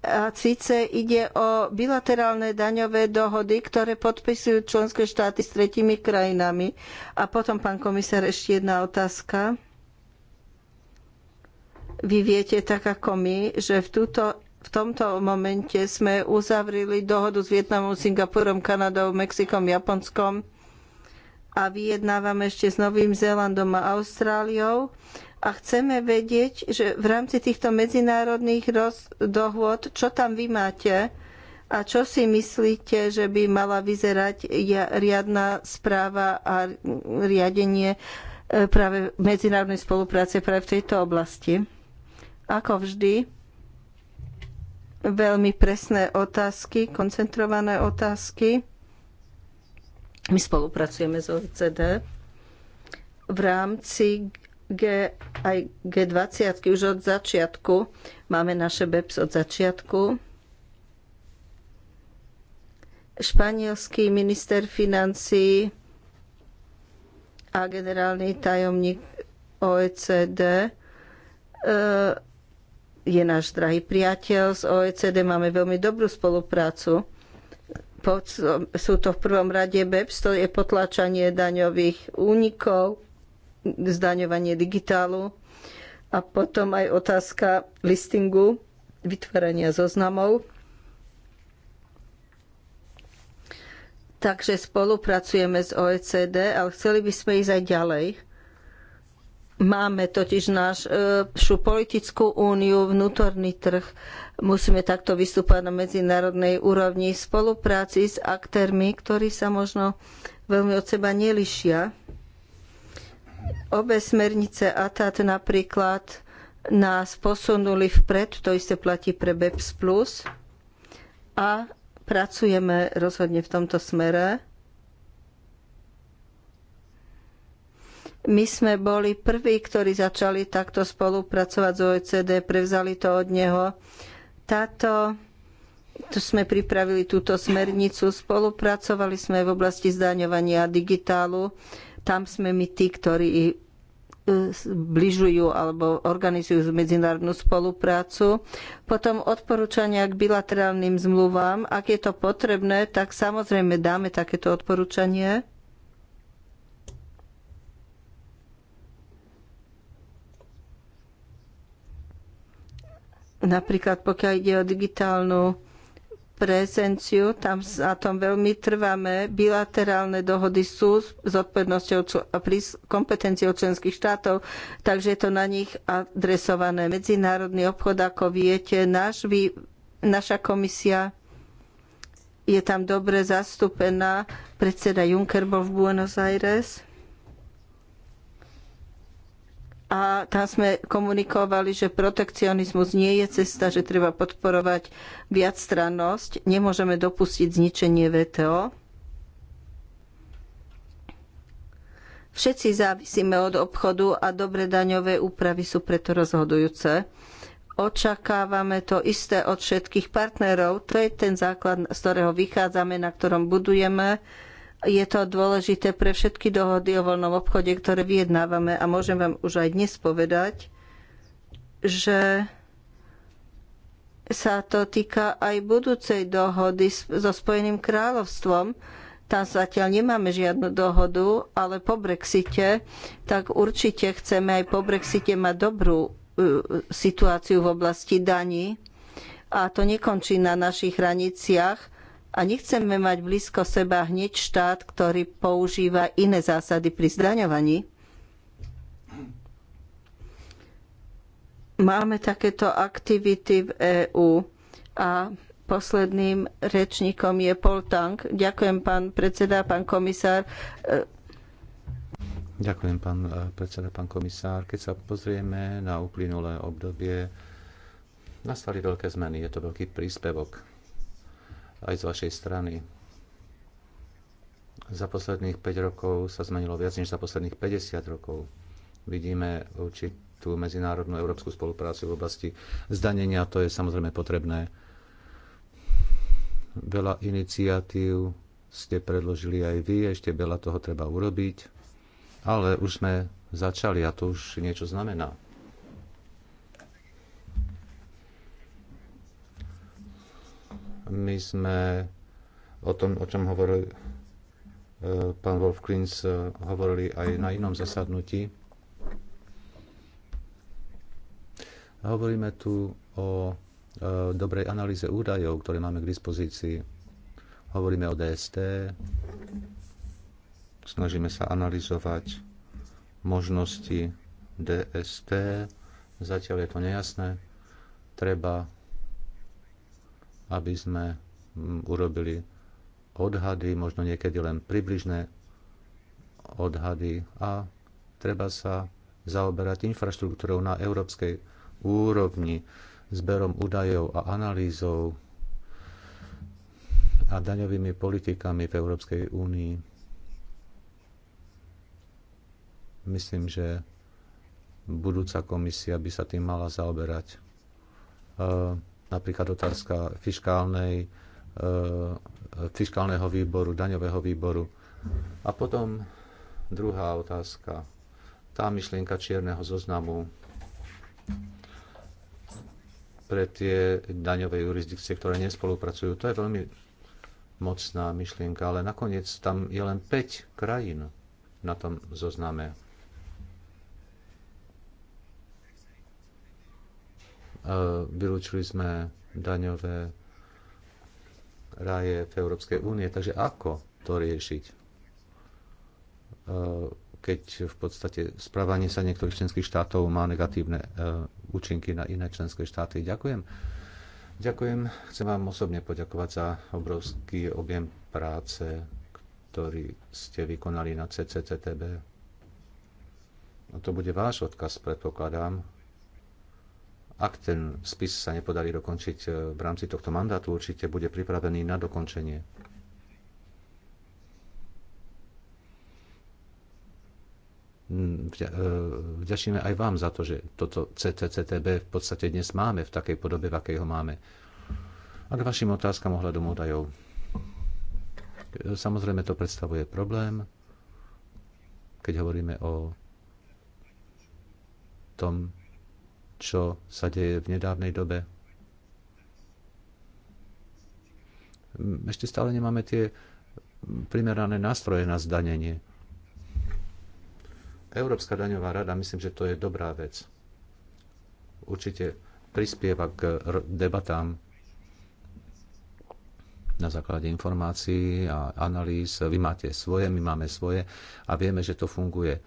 a síce ide o bilaterálne daňové dohody, ktoré podpisujú členské štáty s tretími krajinami. A potom, pán komisár, ešte jedna otázka. Vy viete, tak ako my, že v, túto, v tomto momente sme uzavreli dohodu s Vietnamom, Singapurom, Kanadou, Mexikom, Japonskom a vyjednávame ešte s Novým Zélandom a Austráliou a chceme vedieť, že v rámci týchto medzinárodných roz- dohôd, čo tam vy máte a čo si myslíte, že by mala vyzerať riadna správa a riadenie e, práve medzinárodnej spolupráce práve v tejto oblasti. Ako vždy, veľmi presné otázky, koncentrované otázky. My spolupracujeme s OECD v rámci G, aj G20 už od začiatku. Máme naše BEPS od začiatku. Španielský minister financí a generálny tajomník OECD e, je náš drahý priateľ. Z OECD máme veľmi dobrú spoluprácu. Sú to v prvom rade BEPS, to je potláčanie daňových únikov, zdaňovanie digitálu a potom aj otázka listingu, vytvorenia zoznamov. Takže spolupracujeme s OECD, ale chceli by sme ísť aj ďalej. Máme totiž našu e, politickú úniu, vnútorný trh. Musíme takto vystúpať na medzinárodnej úrovni v spolupráci s aktérmi, ktorí sa možno veľmi od seba nelišia Obe smernice a napríklad nás posunuli vpred, to isté platí pre BEPS+, plus, a pracujeme rozhodne v tomto smere. My sme boli prví, ktorí začali takto spolupracovať s OECD, prevzali to od neho. Táto, tu sme pripravili túto smernicu, spolupracovali sme v oblasti zdaňovania digitálu tam sme my tí, ktorí e, zbližujú alebo organizujú medzinárodnú spoluprácu. Potom odporúčania k bilaterálnym zmluvám. Ak je to potrebné, tak samozrejme dáme takéto odporúčanie. Napríklad pokiaľ ide o digitálnu prezenciu, tam na tom veľmi trváme. Bilaterálne dohody sú s odpovednosťou a kompetenciou členských štátov, takže je to na nich adresované. Medzinárodný obchod, ako viete, náš, naša komisia je tam dobre zastúpená. Predseda Juncker bol v Buenos Aires a tam sme komunikovali, že protekcionizmus nie je cesta, že treba podporovať viacstrannosť, nemôžeme dopustiť zničenie VTO. Všetci závisíme od obchodu a dobre daňové úpravy sú preto rozhodujúce. Očakávame to isté od všetkých partnerov. To je ten základ, z ktorého vychádzame, na ktorom budujeme je to dôležité pre všetky dohody o voľnom obchode, ktoré vyjednávame a môžem vám už aj dnes povedať, že sa to týka aj budúcej dohody so Spojeným kráľovstvom. Tam zatiaľ nemáme žiadnu dohodu, ale po Brexite, tak určite chceme aj po Brexite mať dobrú e, situáciu v oblasti daní. A to nekončí na našich hraniciach, a nechceme mať blízko seba hneď štát, ktorý používa iné zásady pri zdaňovaní. Máme takéto aktivity v EÚ a posledným rečníkom je Paul Tang. Ďakujem, pán predseda, pán komisár. E- Ďakujem, pán e, predseda, pán komisár. Keď sa pozrieme na uplynulé obdobie, nastali veľké zmeny. Je to veľký príspevok aj z vašej strany. Za posledných 5 rokov sa zmenilo viac než za posledných 50 rokov. Vidíme určitú medzinárodnú európsku spoluprácu v oblasti zdanenia, to je samozrejme potrebné. Veľa iniciatív ste predložili aj vy, ešte veľa toho treba urobiť, ale už sme začali a to už niečo znamená. My sme o tom, o čom hovoril e, pán Wolf Klins, e, hovorili aj na inom zasadnutí. Hovoríme tu o e, dobrej analýze údajov, ktoré máme k dispozícii. Hovoríme o DST, snažíme sa analyzovať možnosti DST, zatiaľ je to nejasné. Treba aby sme mm, urobili odhady, možno niekedy len približné odhady a treba sa zaoberať infraštruktúrou na európskej úrovni, zberom údajov a analýzou a daňovými politikami v Európskej únii. Myslím, že budúca komisia by sa tým mala zaoberať. Ehm, napríklad otázka fiskálnej, e, fiskálneho výboru, daňového výboru. A potom druhá otázka, tá myšlienka čierneho zoznamu pre tie daňové jurisdikcie, ktoré nespolupracujú. To je veľmi mocná myšlienka, ale nakoniec tam je len 5 krajín na tom zozname. vylúčili sme daňové raje v Európskej únie. Takže ako to riešiť? Keď v podstate správanie sa niektorých členských štátov má negatívne e, účinky na iné členské štáty. Ďakujem. Ďakujem. Chcem vám osobne poďakovať za obrovský objem práce, ktorý ste vykonali na CCCTB. No to bude váš odkaz, predpokladám, ak ten spis sa nepodarí dokončiť e, v rámci tohto mandátu, určite bude pripravený na dokončenie. Mm, e, vďačíme aj vám za to, že toto CCCTB v podstate dnes máme v takej podobe, v akej ho máme. A k vašim otázkam ohľadom údajov. E, samozrejme to predstavuje problém, keď hovoríme o tom, čo sa deje v nedávnej dobe. Mm, ešte stále nemáme tie primerané nástroje na zdanenie. Európska daňová rada, myslím, že to je dobrá vec. Určite prispieva k debatám na základe informácií a analýz. Vy máte svoje, my máme svoje a vieme, že to funguje.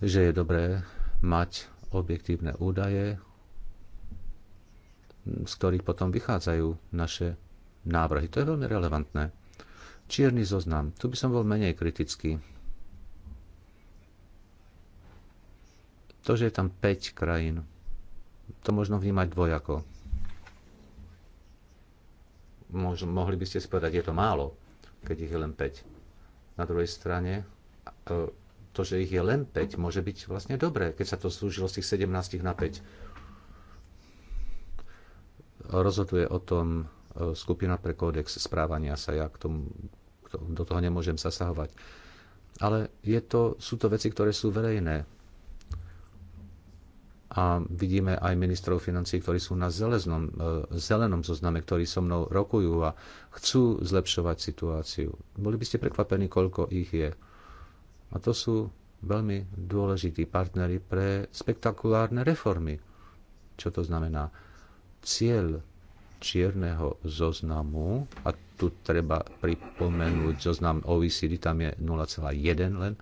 Že je dobré mať objektívne údaje, z ktorých potom vychádzajú naše návrhy. To je veľmi relevantné. Čierny zoznam. Tu by som bol menej kritický. To, že je tam 5 krajín, to možno vnímať dvojako. Mož, mohli by ste spovedať, je to málo, keď ich je len 5. Na druhej strane, e, to, že ich je len 5, môže byť vlastne dobré, keď sa to zúžilo z tých 17 na 5. Rozhoduje o tom e, skupina pre kódex správania sa, ja k tomu, do toho nemôžem zasahovať. Ale je to, sú to veci, ktoré sú verejné. A vidíme aj ministrov financí, ktorí sú na zeleznom, e, zelenom zozname, ktorí so mnou rokujú a chcú zlepšovať situáciu. Boli by ste prekvapení, koľko ich je a to sú veľmi dôležití partnery pre spektakulárne reformy. Čo to znamená? Cieľ čierneho zoznamu, a tu treba pripomenúť zoznam OECD, tam je 0,1 len,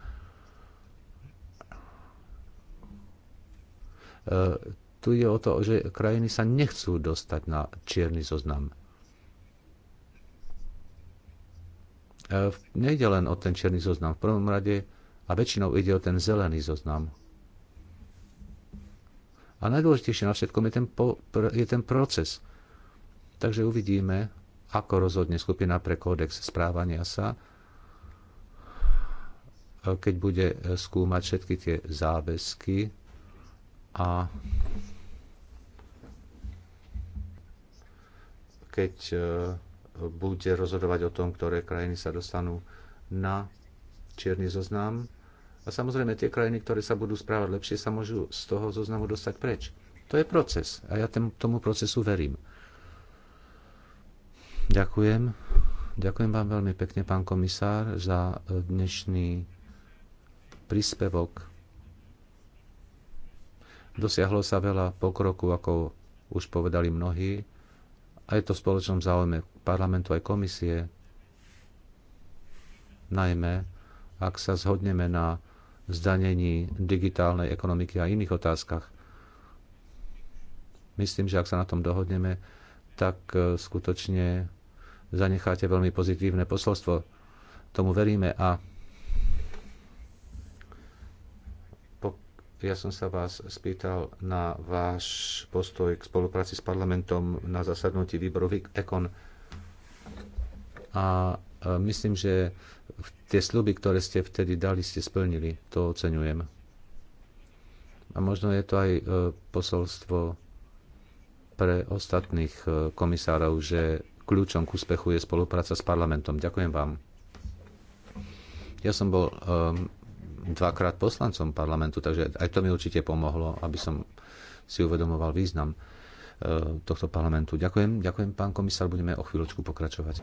e, tu je o to, že krajiny sa nechcú dostať na čierny zoznam. E, nejde len o ten čierny zoznam. V prvom rade a väčšinou ide o ten zelený zoznam. A najdôležitejšie na všetkom je ten, po, je ten proces. Takže uvidíme, ako rozhodne skupina pre kódex správania sa, e, keď bude e, skúmať všetky tie záväzky a keď e, bude rozhodovať o tom, ktoré krajiny sa dostanú na čierny zoznam a samozrejme tie krajiny, ktoré sa budú správať lepšie, sa môžu z toho zoznamu dostať preč. To je proces a ja tomu procesu verím. Ďakujem. Ďakujem vám veľmi pekne, pán komisár, za e, dnešný príspevok. Dosiahlo sa veľa pokroku, ako už povedali mnohí. A je to v spoločnom záujme parlamentu aj komisie. Najmä, ak sa zhodneme na zdanení digitálnej ekonomiky a iných otázkach. Myslím, že ak sa na tom dohodneme, tak e, skutočne zanecháte veľmi pozitívne posolstvo. Tomu veríme a ja som sa vás spýtal na váš postoj k spolupráci s parlamentom na zasadnutí výboru EKON. A e, myslím, že tie sluby, ktoré ste vtedy dali, ste splnili. To oceňujem. A možno je to aj e, posolstvo pre ostatných e, komisárov, že kľúčom k úspechu je spolupráca s parlamentom. Ďakujem vám. Ja som bol e, dvakrát poslancom parlamentu, takže aj to mi určite pomohlo, aby som si uvedomoval význam tohto parlamentu. Ďakujem, ďakujem pán komisár, budeme o chvíľočku pokračovať.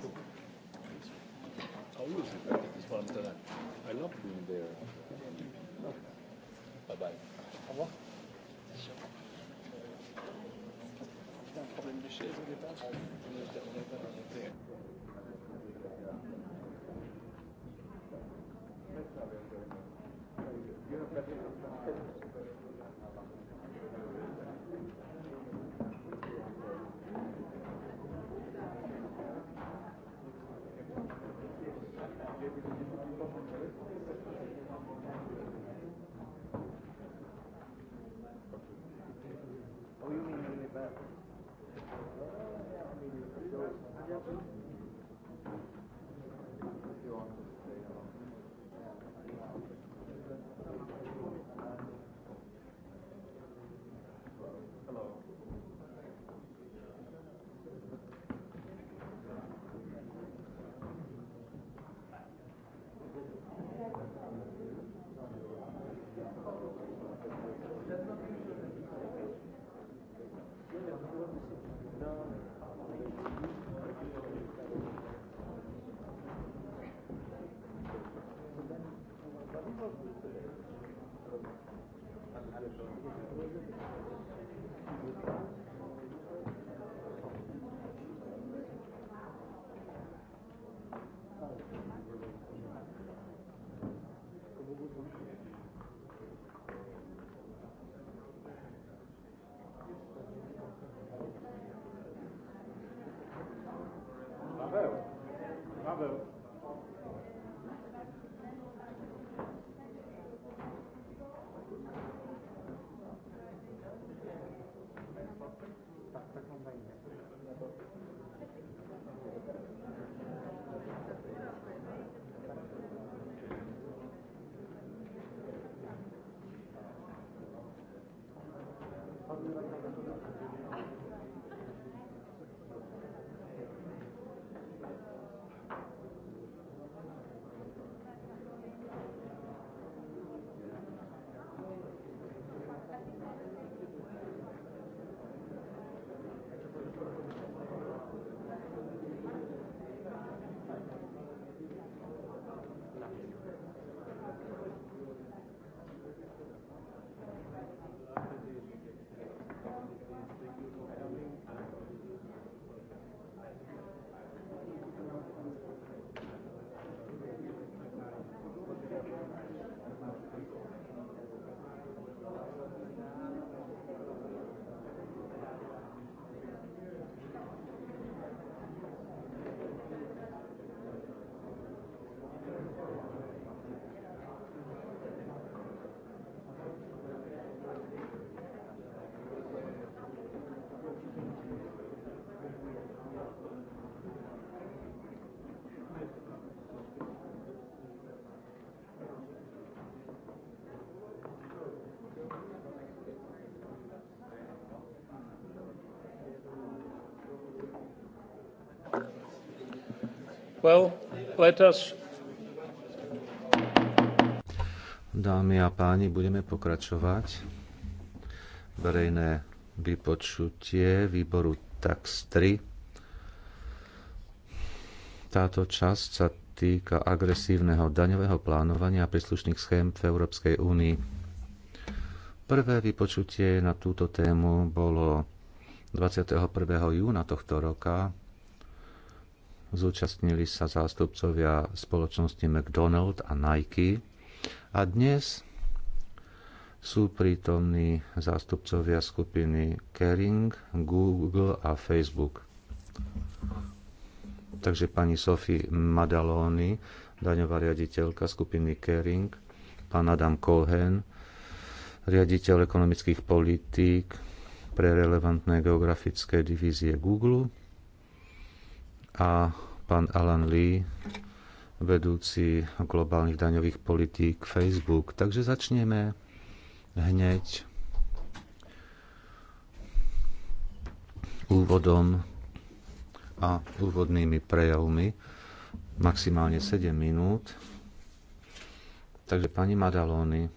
Well, let us... Dámy a páni, budeme pokračovať. Verejné vypočutie výboru TAX 3. Táto časť sa týka agresívneho daňového plánovania a príslušných schém v Európskej únii. Prvé vypočutie na túto tému bolo 21. júna tohto roka zúčastnili sa zástupcovia spoločnosti McDonald a Nike a dnes sú prítomní zástupcovia skupiny Kering, Google a Facebook. Takže pani Sophie Madaloni, daňová riaditeľka skupiny Kering, pán Adam Cohen, riaditeľ ekonomických politík pre relevantné geografické divízie Google a pán Alan Lee, vedúci globálnych daňových politík Facebook. Takže začneme hneď úvodom a úvodnými prejavmi maximálne 7 minút. Takže pani Madalóny,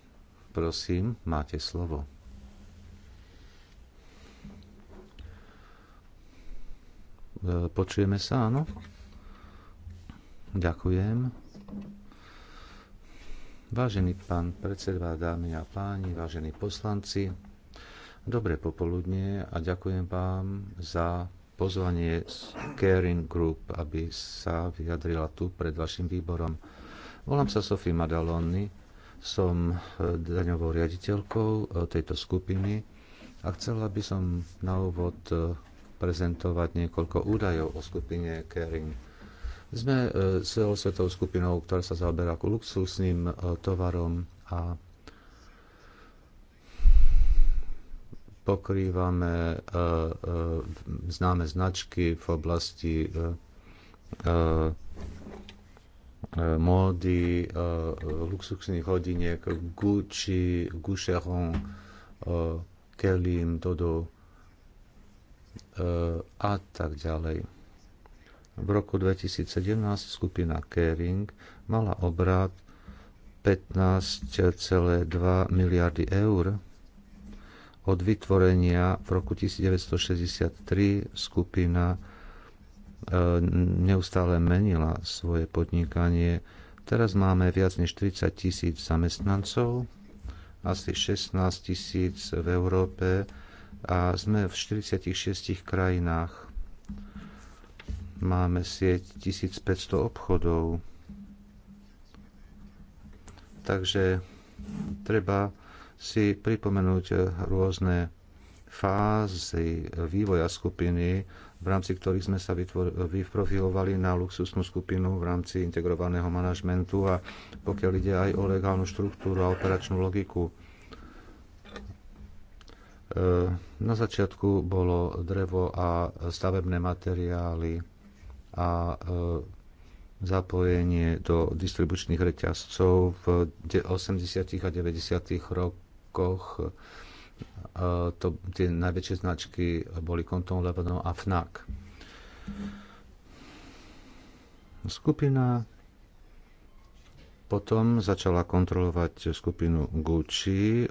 prosím, máte slovo. E, počujeme sa, áno? Ďakujem. Vážený pán predseda, dámy a páni, vážení poslanci, dobré popoludne a ďakujem vám za pozvanie z Caring Group, aby sa vyjadrila tu pred vašim výborom. Volám sa Sofie Madaloni, som e, daňovou riaditeľkou e, tejto skupiny a chcela by som na úvod prezentovať niekoľko údajov o skupine Kering. Sme e, celosvetovou skupinou, ktorá sa zaoberá luxusným e, tovarom a pokrývame e, známe značky v oblasti módy, luxusných hodiniek, Gucci, Goucheron, Kelly, Dodo, Eh, a tak ďalej. V roku 2017 skupina Caring mala obrat 15,2 miliardy eur od vytvorenia v roku 1963 skupina eh, neustále menila svoje podnikanie. Teraz máme viac než 30 tisíc zamestnancov, asi 16 tisíc v Európe, a sme v 46 krajinách. Máme sieť 1500 obchodov. Takže treba si pripomenúť rôzne fázy vývoja skupiny, v rámci ktorých sme sa vyprofilovali na luxusnú skupinu v rámci integrovaného manažmentu a pokiaľ ide aj o legálnu štruktúru a operačnú logiku. E, na začiatku bolo drevo a stavebné materiály a e, zapojenie do distribučných reťazcov v 80. a 90. rokoch. E, to, tie najväčšie značky boli Konton Lebanon a FNAC. Skupina potom začala kontrolovať skupinu Gucci, e,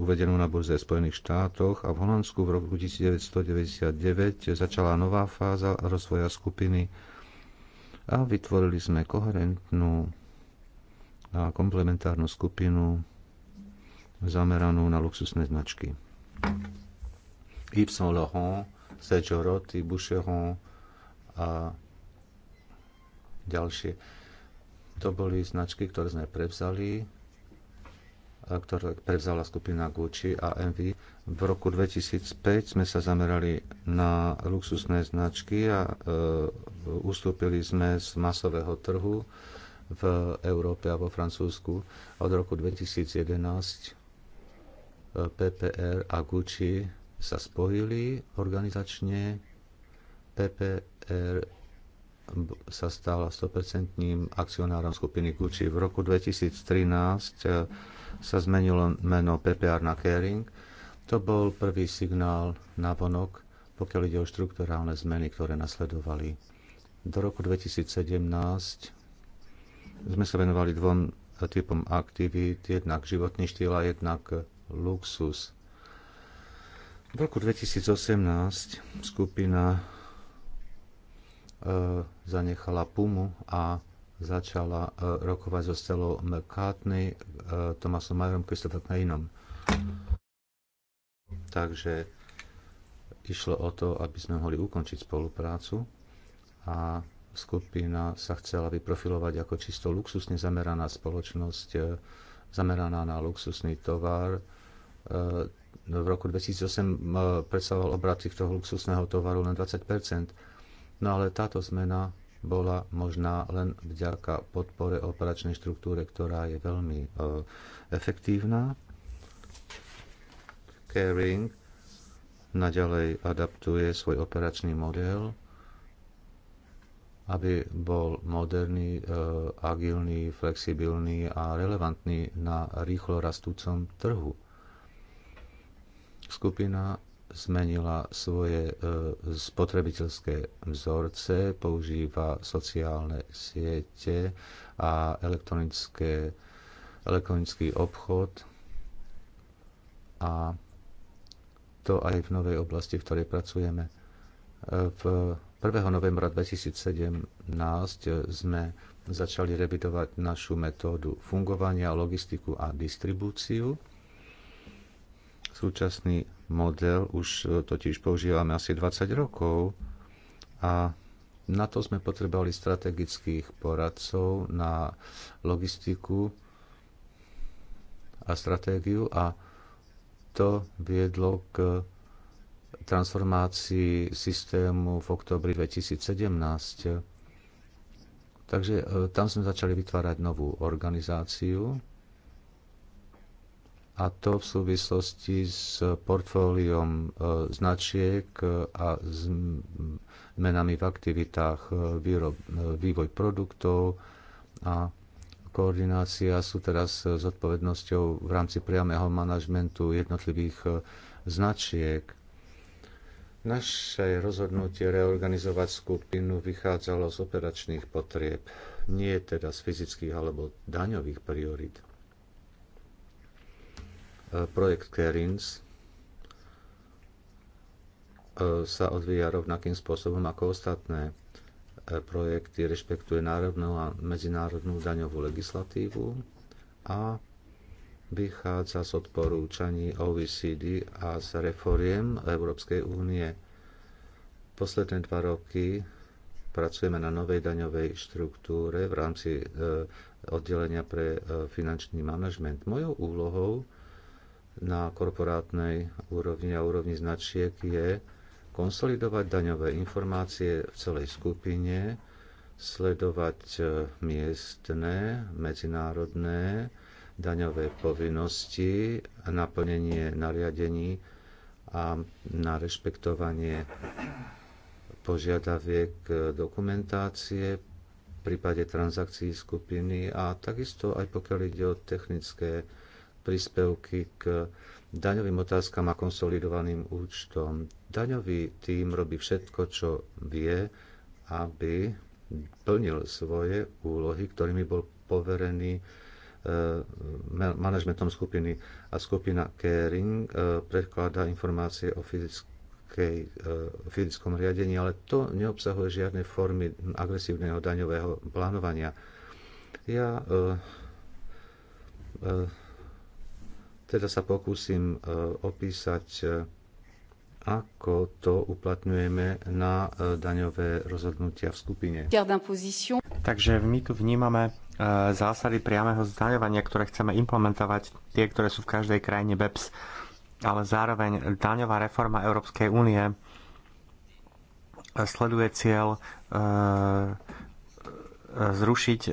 uvedenú na burze v Spojených štátoch a v Holandsku v roku 1999 začala nová fáza rozvoja skupiny a vytvorili sme koherentnú a komplementárnu skupinu zameranú na luxusné značky. Yves Saint Laurent, Sergio Rotti, Boucheron a ďalšie to boli značky, ktoré sme prevzali, ktoré prevzala skupina Gucci a MV. V roku 2005 sme sa zamerali na luxusné značky a e, ustúpili sme z masového trhu v Európe a vo Francúzsku. Od roku 2011 e, PPR a Gucci sa spojili organizačne. PPR sa stala 100% akcionárom skupiny Gucci. V roku 2013 e, sa zmenilo meno PPR na Kering. To bol prvý signál na vonok, pokiaľ ide o štruktúrálne zmeny, ktoré nasledovali. Do roku 2017 sme sa venovali dvom typom aktivít, jednak životný štýl a jednak luxus. V roku 2018 skupina E, zanechala Pumu a začala e, rokovať so celou McCartney, e, Tomasom Majerom, Christopher Paynom. Takže išlo o to, aby sme mohli ukončiť spoluprácu a skupina sa chcela vyprofilovať ako čisto luxusne zameraná spoločnosť, zameraná na luxusný tovar. V roku 2008 predstavoval obrat týchto luxusného tovaru len 20 No ale táto zmena bola možná len vďaka podpore operačnej štruktúre, ktorá je veľmi e, efektívna. Caring naďalej adaptuje svoj operačný model, aby bol moderný, e, agilný, flexibilný a relevantný na rýchlo rastúcom trhu. Skupina zmenila svoje e, spotrebiteľské vzorce, používa sociálne siete a elektronické, elektronický obchod a to aj v novej oblasti, v ktorej pracujeme. E, v 1. novembra 2017 sme začali revidovať našu metódu fungovania, logistiku a distribúciu Súčasný model už e, totiž používame asi 20 rokov a na to sme potrebovali strategických poradcov na logistiku a stratégiu a to viedlo k transformácii systému v oktobri 2017. Takže e, tam sme začali vytvárať novú organizáciu a to v súvislosti s portfóliom e, značiek a s menami v aktivitách e, výrob, e, vývoj produktov a koordinácia sú teraz odpovednosťou v rámci priameho manažmentu jednotlivých značiek. Naše rozhodnutie reorganizovať skupinu vychádzalo z operačných potrieb, nie teda z fyzických alebo daňových priorít. E, projekt Kerins e, sa odvíja rovnakým spôsobom ako ostatné e, projekty, rešpektuje národnú a medzinárodnú daňovú legislatívu a vychádza z odporúčaní OECD a z reforiem Európskej únie. Posledné dva roky pracujeme na novej daňovej štruktúre v rámci oddelenia pre finančný manažment. Mojou úlohou na korporátnej úrovni a úrovni značiek je konsolidovať daňové informácie v celej skupine, sledovať e, miestne, medzinárodné daňové povinnosti, naplnenie nariadení a na rešpektovanie požiadaviek e, dokumentácie v prípade transakcií skupiny a takisto aj pokiaľ ide o technické príspevky k daňovým otázkam a konsolidovaným účtom. Daňový tím robí všetko, čo vie, aby plnil svoje úlohy, ktorými bol poverený eh, manažmentom skupiny a skupina Caring eh, predkladá informácie eh, o fyzickom riadení, ale to neobsahuje žiadne formy agresívneho daňového plánovania. Ja teda sa pokúsim e, opísať, e, ako to uplatňujeme na e, daňové rozhodnutia v skupine. Takže my tu vnímame zásady priameho zdaňovania, ktoré chceme implementovať, tie, ktoré sú v každej krajine BEPS, ale zároveň daňová reforma Európskej únie sleduje cieľ zrušiť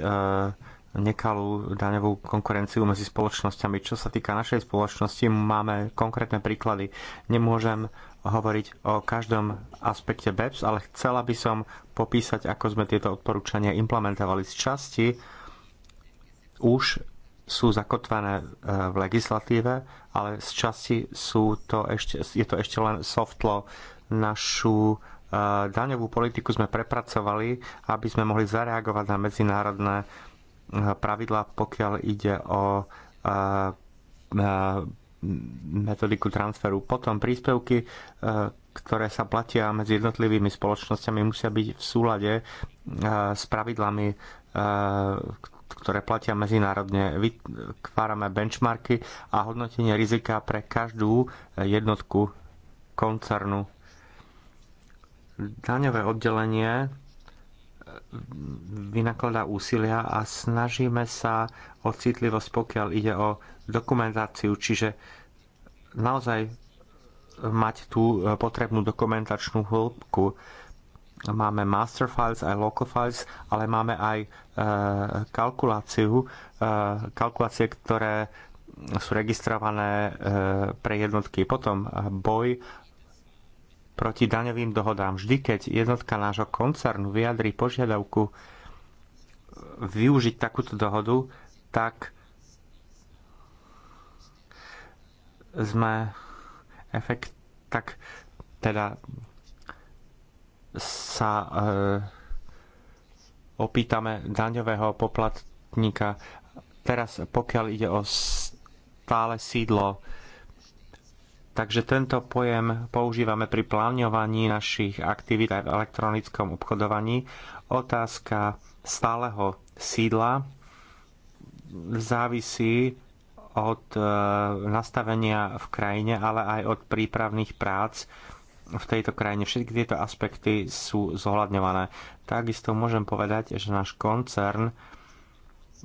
nekalú daňovú konkurenciu medzi spoločnosťami. Čo sa týka našej spoločnosti, máme konkrétne príklady. Nemôžem hovoriť o každom aspekte BEPS, ale chcela by som popísať, ako sme tieto odporúčania implementovali. Z časti už sú zakotvené e, v legislatíve, ale z časti sú to ešte, je to ešte len soft law. Našu e, daňovú politiku sme prepracovali, aby sme mohli zareagovať na medzinárodné pravidlá, pokiaľ ide o metodiku transferu. Potom príspevky, ktoré sa platia medzi jednotlivými spoločnosťami, musia byť v súlade s pravidlami, ktoré platia medzinárodne. Vytvárame benchmarky a hodnotenie rizika pre každú jednotku koncernu. Daňové oddelenie vynakladá úsilia a snažíme sa o citlivosť, pokiaľ ide o dokumentáciu, čiže naozaj mať tú e, potrebnú dokumentačnú hĺbku. Máme master files aj local files, ale máme aj e, kalkuláciu, e, kalkulácie, ktoré sú registrované e, pre jednotky. Potom e, boj proti daňovým dohodám. Vždy, keď jednotka nášho koncernu vyjadri požiadavku využiť takúto dohodu, tak sme efekt, tak teda sa e, opýtame daňového poplatníka. Teraz, pokiaľ ide o stále sídlo, Takže tento pojem používame pri plánovaní našich aktivít aj v elektronickom obchodovaní. Otázka stáleho sídla závisí od e, nastavenia v krajine, ale aj od prípravných prác v tejto krajine. Všetky tieto aspekty sú zohľadňované. Takisto môžem povedať, že náš koncern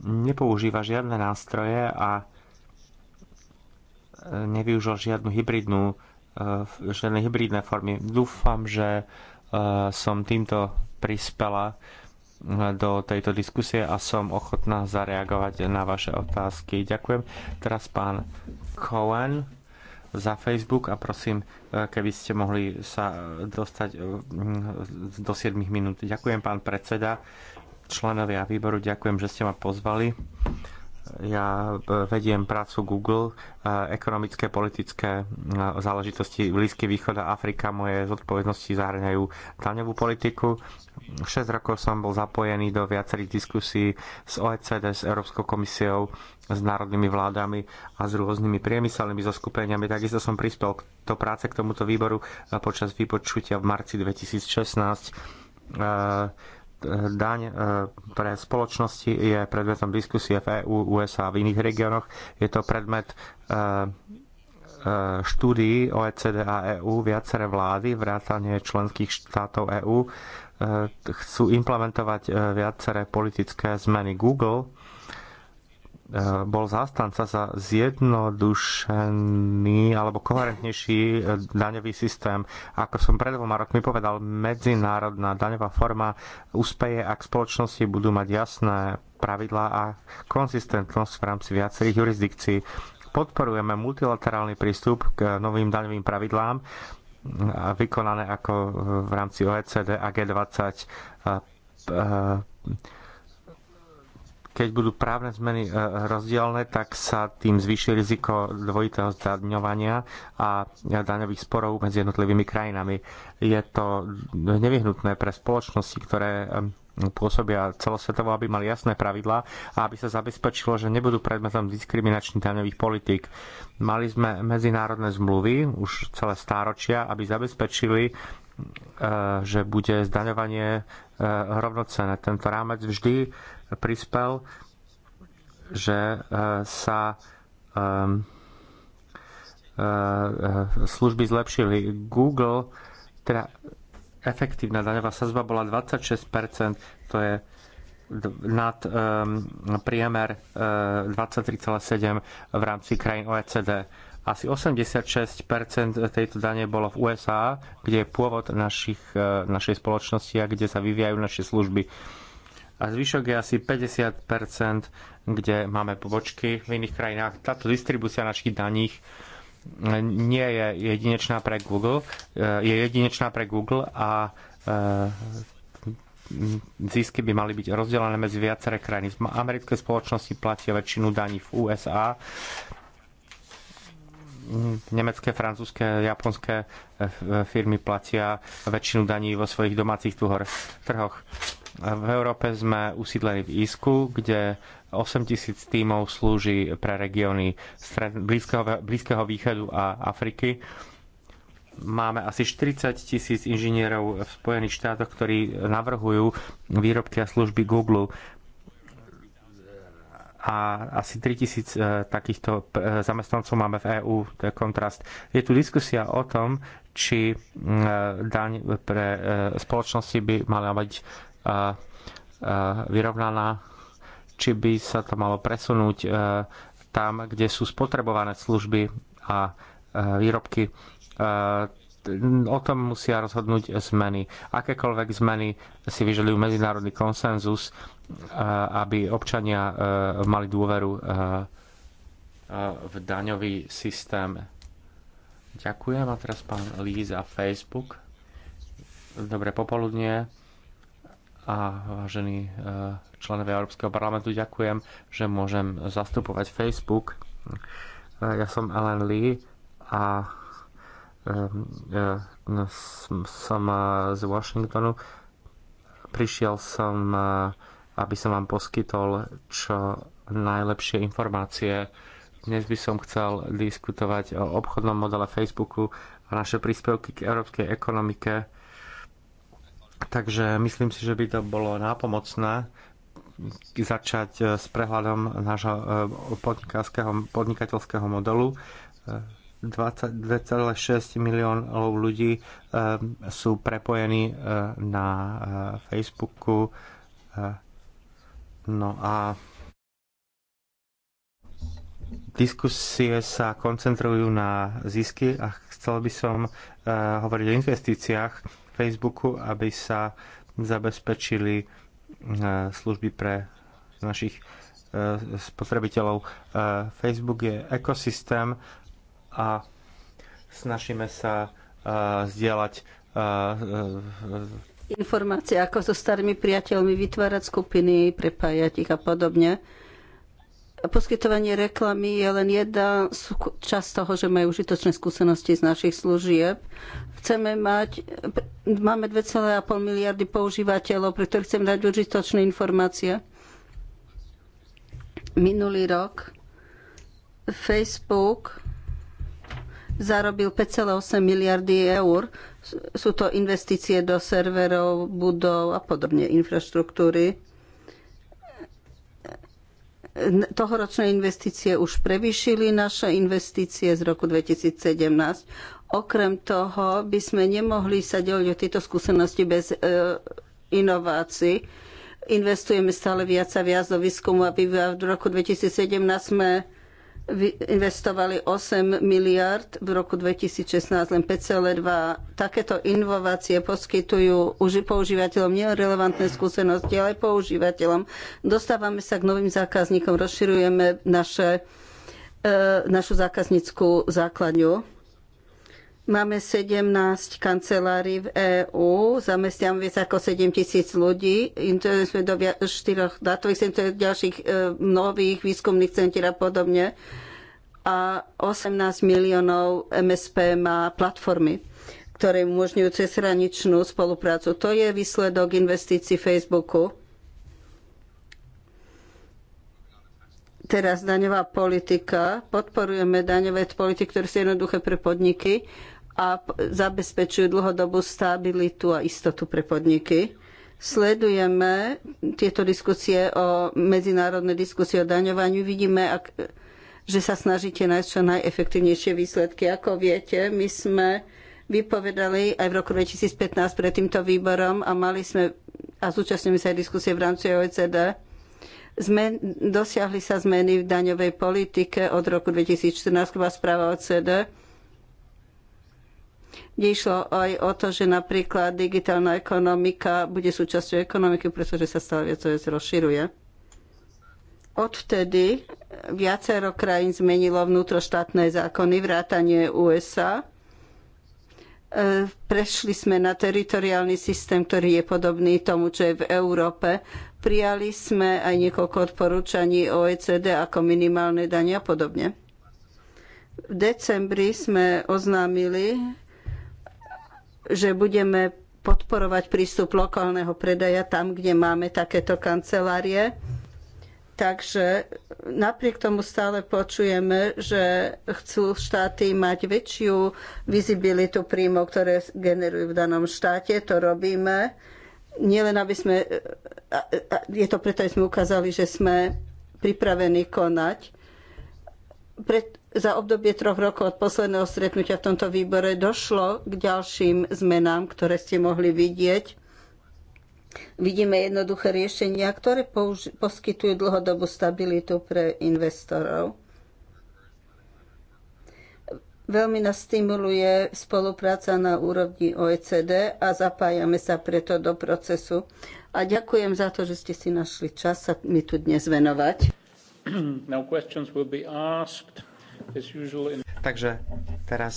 nepoužíva žiadne nástroje a nevyužil žiadnu hybridnú, eh, žiadne hybridné formy. Dúfam, že eh, som týmto prispela eh, do tejto diskusie a som ochotná zareagovať na vaše otázky. Ďakujem. Teraz pán Cohen za Facebook a prosím, keby ste mohli sa dostať mm, do 7 minút. Ďakujem, pán predseda, členovia výboru, ďakujem, že ste ma pozvali ja e, vediem prácu Google, e, ekonomické, politické e, záležitosti Blízky východ a Afrika. Moje zodpovednosti zahrňajú daňovú politiku. 6 rokov som bol zapojený do viacerých diskusí s OECD, s Európskou komisiou, s národnými vládami a s rôznymi priemyselnými zoskupeniami. Takisto som prispel k to práce k tomuto výboru počas vypočutia v marci 2016 daň e, pre spoločnosti je predmetom diskusie v EU, USA a v iných regiónoch. Je to predmet e, e, štúdií OECD a EÚ. Viaceré vlády, vrátanie členských štátov EÚ, chcú implementovať viaceré politické zmeny. Google Eh, bol zástanca za zjednodušený alebo koherentnejší eh, daňový systém. Ako som pred dvoma rokmi povedal, medzinárodná daňová forma úspeje, ak spoločnosti budú mať jasné pravidlá a konzistentnosť v rámci viacerých jurisdikcií. Podporujeme multilaterálny prístup k novým daňovým pravidlám, eh, vykonané ako v rámci OECD a G20 keď budú právne zmeny e, rozdielne, tak sa tým zvýši riziko dvojitého zdaňovania a daňových sporov medzi jednotlivými krajinami. Je to nevyhnutné pre spoločnosti, ktoré e, pôsobia celosvetovo, aby mali jasné pravidlá a aby sa zabezpečilo, že nebudú predmetom diskriminačných daňových politík. Mali sme medzinárodné zmluvy už celé stáročia, aby zabezpečili, e, že bude zdaňovanie rovnocené. Tento rámec vždy prispel, že e, sa e, e, služby zlepšili. Google, teda efektívna daňová sazba bola 26%, to je nad priemer 23,7 v rámci krajín OECD. Asi 86 tejto dane bolo v USA, kde je pôvod našich, našej spoločnosti a kde sa vyvíjajú naše služby a zvyšok je asi 50%, kde máme pobočky v iných krajinách. Táto distribúcia našich daních eh, nie je jedinečná pre Google, eh, je jedinečná pre Google a eh, zisky by mali byť rozdelené medzi viaceré krajiny. Americké spoločnosti platia väčšinu daní v USA, nemecké, francúzske, japonské firmy platia väčšinu daní vo svojich domácich trhoch. V Európe sme usídlení v ISKU, kde 8 tisíc tímov slúži pre regióny Blízkeho, Blízkeho východu a Afriky. Máme asi 40 tisíc inžinierov v Spojených štátoch, ktorí navrhujú výrobky a služby Google a asi 3000 e, takýchto e, zamestnancov máme v EÚ, to je kontrast. Je tu diskusia o tom, či e, daň pre spoločnosti by mala mať vyrovnaná, či by sa to malo presunúť e, tam, kde sú spotrebované služby a e, výrobky. E, o tom musia rozhodnúť zmeny. Akékoľvek zmeny si vyžadujú medzinárodný konsenzus, aby občania mali dôveru v daňový systém. Ďakujem a teraz pán Líza Facebook. Dobre popoludnie a vážení e, členovia Európskeho parlamentu, ďakujem, že môžem zastupovať Facebook. E, ja som Ellen Lee a e, som z Washingtonu. Prišiel som, aby som vám poskytol čo najlepšie informácie. Dnes by som chcel diskutovať o obchodnom modele Facebooku a naše príspevky k európskej ekonomike Takže myslím si, že by to bolo nápomocné začať e, s prehľadom nášho e, podnikateľského modelu. 2,6 e, miliónov ľudí sú prepojení na Facebooku. No a diskusie sa koncentrujú na zisky a chcel by som hovoriť o investíciách Facebooku, aby sa zabezpečili e, služby pre našich e, spotrebiteľov. E, Facebook je ekosystém a snažíme sa zdieľať informácie, ako so starými priateľmi vytvárať skupiny, prepájať ich a podobne. Poskytovanie reklamy je len jedna časť toho, že majú užitočné skúsenosti z našich služieb Chceme mať, máme 2,5 miliardy používateľov, pre ktorých chceme dať užitočné informácie. Minulý rok Facebook zarobil 5,8 miliardy eur. Sú to investície do serverov, budov a podobne, infraštruktúry tohoročné investície už prevýšili naše investície z roku 2017 Okrem toho by sme nemohli sa deliť o tieto skúsenosti bez e, inovácií. Investujeme stále viac a viac do výskumu a vývoja. V roku 2017 sme investovali 8 miliard, v roku 2016 len 5,2. Takéto inovácie poskytujú už používateľom nielen relevantné skúsenosti, ale aj používateľom. Dostávame sa k novým zákazníkom, rozširujeme naše, e, našu zákazníckú základňu. Máme 17 kancelárií v EÚ, zamestňam viac ako 7 tisíc ľudí, sme do štyroch dátových centier, ďalších e, nových výskumných centier a podobne. A 18 miliónov MSP má platformy ktoré umožňujú cezhraničnú spoluprácu. To je výsledok investícií Facebooku teraz daňová politika. Podporujeme daňové politiky, ktoré sú jednoduché pre podniky a zabezpečujú dlhodobú stabilitu a istotu pre podniky. Sledujeme tieto diskusie o medzinárodné diskusie o daňovaniu. Vidíme, ak, že sa snažíte nájsť čo najefektívnejšie výsledky. Ako viete, my sme vypovedali aj v roku 2015 pred týmto výborom a mali sme a zúčastnili sa aj diskusie v rámci OECD dosiahli sa zmeny v daňovej politike od roku 2014, ktorá správa OCD. Kde išlo aj o to, že napríklad digitálna ekonomika bude súčasťou ekonomiky, pretože sa stále viac rozširuje. Odvtedy viacero krajín zmenilo vnútroštátne zákony, vrátanie USA. E, prešli sme na teritoriálny systém, ktorý je podobný tomu, čo je v Európe Prijali sme aj niekoľko odporúčaní OECD ako minimálne dania a podobne. V decembri sme oznámili, že budeme podporovať prístup lokálneho predaja tam, kde máme takéto kancelárie. Takže napriek tomu stále počujeme, že chcú štáty mať väčšiu vizibilitu príjmov, ktoré generujú v danom štáte. To robíme nielen aby sme, e, e, je to preto, že sme ukázali, že sme pripravení konať. Pred, za obdobie troch rokov od posledného stretnutia v tomto výbore došlo k ďalším zmenám, ktoré ste mohli vidieť. Vidíme jednoduché riešenia, ktoré poskytujú dlhodobú stabilitu pre investorov. Veľmi nás stimuluje spolupráca na úrovni OECD a zapájame sa preto do procesu. A ďakujem za to, že ste si našli čas sa mi tu dnes venovať. Takže teraz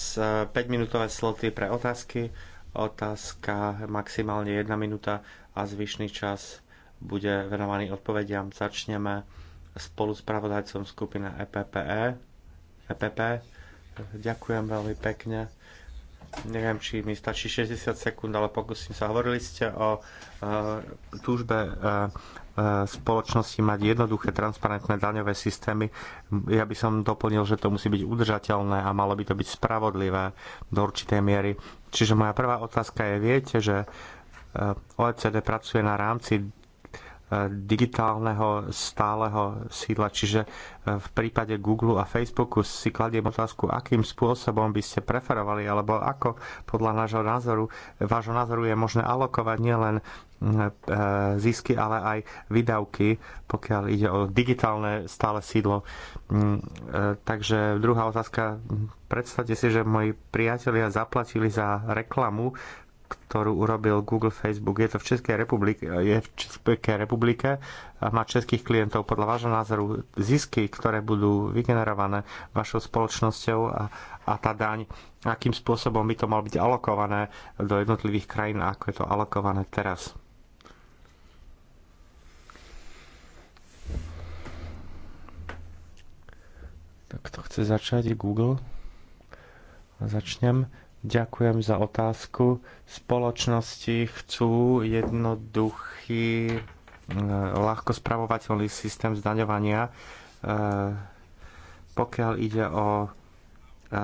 5-minútové eh, sloty pre otázky. Otázka maximálne 1 minúta a zvyšný čas bude venovaný odpovediam. Začneme spolu s pravodajcom skupina EPPE. EPP Ďakujem veľmi pekne. Neviem, či mi stačí 60 sekúnd, ale pokúsim sa. Hovorili ste o e, túžbe e, e, spoločnosti mať jednoduché, transparentné daňové systémy. Ja by som doplnil, že to musí byť udržateľné a malo by to byť spravodlivé do určitej miery. Čiže moja prvá otázka je, viete, že OECD pracuje na rámci digitálneho stáleho sídla. Čiže e, v prípade Google a Facebooku si kladiem otázku, akým spôsobom by ste preferovali, alebo ako podľa nášho názoru, vášho názoru je možné alokovať nielen e, e, zisky, ale aj výdavky, pokiaľ ide o digitálne stále sídlo. Mm, takže druhá otázka. Predstavte si, že moji priatelia zaplatili za reklamu ktorú urobil Google, Facebook. Je to v Českej republike, je v Českej republike a má českých klientov. Podľa vášho názoru zisky, ktoré budú vygenerované vašou spoločnosťou a, a tá daň, akým spôsobom by to mal byť alokované do jednotlivých krajín, ako je to alokované teraz? Tak to chce začať Google. Začnem. Ďakujem za otázku. Spoločnosti chcú jednoduchý, e, ľahko spravovateľný systém zdaňovania. E, pokiaľ ide o e,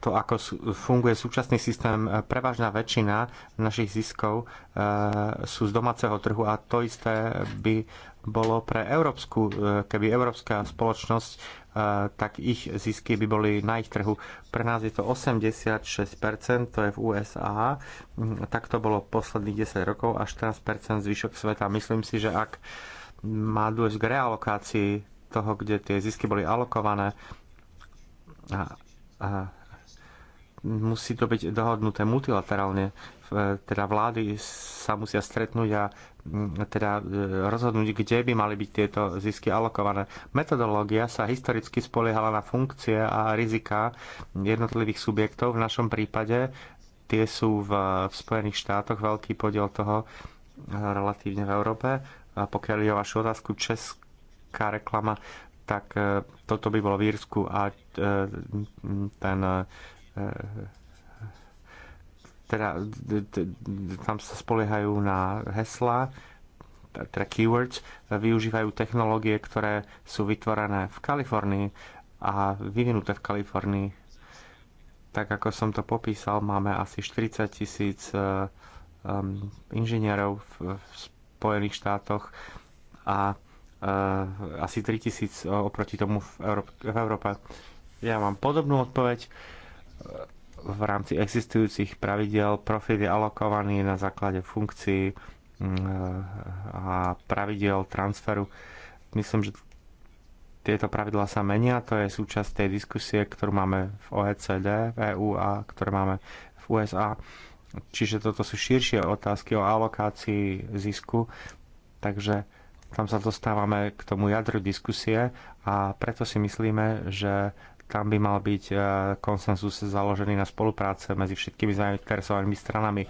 to, ako funguje súčasný systém, prevažná väčšina našich ziskov sú z domáceho trhu a to isté by bolo pre európsku, e, keby európska spoločnosť, e, tak ich zisky by boli na ich trhu. Pre nás je to 86%, to je v USA, mm, tak to bolo posledných 10 rokov a 14% zvyšok sveta. Myslím si, že ak má dôjsť k realokácii toho, kde tie zisky boli alokované, a, a musí to byť dohodnuté multilaterálne, e, teda vlády sa musia stretnúť a teda e, rozhodnúť, kde by mali byť tieto zisky alokované. Metodológia sa historicky spoliehala na funkcie a rizika jednotlivých subjektov. V našom prípade tie sú v, v Spojených štátoch, veľký podiel toho e, relatívne v Európe. A pokiaľ je o vašu otázku, česká reklama, tak e, toto by bolo v Írsku a ten teda tam sa spoliehajú na hesla, teda keywords, využívajú technológie, ktoré sú vytvorené v Kalifornii a vyvinuté v Kalifornii. Tak ako som to popísal, máme asi 40 tisíc um, inžinierov v, v Spojených štátoch a uh, asi tisíc oproti tomu v, Euró- v Európe. Ja mám podobnú odpoveď v rámci existujúcich pravidel profit je alokovaný na základe funkcií mm, a pravidel transferu. Myslím, že tieto pravidlá sa menia, to je súčasť tej diskusie, ktorú máme v OECD, v EU a ktoré máme v USA. Čiže toto sú širšie otázky o alokácii zisku, takže tam sa dostávame k tomu jadru diskusie a preto si myslíme, že tam by mal byť e, konsenzus založený na spolupráce medzi všetkými zainteresovanými stranami.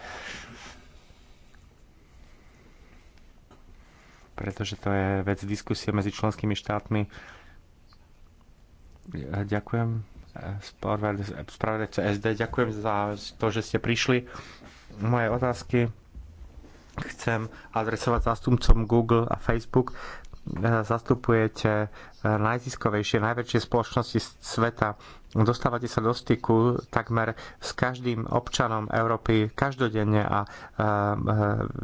Pretože to je vec diskusie medzi členskými štátmi. Ďakujem. E, Spravodajce SD, ďakujem za to, že ste prišli. Moje otázky chcem adresovať zástupcom Google a Facebook zastupujete eh, najziskovejšie, najväčšie spoločnosti sveta. Dostávate sa do styku takmer s každým občanom Európy každodenne a eh, eh,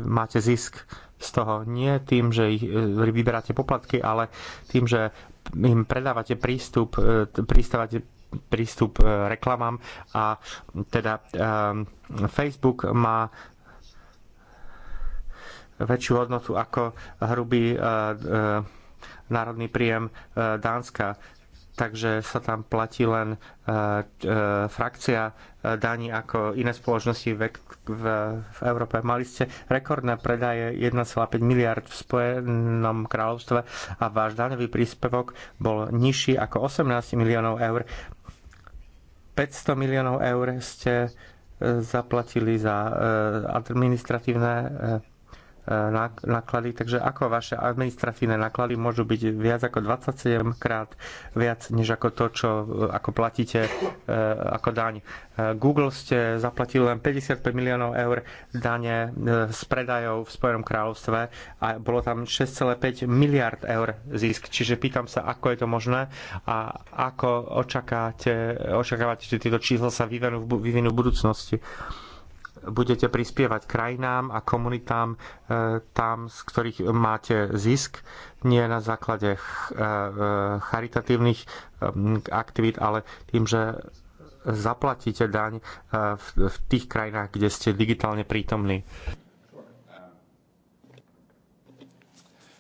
máte zisk z toho nie tým, že ich vyberáte poplatky, ale tým, že im predávate prístup, pristávate prístup reklamám a teda Facebook má väčšiu hodnotu ako hrubý e, e, národný príjem e, Dánska. Takže sa tam platí len frakcia daní ako iné spoločnosti v, v, v Európe. Mali ste rekordné predaje 1,5 miliard v Spojenom kráľovstve a váš daňový príspevok bol nižší ako 18 miliónov eur. 500 miliónov eur ste zaplatili za administratívne náklady, takže ako vaše administratívne náklady môžu byť viac ako 27 krát viac, než ako to, čo ako platíte e, ako daň. E, Google ste zaplatili len 55 miliónov eur dane e, z predajov v Spojenom kráľovstve a bolo tam 6,5 miliard eur zisk. Čiže pýtam sa, ako je to možné a ako očakávate, že tieto čísla sa vyvinú, vyvinú v budúcnosti budete prispievať krajinám a komunitám e, tam, z ktorých máte zisk, nie na základe e, e, charitatívnych aktivít, ale tým, že zaplatíte daň v tých krajinách, kde ste digitálne prítomní.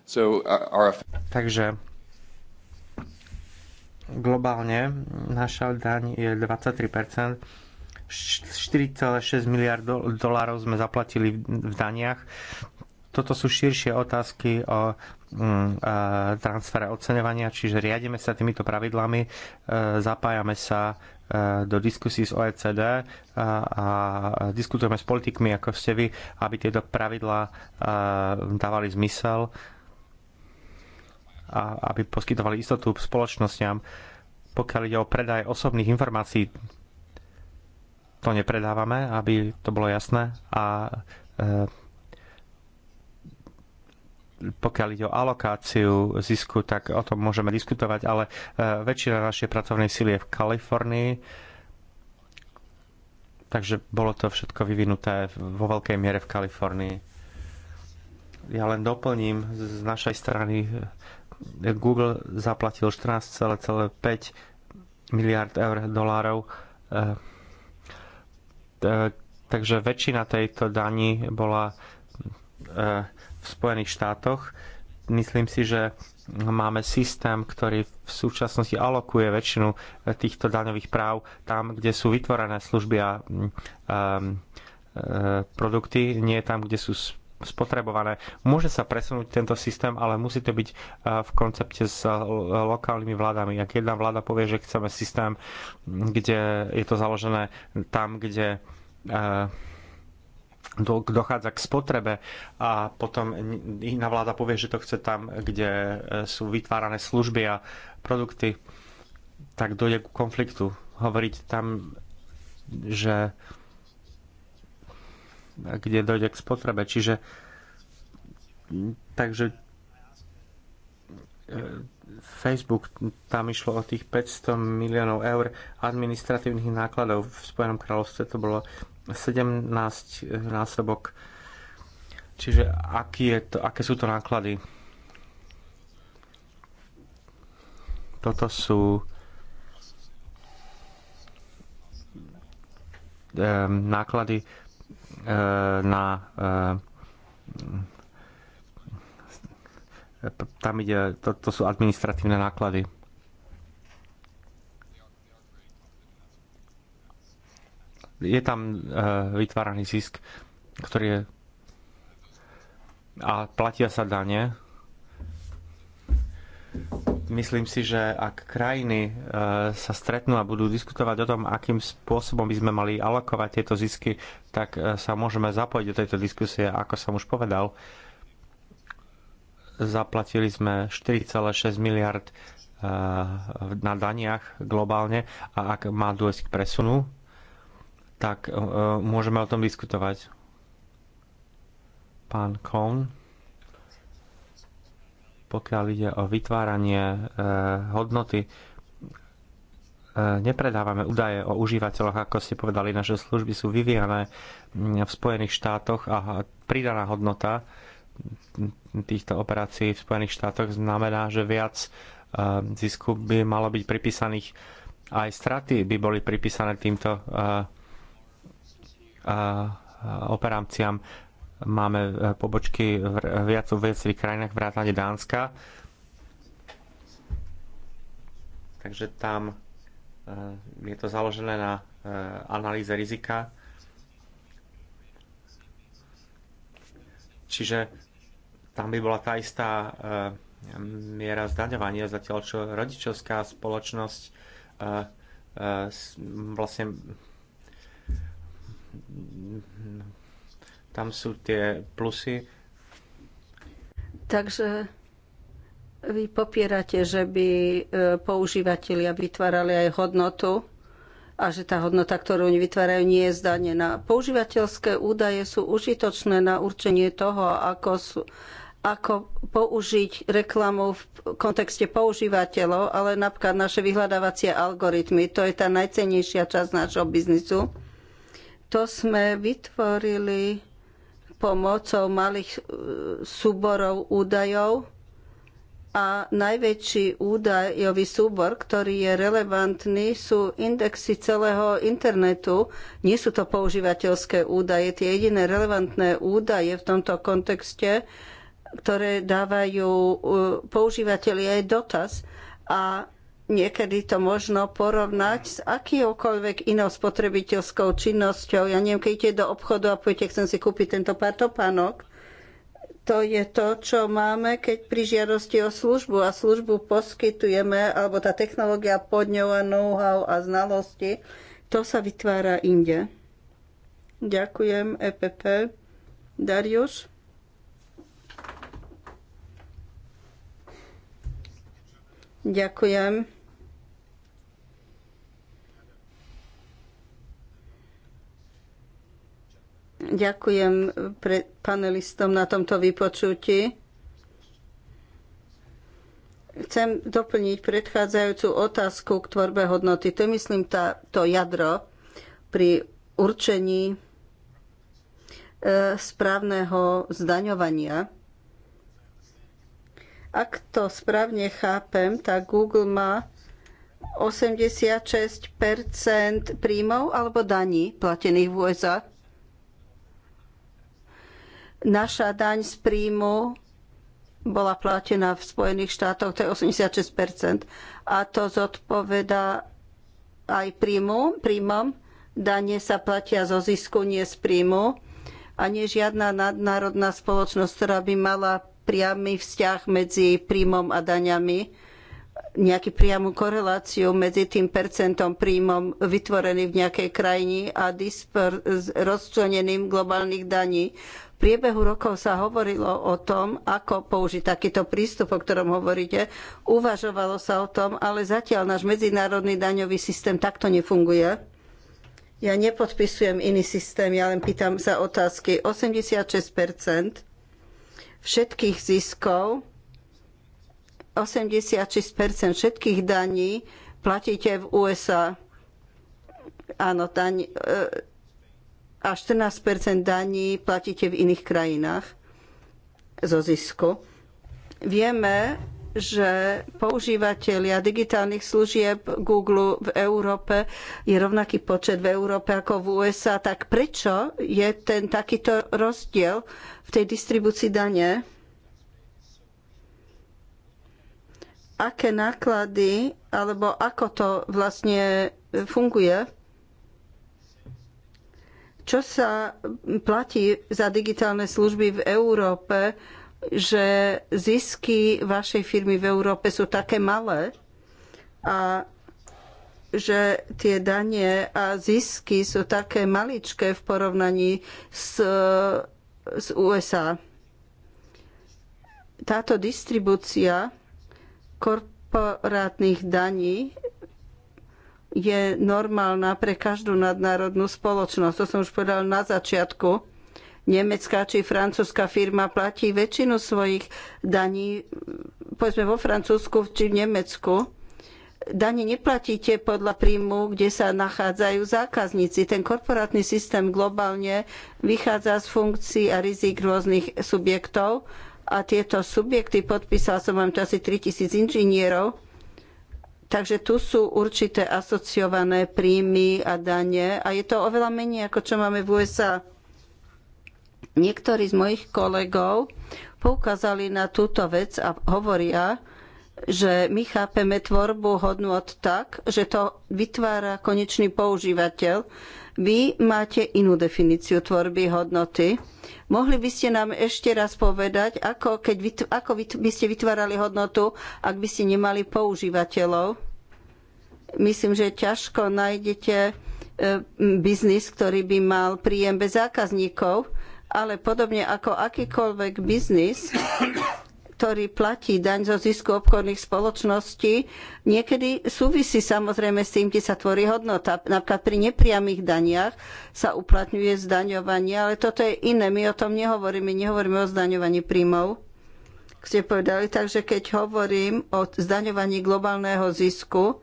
Uh, Takže globálne naša daň je 23 4,6 miliard dolárov sme zaplatili v daniach. Toto sú širšie otázky o transfere oceňovania, čiže riadime sa týmito pravidlami, zapájame sa do diskusí s OECD a diskutujeme s politikmi, ako ste vy, aby tieto pravidlá dávali zmysel a aby poskytovali istotu spoločnosťam, pokiaľ ide o predaj osobných informácií to nepredávame, aby to bolo jasné. A e, pokiaľ ide o alokáciu zisku, tak o tom môžeme diskutovať, ale e, väčšina našej pracovnej síly je v Kalifornii, takže bolo to všetko vyvinuté vo veľkej miere v Kalifornii. Ja len doplním z našej strany, e, Google zaplatil 14,5 miliard eur dolárov E, takže väčšina tejto daní bola e, v Spojených štátoch. Myslím si, že máme systém, ktorý v súčasnosti alokuje väčšinu e, týchto daňových práv tam, kde sú vytvorené služby a produkty, nie tam, kde sú spotrebované. Môže sa presunúť tento systém, ale musí to byť eh, v koncepte s eh, lokálnymi vládami. Ak jedna vláda povie, že chceme systém, kde je to založené tam, kde eh, dochádza k spotrebe a potom iná vláda povie, že to chce tam, kde sú vytvárané služby a produkty, tak dojde ku konfliktu. Hovoriť tam, že kde dojde k spotrebe. Čiže takže e, Facebook, tam išlo o tých 500 miliónov eur administratívnych nákladov v Spojenom kráľovstve, to bolo 17 násobok. Čiže aký je to, aké sú to náklady? Toto sú e, náklady Eh, na eh, tam ide, to, to sú administratívne náklady. Je tam eh, vytváraný zisk, ktorý je a platia sa dane Myslím si, že ak krajiny e, sa stretnú a budú diskutovať o tom, akým spôsobom by sme mali alokovať tieto zisky, tak e, sa môžeme zapojiť do tejto diskusie. Ako som už povedal, zaplatili sme 4,6 miliard e, na daniach globálne a ak má dôjsť k presunu, tak môžeme o tom diskutovať. Pán Kohn pokiaľ ide o vytváranie e, hodnoty, e, nepredávame údaje o užívateľoch, ako ste povedali, naše služby sú vyvíjane v Spojených štátoch a pridaná hodnota týchto operácií v Spojených štátoch znamená, že viac e, zisku by malo byť pripísaných aj straty by boli pripísané týmto operáciám. Máme e, pobočky v viac v viacerých krajinách, vrátane Dánska. Takže tam e, je to založené na e, analýze rizika. Čiže tam by bola tá istá miera zdaňovania, zatiaľ čo rodičovská spoločnosť vlastne tam sú tie plusy. Takže vy popierate, že by e, používatelia vytvárali aj hodnotu a že tá hodnota, ktorú oni vytvárajú, nie je zdanená. Používateľské údaje sú užitočné na určenie toho, ako, sú, ako použiť reklamu v kontexte používateľov, ale napríklad naše vyhľadávacie algoritmy, to je tá najcennejšia časť nášho biznisu. To sme vytvorili pomocou malých e, súborov údajov a najväčší údajový súbor, ktorý je relevantný, sú indexy celého internetu. Nie sú to používateľské údaje. Tie jediné relevantné údaje v tomto kontexte, ktoré dávajú e, používateľi aj dotaz. A Niekedy to možno porovnať s akýoukoľvek inou spotrebiteľskou činnosťou. Ja neviem, keď idete do obchodu a poviete, chcem si kúpiť tento pár topánok, to je to, čo máme, keď pri žiadosti o službu a službu poskytujeme, alebo tá technológia pod ňou a know-how a znalosti, to sa vytvára inde. Ďakujem, EPP. Darius? Ďakujem. Ďakujem pre panelistom na tomto vypočutí. Chcem doplniť predchádzajúcu otázku k tvorbe hodnoty. To je, myslím, tá, to jadro pri určení e, správneho zdaňovania. Ak to správne chápem, tak Google má 86 príjmov alebo daní platených v USA Naša daň z príjmu bola platená v Spojených štátoch, to je 86 a to zodpoveda aj príjmu, príjmom. Dane sa platia zo zisku, nie z príjmu a nie žiadna nadnárodná spoločnosť, ktorá by mala priamy vzťah medzi príjmom a daňami nejakú priamu koreláciu medzi tým percentom príjmom vytvorený v nejakej krajine a dispor- rozčlenením globálnych daní. V priebehu rokov sa hovorilo o tom, ako použiť takýto prístup, o ktorom hovoríte. Uvažovalo sa o tom, ale zatiaľ náš medzinárodný daňový systém takto nefunguje. Ja nepodpisujem iný systém, ja len pýtam sa otázky. 86 všetkých ziskov 86 všetkých daní platíte v USA. Áno, daň, e, a 14 daní platíte v iných krajinách zo zisku. Vieme, že používatelia digitálnych služieb Google v Európe je rovnaký počet v Európe ako v USA, tak prečo je ten takýto rozdiel v tej distribúcii dane? aké náklady, alebo ako to vlastne funguje? Čo sa platí za digitálne služby v Európe, že zisky vašej firmy v Európe sú také malé a že tie dane a zisky sú také maličké v porovnaní s, s USA. Táto distribúcia korporátnych daní je normálna pre každú nadnárodnú spoločnosť. To som už povedal na začiatku. Nemecká či francúzska firma platí väčšinu svojich daní, povedzme vo Francúzsku či v Nemecku. Dani neplatíte podľa príjmu, kde sa nachádzajú zákazníci. Ten korporátny systém globálne vychádza z funkcií a rizik rôznych subjektov a tieto subjekty, podpísala som vám to asi 3000 inžinierov, takže tu sú určité asociované príjmy a dane a je to oveľa menej ako čo máme v USA. Niektorí z mojich kolegov poukázali na túto vec a hovoria, že my chápeme tvorbu hodnot tak, že to vytvára konečný používateľ, vy máte inú definíciu tvorby hodnoty. Mohli by ste nám ešte raz povedať, ako, keď, ako by ste vytvárali hodnotu, ak by ste nemali používateľov? Myslím, že ťažko nájdete e, biznis, ktorý by mal príjem bez zákazníkov, ale podobne ako akýkoľvek biznis, ktorý platí daň zo zisku obchodných spoločností, niekedy súvisí samozrejme s tým, kde sa tvorí hodnota. Napríklad pri nepriamých daniach sa uplatňuje zdaňovanie, ale toto je iné. My o tom nehovoríme, nehovoríme o zdaňovaní príjmov ste povedali. Takže keď hovorím o zdaňovaní globálneho zisku,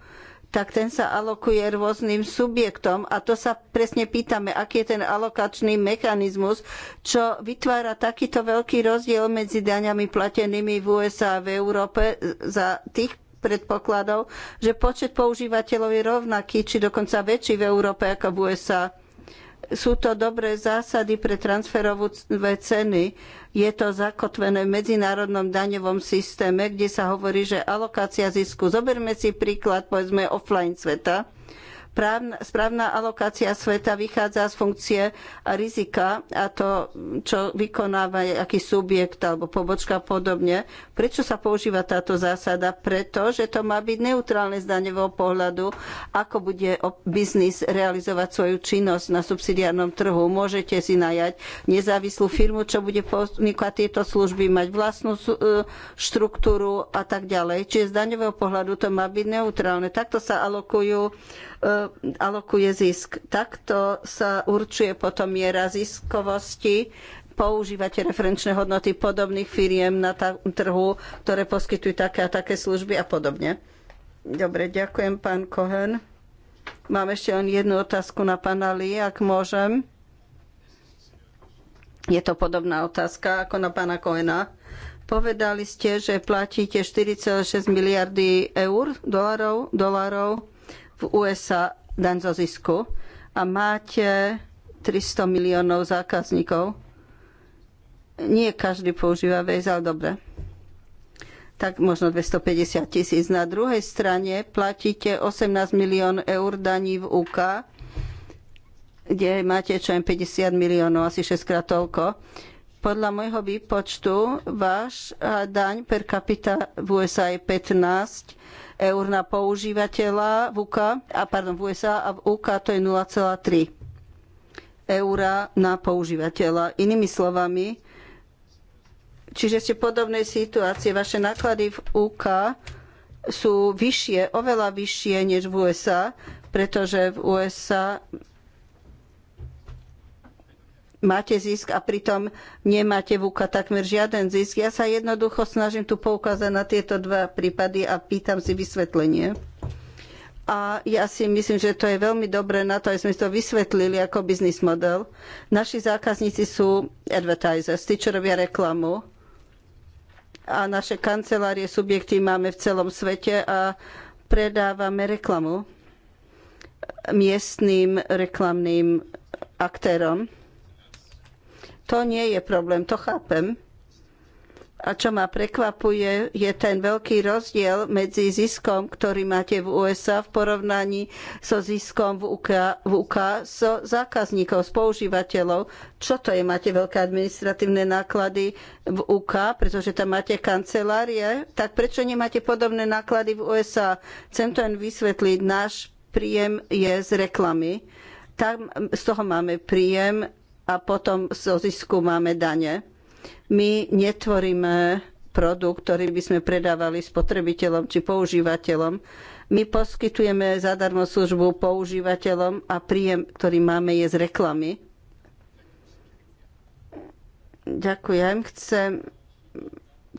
tak ten sa alokuje rôznym subjektom a to sa presne pýtame, aký je ten alokačný mechanizmus, čo vytvára takýto veľký rozdiel medzi daňami platenými v USA a v Európe za tých predpokladov, že počet používateľov je rovnaký, či dokonca väčší v Európe ako v USA sú to dobré zásady pre transferové ceny. Je to zakotvené v medzinárodnom daňovom systéme, kde sa hovorí, že alokácia zisku. Zoberme si príklad, povedzme, offline sveta Právna, správna alokácia sveta vychádza z funkcie a rizika a to, čo vykonáva aký subjekt alebo pobočka a podobne. Prečo sa používa táto zásada? Preto, že to má byť neutrálne z daňového pohľadu, ako bude biznis realizovať svoju činnosť na subsidiárnom trhu. Môžete si najať nezávislú firmu, čo bude ponúkať tieto služby, mať vlastnú e, štruktúru a tak ďalej. Čiže z daňového pohľadu to má byť neutrálne. Takto sa alokujú E, alokuje zisk. Takto sa určuje potom miera ziskovosti. Používate referenčné hodnoty podobných firiem na trhu, ktoré poskytujú také a také služby a podobne. Dobre, ďakujem, pán Kohen. Mám ešte len jednu otázku na pána Lee, ak môžem. Je to podobná otázka ako na pána Kohena. Povedali ste, že platíte 4,6 miliardy eur, dolarov, dolarov v USA daň zo zisku a máte 300 miliónov zákazníkov. Nie každý používa Waze, ale dobre. Tak možno 250 tisíc. Na druhej strane platíte 18 milión eur daní v UK, kde máte čo 50 miliónov, asi 6 krát toľko. Podľa môjho výpočtu váš e, daň per capita v USA je 15 eur na používateľa v UK, a pardon, v USA a v UK to je 0,3 eura na používateľa. Inými slovami, čiže ste v podobnej situácii, vaše náklady v UK sú vyššie, oveľa vyššie než v USA, pretože v USA máte zisk a pritom nemáte v VUKA takmer žiaden zisk. Ja sa jednoducho snažím tu poukázať na tieto dva prípady a pýtam si vysvetlenie. A ja si myslím, že to je veľmi dobré na to, aby sme to vysvetlili ako business model. Naši zákazníci sú advertisers, tí, čo robia reklamu. A naše kancelárie, subjekty máme v celom svete a predávame reklamu miestnym reklamným aktérom to nie je problém, to chápem. A čo ma prekvapuje, je ten veľký rozdiel medzi ziskom, ktorý máte v USA v porovnaní so ziskom v UK, v UK so zákazníkov, s používateľov. Čo to je? Máte veľké administratívne náklady v UK, pretože tam máte kancelárie, tak prečo nemáte podobné náklady v USA? Chcem to len vysvetliť. Náš príjem je z reklamy. Tam z toho máme príjem a potom zo zisku máme dane. My netvoríme produkt, ktorý by sme predávali spotrebiteľom či používateľom. My poskytujeme zadarmo službu používateľom a príjem, ktorý máme, je z reklamy. Ďakujem. Chcem...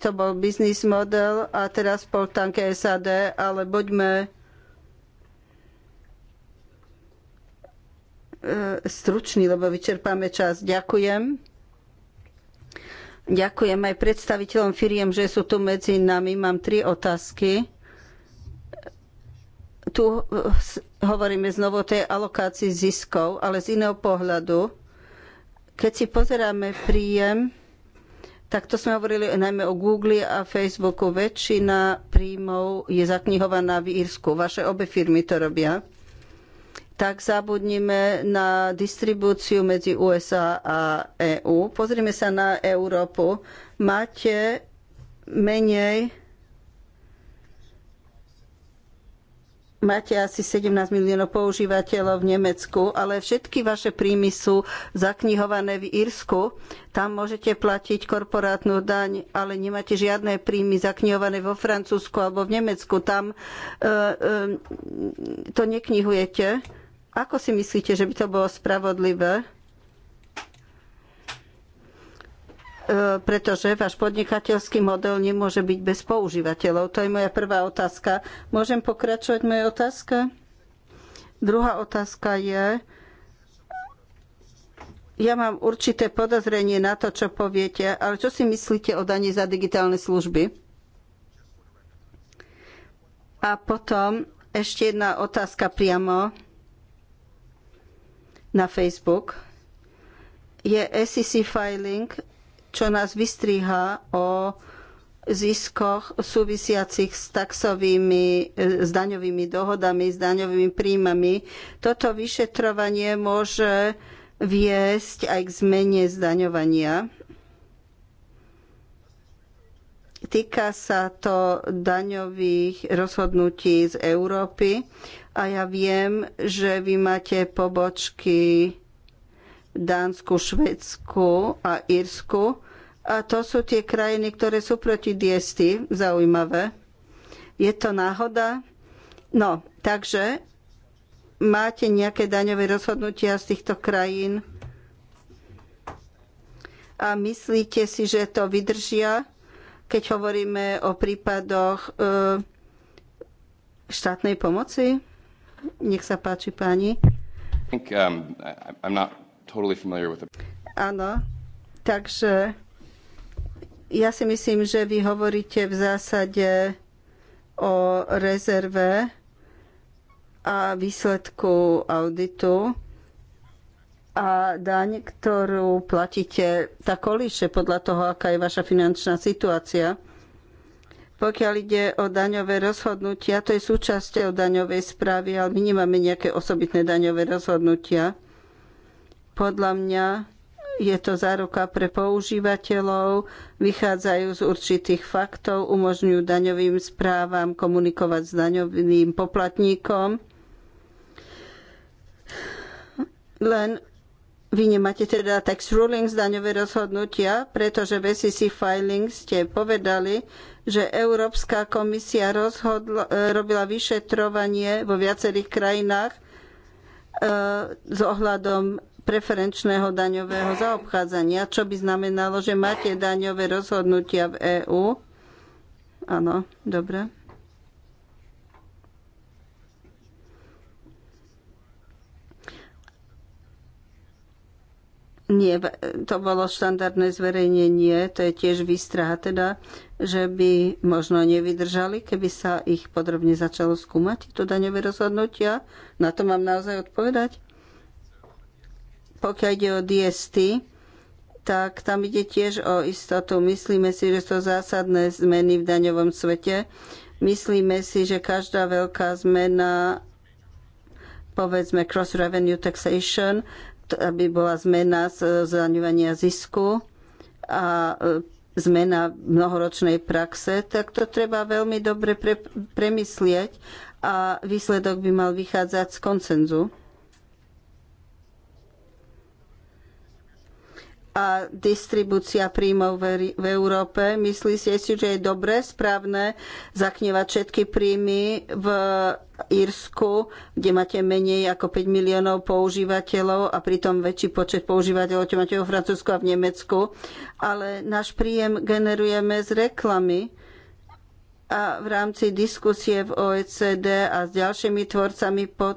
To bol biznis model a teraz pol tanke SAD, ale buďme E, stručný, lebo vyčerpáme čas. Ďakujem. Ďakujem aj predstaviteľom firiem, že sú tu medzi nami. Mám tri otázky. Tu hovoríme znovu o tej alokácii ziskov, ale z iného pohľadu. Keď si pozeráme príjem, tak to sme hovorili najmä o Google a Facebooku. Väčšina príjmov je zaknihovaná v Írsku. Vaše obe firmy to robia tak zabudnime na distribúciu medzi USA a EÚ. Pozrime sa na Európu. Máte menej máte asi 17 miliónov používateľov v Nemecku, ale všetky vaše príjmy sú zaknihované v Írsku. Tam môžete platiť korporátnu daň, ale nemáte žiadne príjmy zaknihované vo Francúzsku alebo v Nemecku. Tam e, e, to neknihujete ako si myslíte, že by to bolo spravodlivé? E, pretože váš podnikateľský model nemôže byť bez používateľov. To je moja prvá otázka. Môžem pokračovať moje otázka? otázke? Druhá otázka je, ja mám určité podozrenie na to, čo poviete, ale čo si myslíte o daní za digitálne služby? A potom ešte jedna otázka priamo na Facebook, je SEC filing, čo nás vystriha o ziskoch súvisiacich s taxovými, e, s daňovými dohodami, s daňovými príjmami. Toto vyšetrovanie môže viesť aj k zmene zdaňovania. Týka sa to daňových rozhodnutí z Európy. A ja viem, že vy máte pobočky v Dánsku, Švedsku a Írsku. A to sú tie krajiny, ktoré sú proti DST. Zaujímavé. Je to náhoda? No, takže máte nejaké daňové rozhodnutia z týchto krajín a myslíte si, že to vydržia, keď hovoríme o prípadoch e, štátnej pomoci? Nech sa páči, páni. Um, Áno, takže ja si myslím, že vy hovoríte v zásade o rezerve a výsledku auditu a daň, ktorú platíte, tá kolíše podľa toho, aká je vaša finančná situácia. Pokiaľ ide o daňové rozhodnutia, to je súčasťou daňovej správy, ale my nemáme nejaké osobitné daňové rozhodnutia. Podľa mňa je to záruka pre používateľov, vychádzajú z určitých faktov, umožňujú daňovým správam komunikovať s daňovým poplatníkom. Len vy nemáte teda tax rulings, daňové rozhodnutia, pretože v SEC filing ste povedali, že Európska komisia rozhodla, e, robila vyšetrovanie vo viacerých krajinách e, s ohľadom preferenčného daňového zaobchádzania, čo by znamenalo, že máte daňové rozhodnutia v EÚ. Áno, dobre. Nie, to bolo štandardné zverejnenie, to je tiež výstraha teda, že by možno nevydržali, keby sa ich podrobne začalo skúmať, to daňové rozhodnutia. Na to mám naozaj odpovedať. Pokiaľ ide o DST, tak tam ide tiež o istotu. Myslíme si, že sú zásadné zmeny v daňovom svete. Myslíme si, že každá veľká zmena povedzme cross revenue taxation aby bola zmena z zraňovania zisku a e, zmena mnohoročnej praxe, tak to treba veľmi dobre pre, premyslieť a výsledok by mal vychádzať z koncenzu. a distribúcia príjmov v Európe. Myslíte si, že je dobré, správne zaknievať všetky príjmy v Írsku, kde máte menej ako 5 miliónov používateľov a pritom väčší počet používateľov, čo máte vo Francúzsku a v Nemecku. Ale náš príjem generujeme z reklamy a v rámci diskusie v OECD a s ďalšími tvorcami po, e,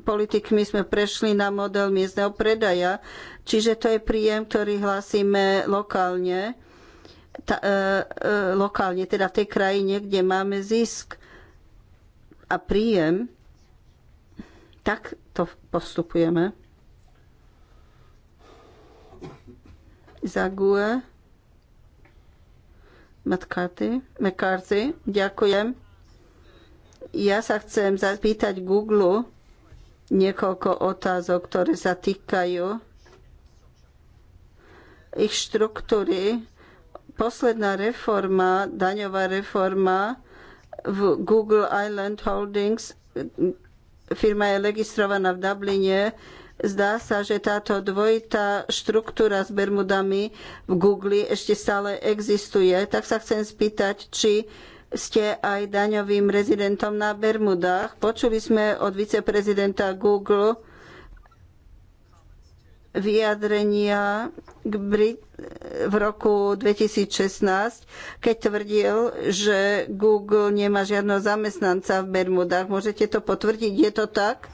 politikmi sme prešli na model miestneho predaja, čiže to je príjem, ktorý hlásime lokálne, ta, e, e, lokálne, teda v tej krajine, kde máme zisk a príjem, tak to postupujeme. Zague. McCarthy. McCarthy. Ďakujem. Ja sa chcem zapýtať Google niekoľko otázok, ktoré sa týkajú ich štruktúry. Posledná reforma, daňová reforma v Google Island Holdings, firma je registrovaná v Dubline, Zdá sa, že táto dvojitá štruktúra s Bermudami v Google ešte stále existuje. Tak sa chcem spýtať, či ste aj daňovým rezidentom na Bermudách. Počuli sme od viceprezidenta Google vyjadrenia k Brit- v roku 2016, keď tvrdil, že Google nemá žiadneho zamestnanca v Bermudách. Môžete to potvrdiť? Je to tak?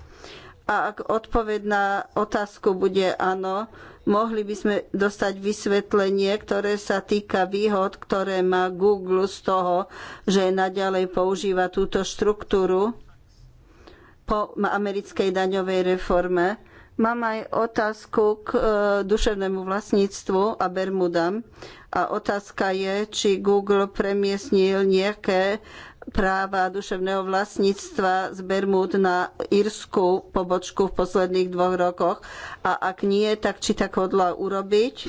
A ak odpoveď na otázku bude áno, mohli by sme dostať vysvetlenie, ktoré sa týka výhod, ktoré má Google z toho, že naďalej používa túto štruktúru po americkej daňovej reforme. Mám aj otázku k e, duševnému vlastníctvu a Bermudám. A otázka je, či Google premiesnil nejaké práva duševného vlastníctva z Bermúd na írsku pobočku v posledných dvoch rokoch a ak nie, tak či tak hodla urobiť.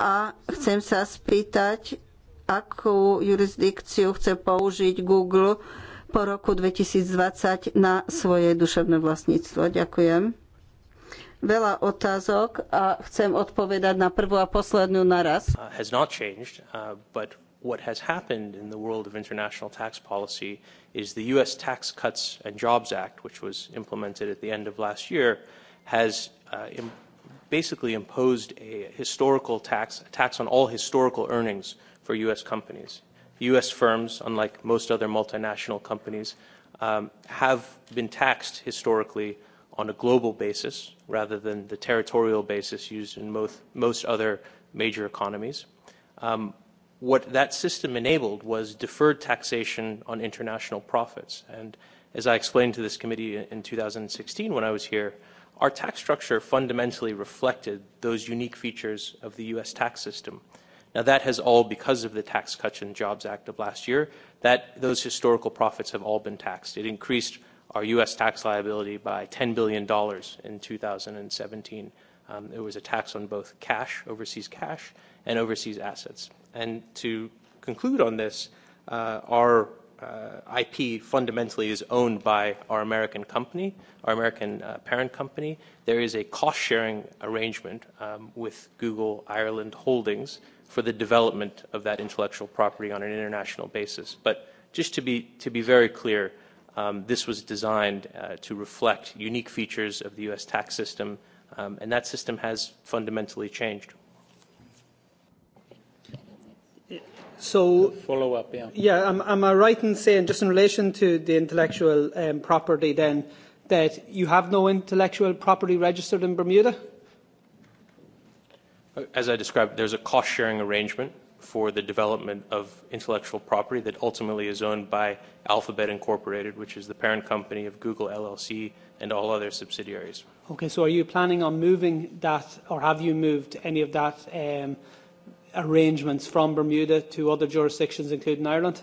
A chcem sa spýtať, akú jurisdikciu chce použiť Google po roku 2020 na svoje duševné vlastníctvo. Ďakujem. Veľa otázok a chcem odpovedať na prvú a poslednú naraz. Uh, what has happened in the world of international tax policy is the U.S. Tax Cuts and Jobs Act, which was implemented at the end of last year, has uh, Im basically imposed a historical tax, a tax on all historical earnings for U.S. companies. U.S. firms, unlike most other multinational companies, um, have been taxed historically on a global basis rather than the territorial basis used in most, most other major economies. Um, what that system enabled was deferred taxation on international profits. And as I explained to this committee in 2016 when I was here, our tax structure fundamentally reflected those unique features of the U.S. tax system. Now, that has all, because of the Tax Cuts and Jobs Act of last year, that those historical profits have all been taxed. It increased our U.S. tax liability by $10 billion in 2017. Um, it was a tax on both cash, overseas cash, and overseas assets. And to conclude on this, uh, our uh, IP fundamentally is owned by our American company, our American uh, parent company. There is a cost sharing arrangement um, with Google Ireland Holdings for the development of that intellectual property on an international basis. But just to be, to be very clear, um, this was designed uh, to reflect unique features of the US tax system, um, and that system has fundamentally changed. So follow-up, yeah. Yeah, am, am I right in saying, just in relation to the intellectual um, property then, that you have no intellectual property registered in Bermuda? Uh, as I described, there's a cost-sharing arrangement for the development of intellectual property that ultimately is owned by Alphabet Incorporated, which is the parent company of Google LLC and all other subsidiaries. Okay, so are you planning on moving that, or have you moved any of that um, arrangements from Bermuda to other jurisdictions, including Ireland?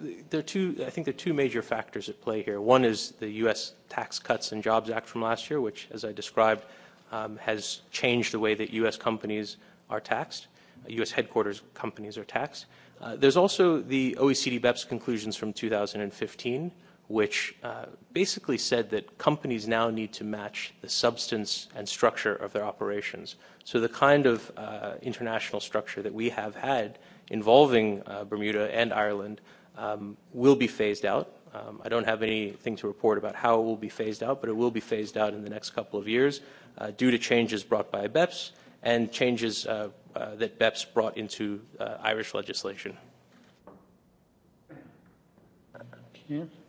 There are two, I think there are two major factors at play here. One is the U.S. Tax Cuts and Jobs Act from last year, which, as I described, um, has changed the way that U.S. companies are taxed, U.S. Uh, headquarters companies are taxed. Uh, there's also the OECD BEPS conclusions from 2015, which uh, basically said that companies now need to match the substance and structure of their operations so the kind of uh international structure that we have had involving uh bermuda and ireland um will be phased out Um i don't have anything to report about how it will be phased out but it will be phased out in the next couple of years uh due to changes brought by beps and changes uh uh that beps brought into uh irish legislation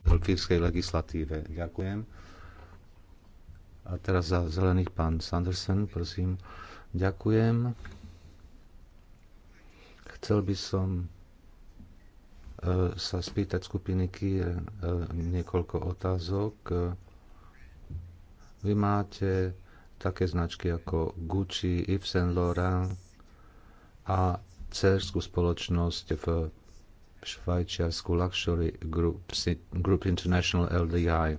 fínskej legislatíve. Ďakujem. A teraz za zelených pán Sanderson, prosím. Ďakujem. Chcel by som e, sa spýtať skupiny KIR e, niekoľko otázok. E, vy máte také značky ako Gucci, Yves Saint Laurent a cerskú spoločnosť v švajčiarsku Luxury Group, Group International LDI,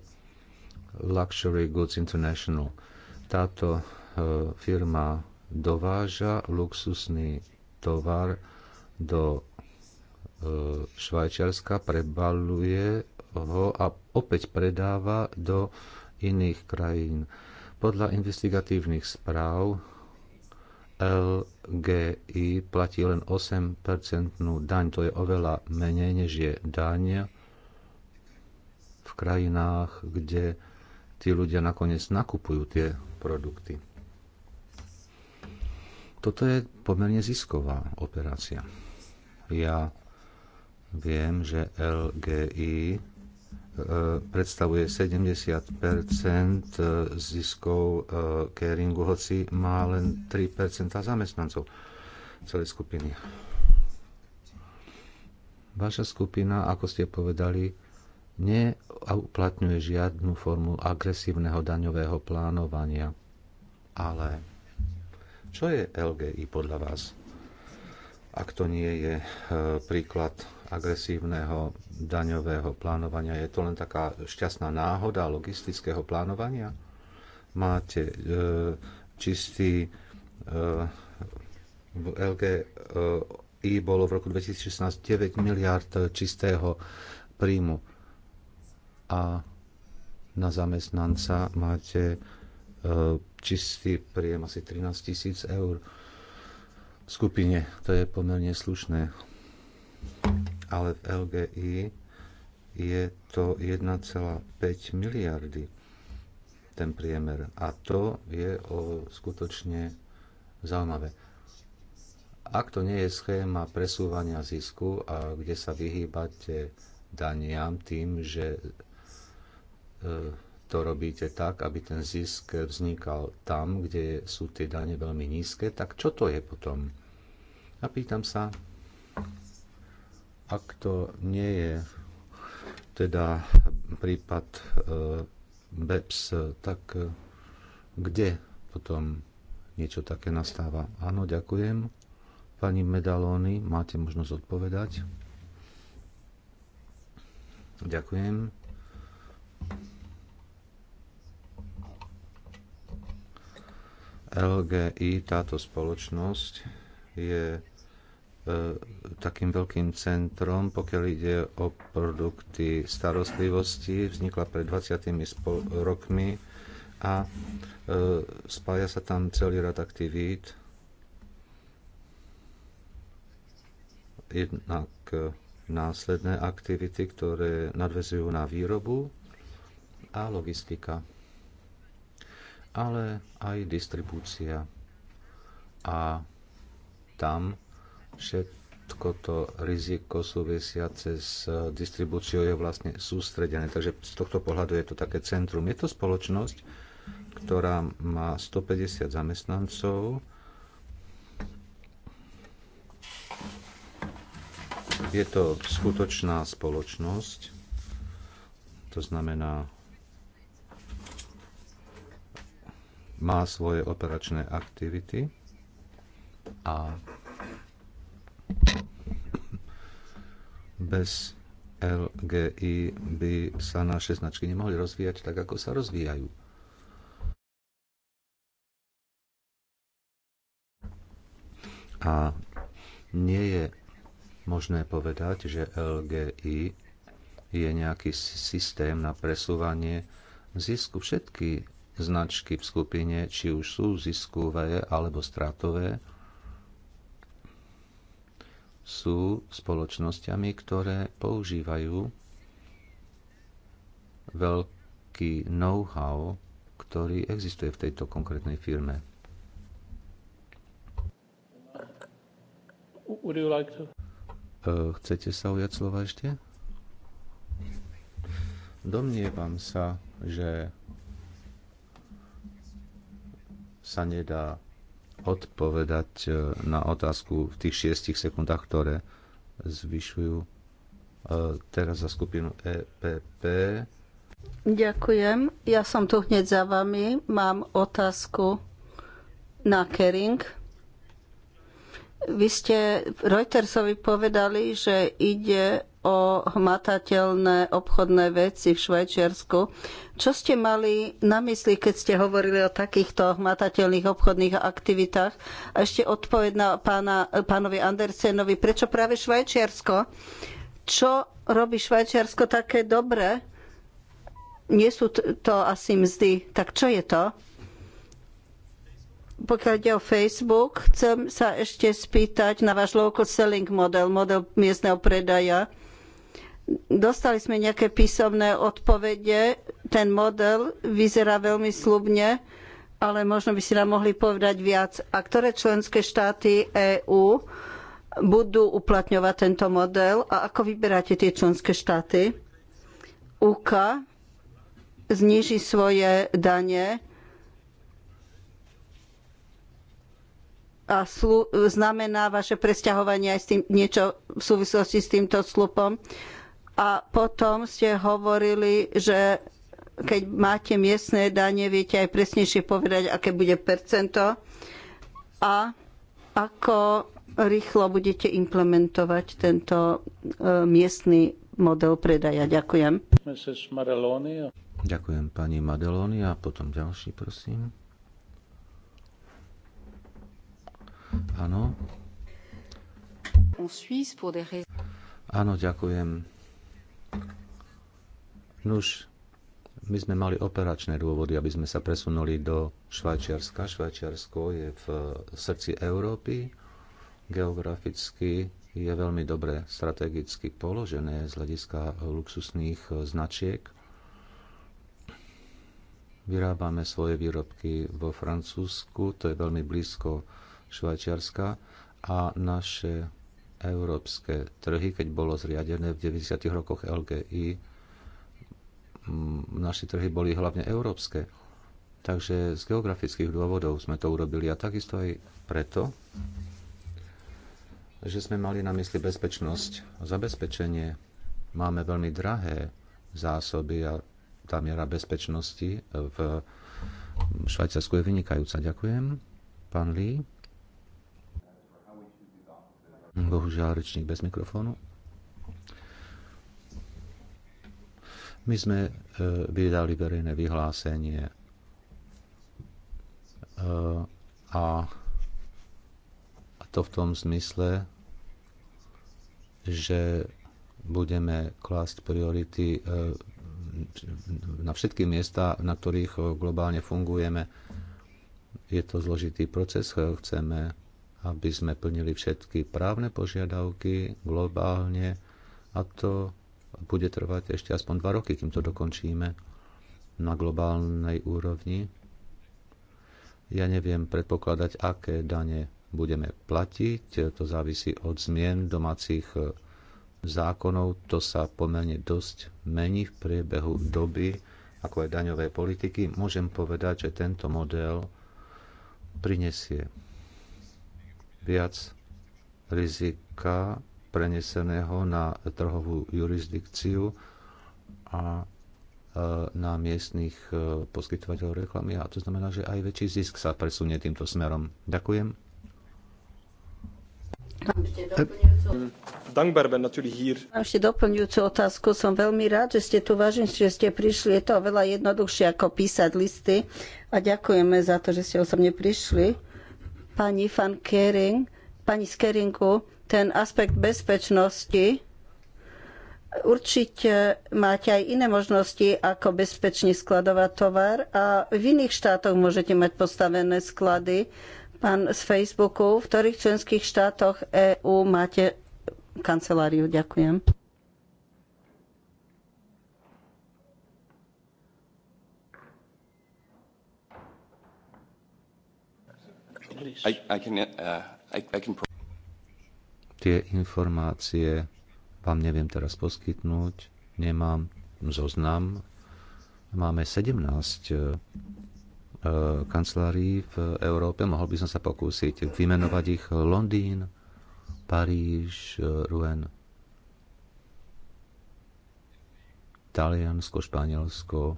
Luxury Goods International. Táto e, firma dováža luxusný tovar do e, Švajčiarska, prebaluje ho a opäť predáva do iných krajín. Podľa investigatívnych správ L GI platí len 8 daň. To je oveľa menej, než je daň v krajinách, kde tí ľudia nakoniec nakupujú tie produkty. Toto je pomerne zisková operácia. Ja viem, že LGI E, predstavuje 70 e, ziskov Keringu, hoci má len 3 zamestnancov celej skupiny. Vaša skupina, ako ste povedali, neuplatňuje žiadnu formu agresívneho daňového plánovania. Ale čo je LGI podľa vás? Ak to nie je e, príklad agresívneho daňového plánovania. Je to len taká šťastná náhoda logistického plánovania? Máte e, čistý e, LGI LGI bolo v roku 2016 9 miliard čistého príjmu a na zamestnanca máte e, čistý príjem asi 13 tisíc eur v skupine. To je pomerne slušné ale v LGI je to 1,5 miliardy ten priemer. A to je o, skutočne zaujímavé. Ak to nie je schéma presúvania zisku, a kde sa vyhýbate daniam tým, že e, to robíte tak, aby ten zisk vznikal tam, kde sú tie dane veľmi nízke, tak čo to je potom? A pýtam sa, ak to nie je teda prípad e, BEPS, tak e, kde potom niečo také nastáva? Áno, ďakujem. Pani Medalóny, máte možnosť odpovedať? Ďakujem. LGI, táto spoločnosť, je E, takým veľkým centrom, pokiaľ ide o produkty starostlivosti. Vznikla pred 20 rokmi a e, spája sa tam celý rad aktivít. Jednak e, následné aktivity, ktoré nadvezujú na výrobu a logistika, ale aj distribúcia. A tam všetko to riziko súvisiace s distribúciou je vlastne sústredené. Takže z tohto pohľadu je to také centrum. Je to spoločnosť, ktorá má 150 zamestnancov. Je to skutočná spoločnosť, to znamená, má svoje operačné aktivity a bez LGI by sa naše značky nemohli rozvíjať tak, ako sa rozvíjajú. A nie je možné povedať, že LGI je nejaký systém na presúvanie zisku. Všetky značky v skupine, či už sú ziskové alebo stratové, sú spoločnosťami, ktoré používajú veľký know-how, ktorý existuje v tejto konkrétnej firme. E, chcete sa ujať slova ešte? Domnievam sa, že sa nedá odpovedať e, na otázku v tých šiestich sekundách, ktoré zvyšujú e, teraz za skupinu EPP. Ďakujem. Ja som tu hneď za vami. Mám otázku na Kering. Vy ste Reutersovi povedali, že ide o hmatateľné obchodné veci v Švajčiarsku. Čo ste mali na mysli, keď ste hovorili o takýchto hmatateľných obchodných aktivitách? A ešte odpoved na pána, pánovi Andersenovi, prečo práve Švajčiarsko? Čo robí Švajčiarsko také dobré? Nie sú to asi mzdy. Tak čo je to? pokiaľ ide o Facebook, chcem sa ešte spýtať na váš local selling model, model miestneho predaja. Dostali sme nejaké písomné odpovede. Ten model vyzerá veľmi slubne, ale možno by si nám mohli povedať viac. A ktoré členské štáty EÚ budú uplatňovať tento model a ako vyberáte tie členské štáty? UK zníži svoje dane a znamená vaše presťahovanie aj s tým, niečo v súvislosti s týmto slupom. Uh, a potom ste hovorili, že keď máte miestne dane, viete aj presnejšie povedať, aké bude percento a ako rýchlo budete implementovať tento e, miestny model predaja. Ďakujem. Ďakujem pani Madeloni a potom ďalší, prosím. Áno. Áno, ďakujem Nuž, my sme mali operačné dôvody, aby sme sa presunuli do Švajčiarska. Švajčiarsko je v eh, srdci Európy, geograficky je veľmi dobre strategicky položené z hľadiska luxusných eh, značiek. Vyrábame svoje výrobky vo Francúzsku, to je veľmi blízko Švajčiarska a naše európske trhy, keď bolo zriadené v 90. rokoch LGI, naši trhy boli hlavne európske. Takže z geografických dôvodov sme to urobili a takisto aj preto, že sme mali na mysli bezpečnosť, a zabezpečenie. Máme veľmi drahé zásoby a tá miera bezpečnosti v Švajcarsku je vynikajúca. Ďakujem. Pán Lee. Hm, bohužiaľ, rečník bez mikrofónu. My sme e, vydali verejné vyhlásenie e, a to v tom zmysle, že budeme klásť priority e, na všetky miesta, na ktorých globálne fungujeme. Je to zložitý proces, chceme aby sme plnili všetky právne požiadavky globálne a to bude trvať ešte aspoň dva roky, kým to dokončíme na globálnej úrovni. Ja neviem predpokladať, aké dane budeme platiť. To závisí od zmien domácich zákonov. To sa pomerne dosť mení v priebehu doby, ako aj daňové politiky. Môžem povedať, že tento model prinesie viac rizika preneseného na trhovú jurisdikciu a e, na miestných e, poskytovateľov reklamy. A to znamená, že aj väčší zisk sa presunie týmto smerom. Ďakujem. Mám ešte e, doplňujúcu otázku. Som veľmi rád, že ste tu, vážim, že ste prišli. Je to veľa jednoduchšie ako písať listy. A ďakujeme za to, že ste osobne prišli pani van Kering, pani Skeringu, ten aspekt bezpečnosti. Určite máte aj iné možnosti, ako bezpečne skladovať tovar a v iných štátoch môžete mať postavené sklady. Pán z Facebooku, v ktorých členských štátoch EÚ máte kanceláriu? Ďakujem. Uh, Tie informácie vám neviem teraz poskytnúť, nemám zoznam. Máme 17 e, e, kancelárií v Európe, mohol by som sa pokúsiť vymenovať ich Londýn, Paríž, e, Rouen, Taliansko, Španielsko,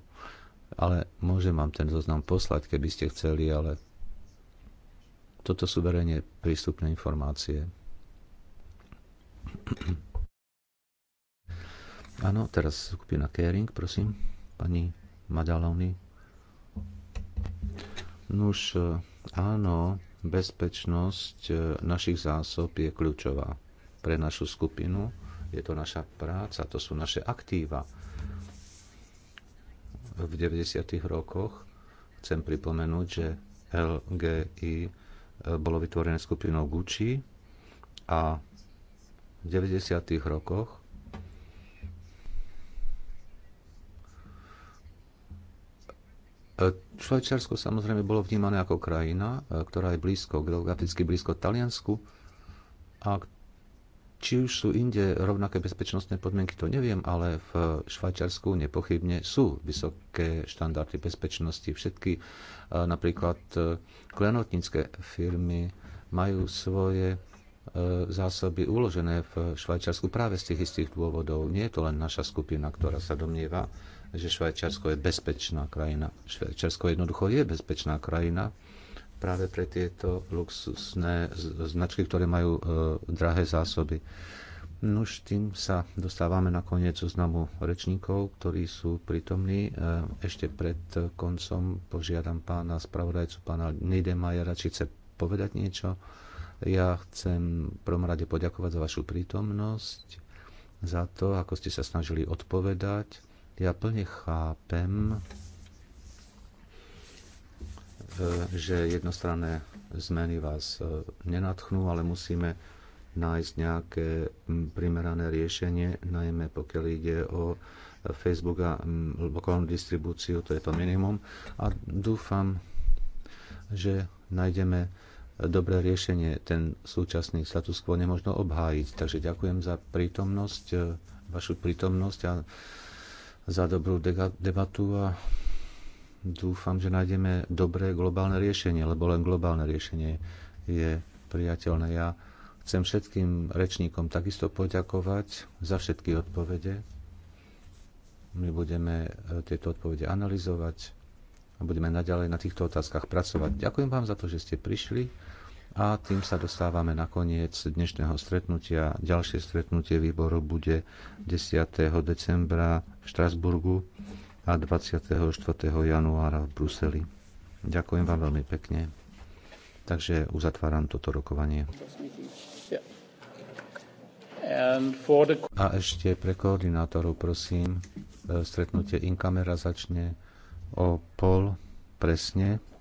ale môžem vám ten zoznam poslať, keby ste chceli, ale toto sú verejne prístupné informácie. Áno, teraz skupina Caring, prosím, pani Madaloni. Nuž, e, áno, bezpečnosť e, našich zásob je kľúčová pre našu skupinu. Je to naša práca, to sú naše aktíva. V 90. rokoch chcem pripomenúť, že LGI E, bolo vytvorené skupinou Gucci a v 90. rokoch e, Švajčiarsko samozrejme bolo vnímané ako krajina, e, ktorá je blízko, geograficky blízko Taliansku a či už sú inde rovnaké bezpečnostné podmienky, to neviem, ale v Švajčiarsku nepochybne sú vysoké štandardy bezpečnosti. Všetky e, napríklad e, klenotnícke firmy majú svoje e, zásoby uložené v Švajčiarsku práve z tých istých dôvodov. Nie je to len naša skupina, ktorá sa domnieva, že Švajčiarsko je bezpečná krajina. Švajčiarsko jednoducho je bezpečná krajina práve pre tieto luxusné značky, ktoré majú e, drahé zásoby. No už tým sa dostávame na koniec zoznamu rečníkov, ktorí sú prítomní. E, ešte pred koncom požiadam pána spravodajcu, pána Nidemajera, či chce povedať niečo. Ja chcem prvom rade poďakovať za vašu prítomnosť, za to, ako ste sa snažili odpovedať. Ja plne chápem že jednostranné zmeny vás e, nenatchnú, ale musíme nájsť nejaké primerané riešenie, najmä pokiaľ ide o Facebook a lokálnu distribúciu, to je to minimum. A dúfam, že nájdeme dobré riešenie. Ten súčasný status quo nemôžno obhájiť. Takže ďakujem za prítomnosť, e, vašu prítomnosť a za dobrú debatu a dúfam, že nájdeme dobré globálne riešenie, lebo len globálne riešenie je priateľné. Ja chcem všetkým rečníkom takisto poďakovať za všetky odpovede. My budeme eh, tieto odpovede analyzovať a budeme naďalej na týchto otázkach pracovať. Ďakujem vám za to, že ste prišli a tým sa dostávame na koniec dnešného stretnutia. Ďalšie stretnutie výboru bude 10. decembra v Štrasburgu a 24. januára v Bruseli. Ďakujem vám veľmi pekne. Takže uzatváram toto rokovanie. A ešte pre koordinátorov prosím, e, stretnutie in kamera začne o pol presne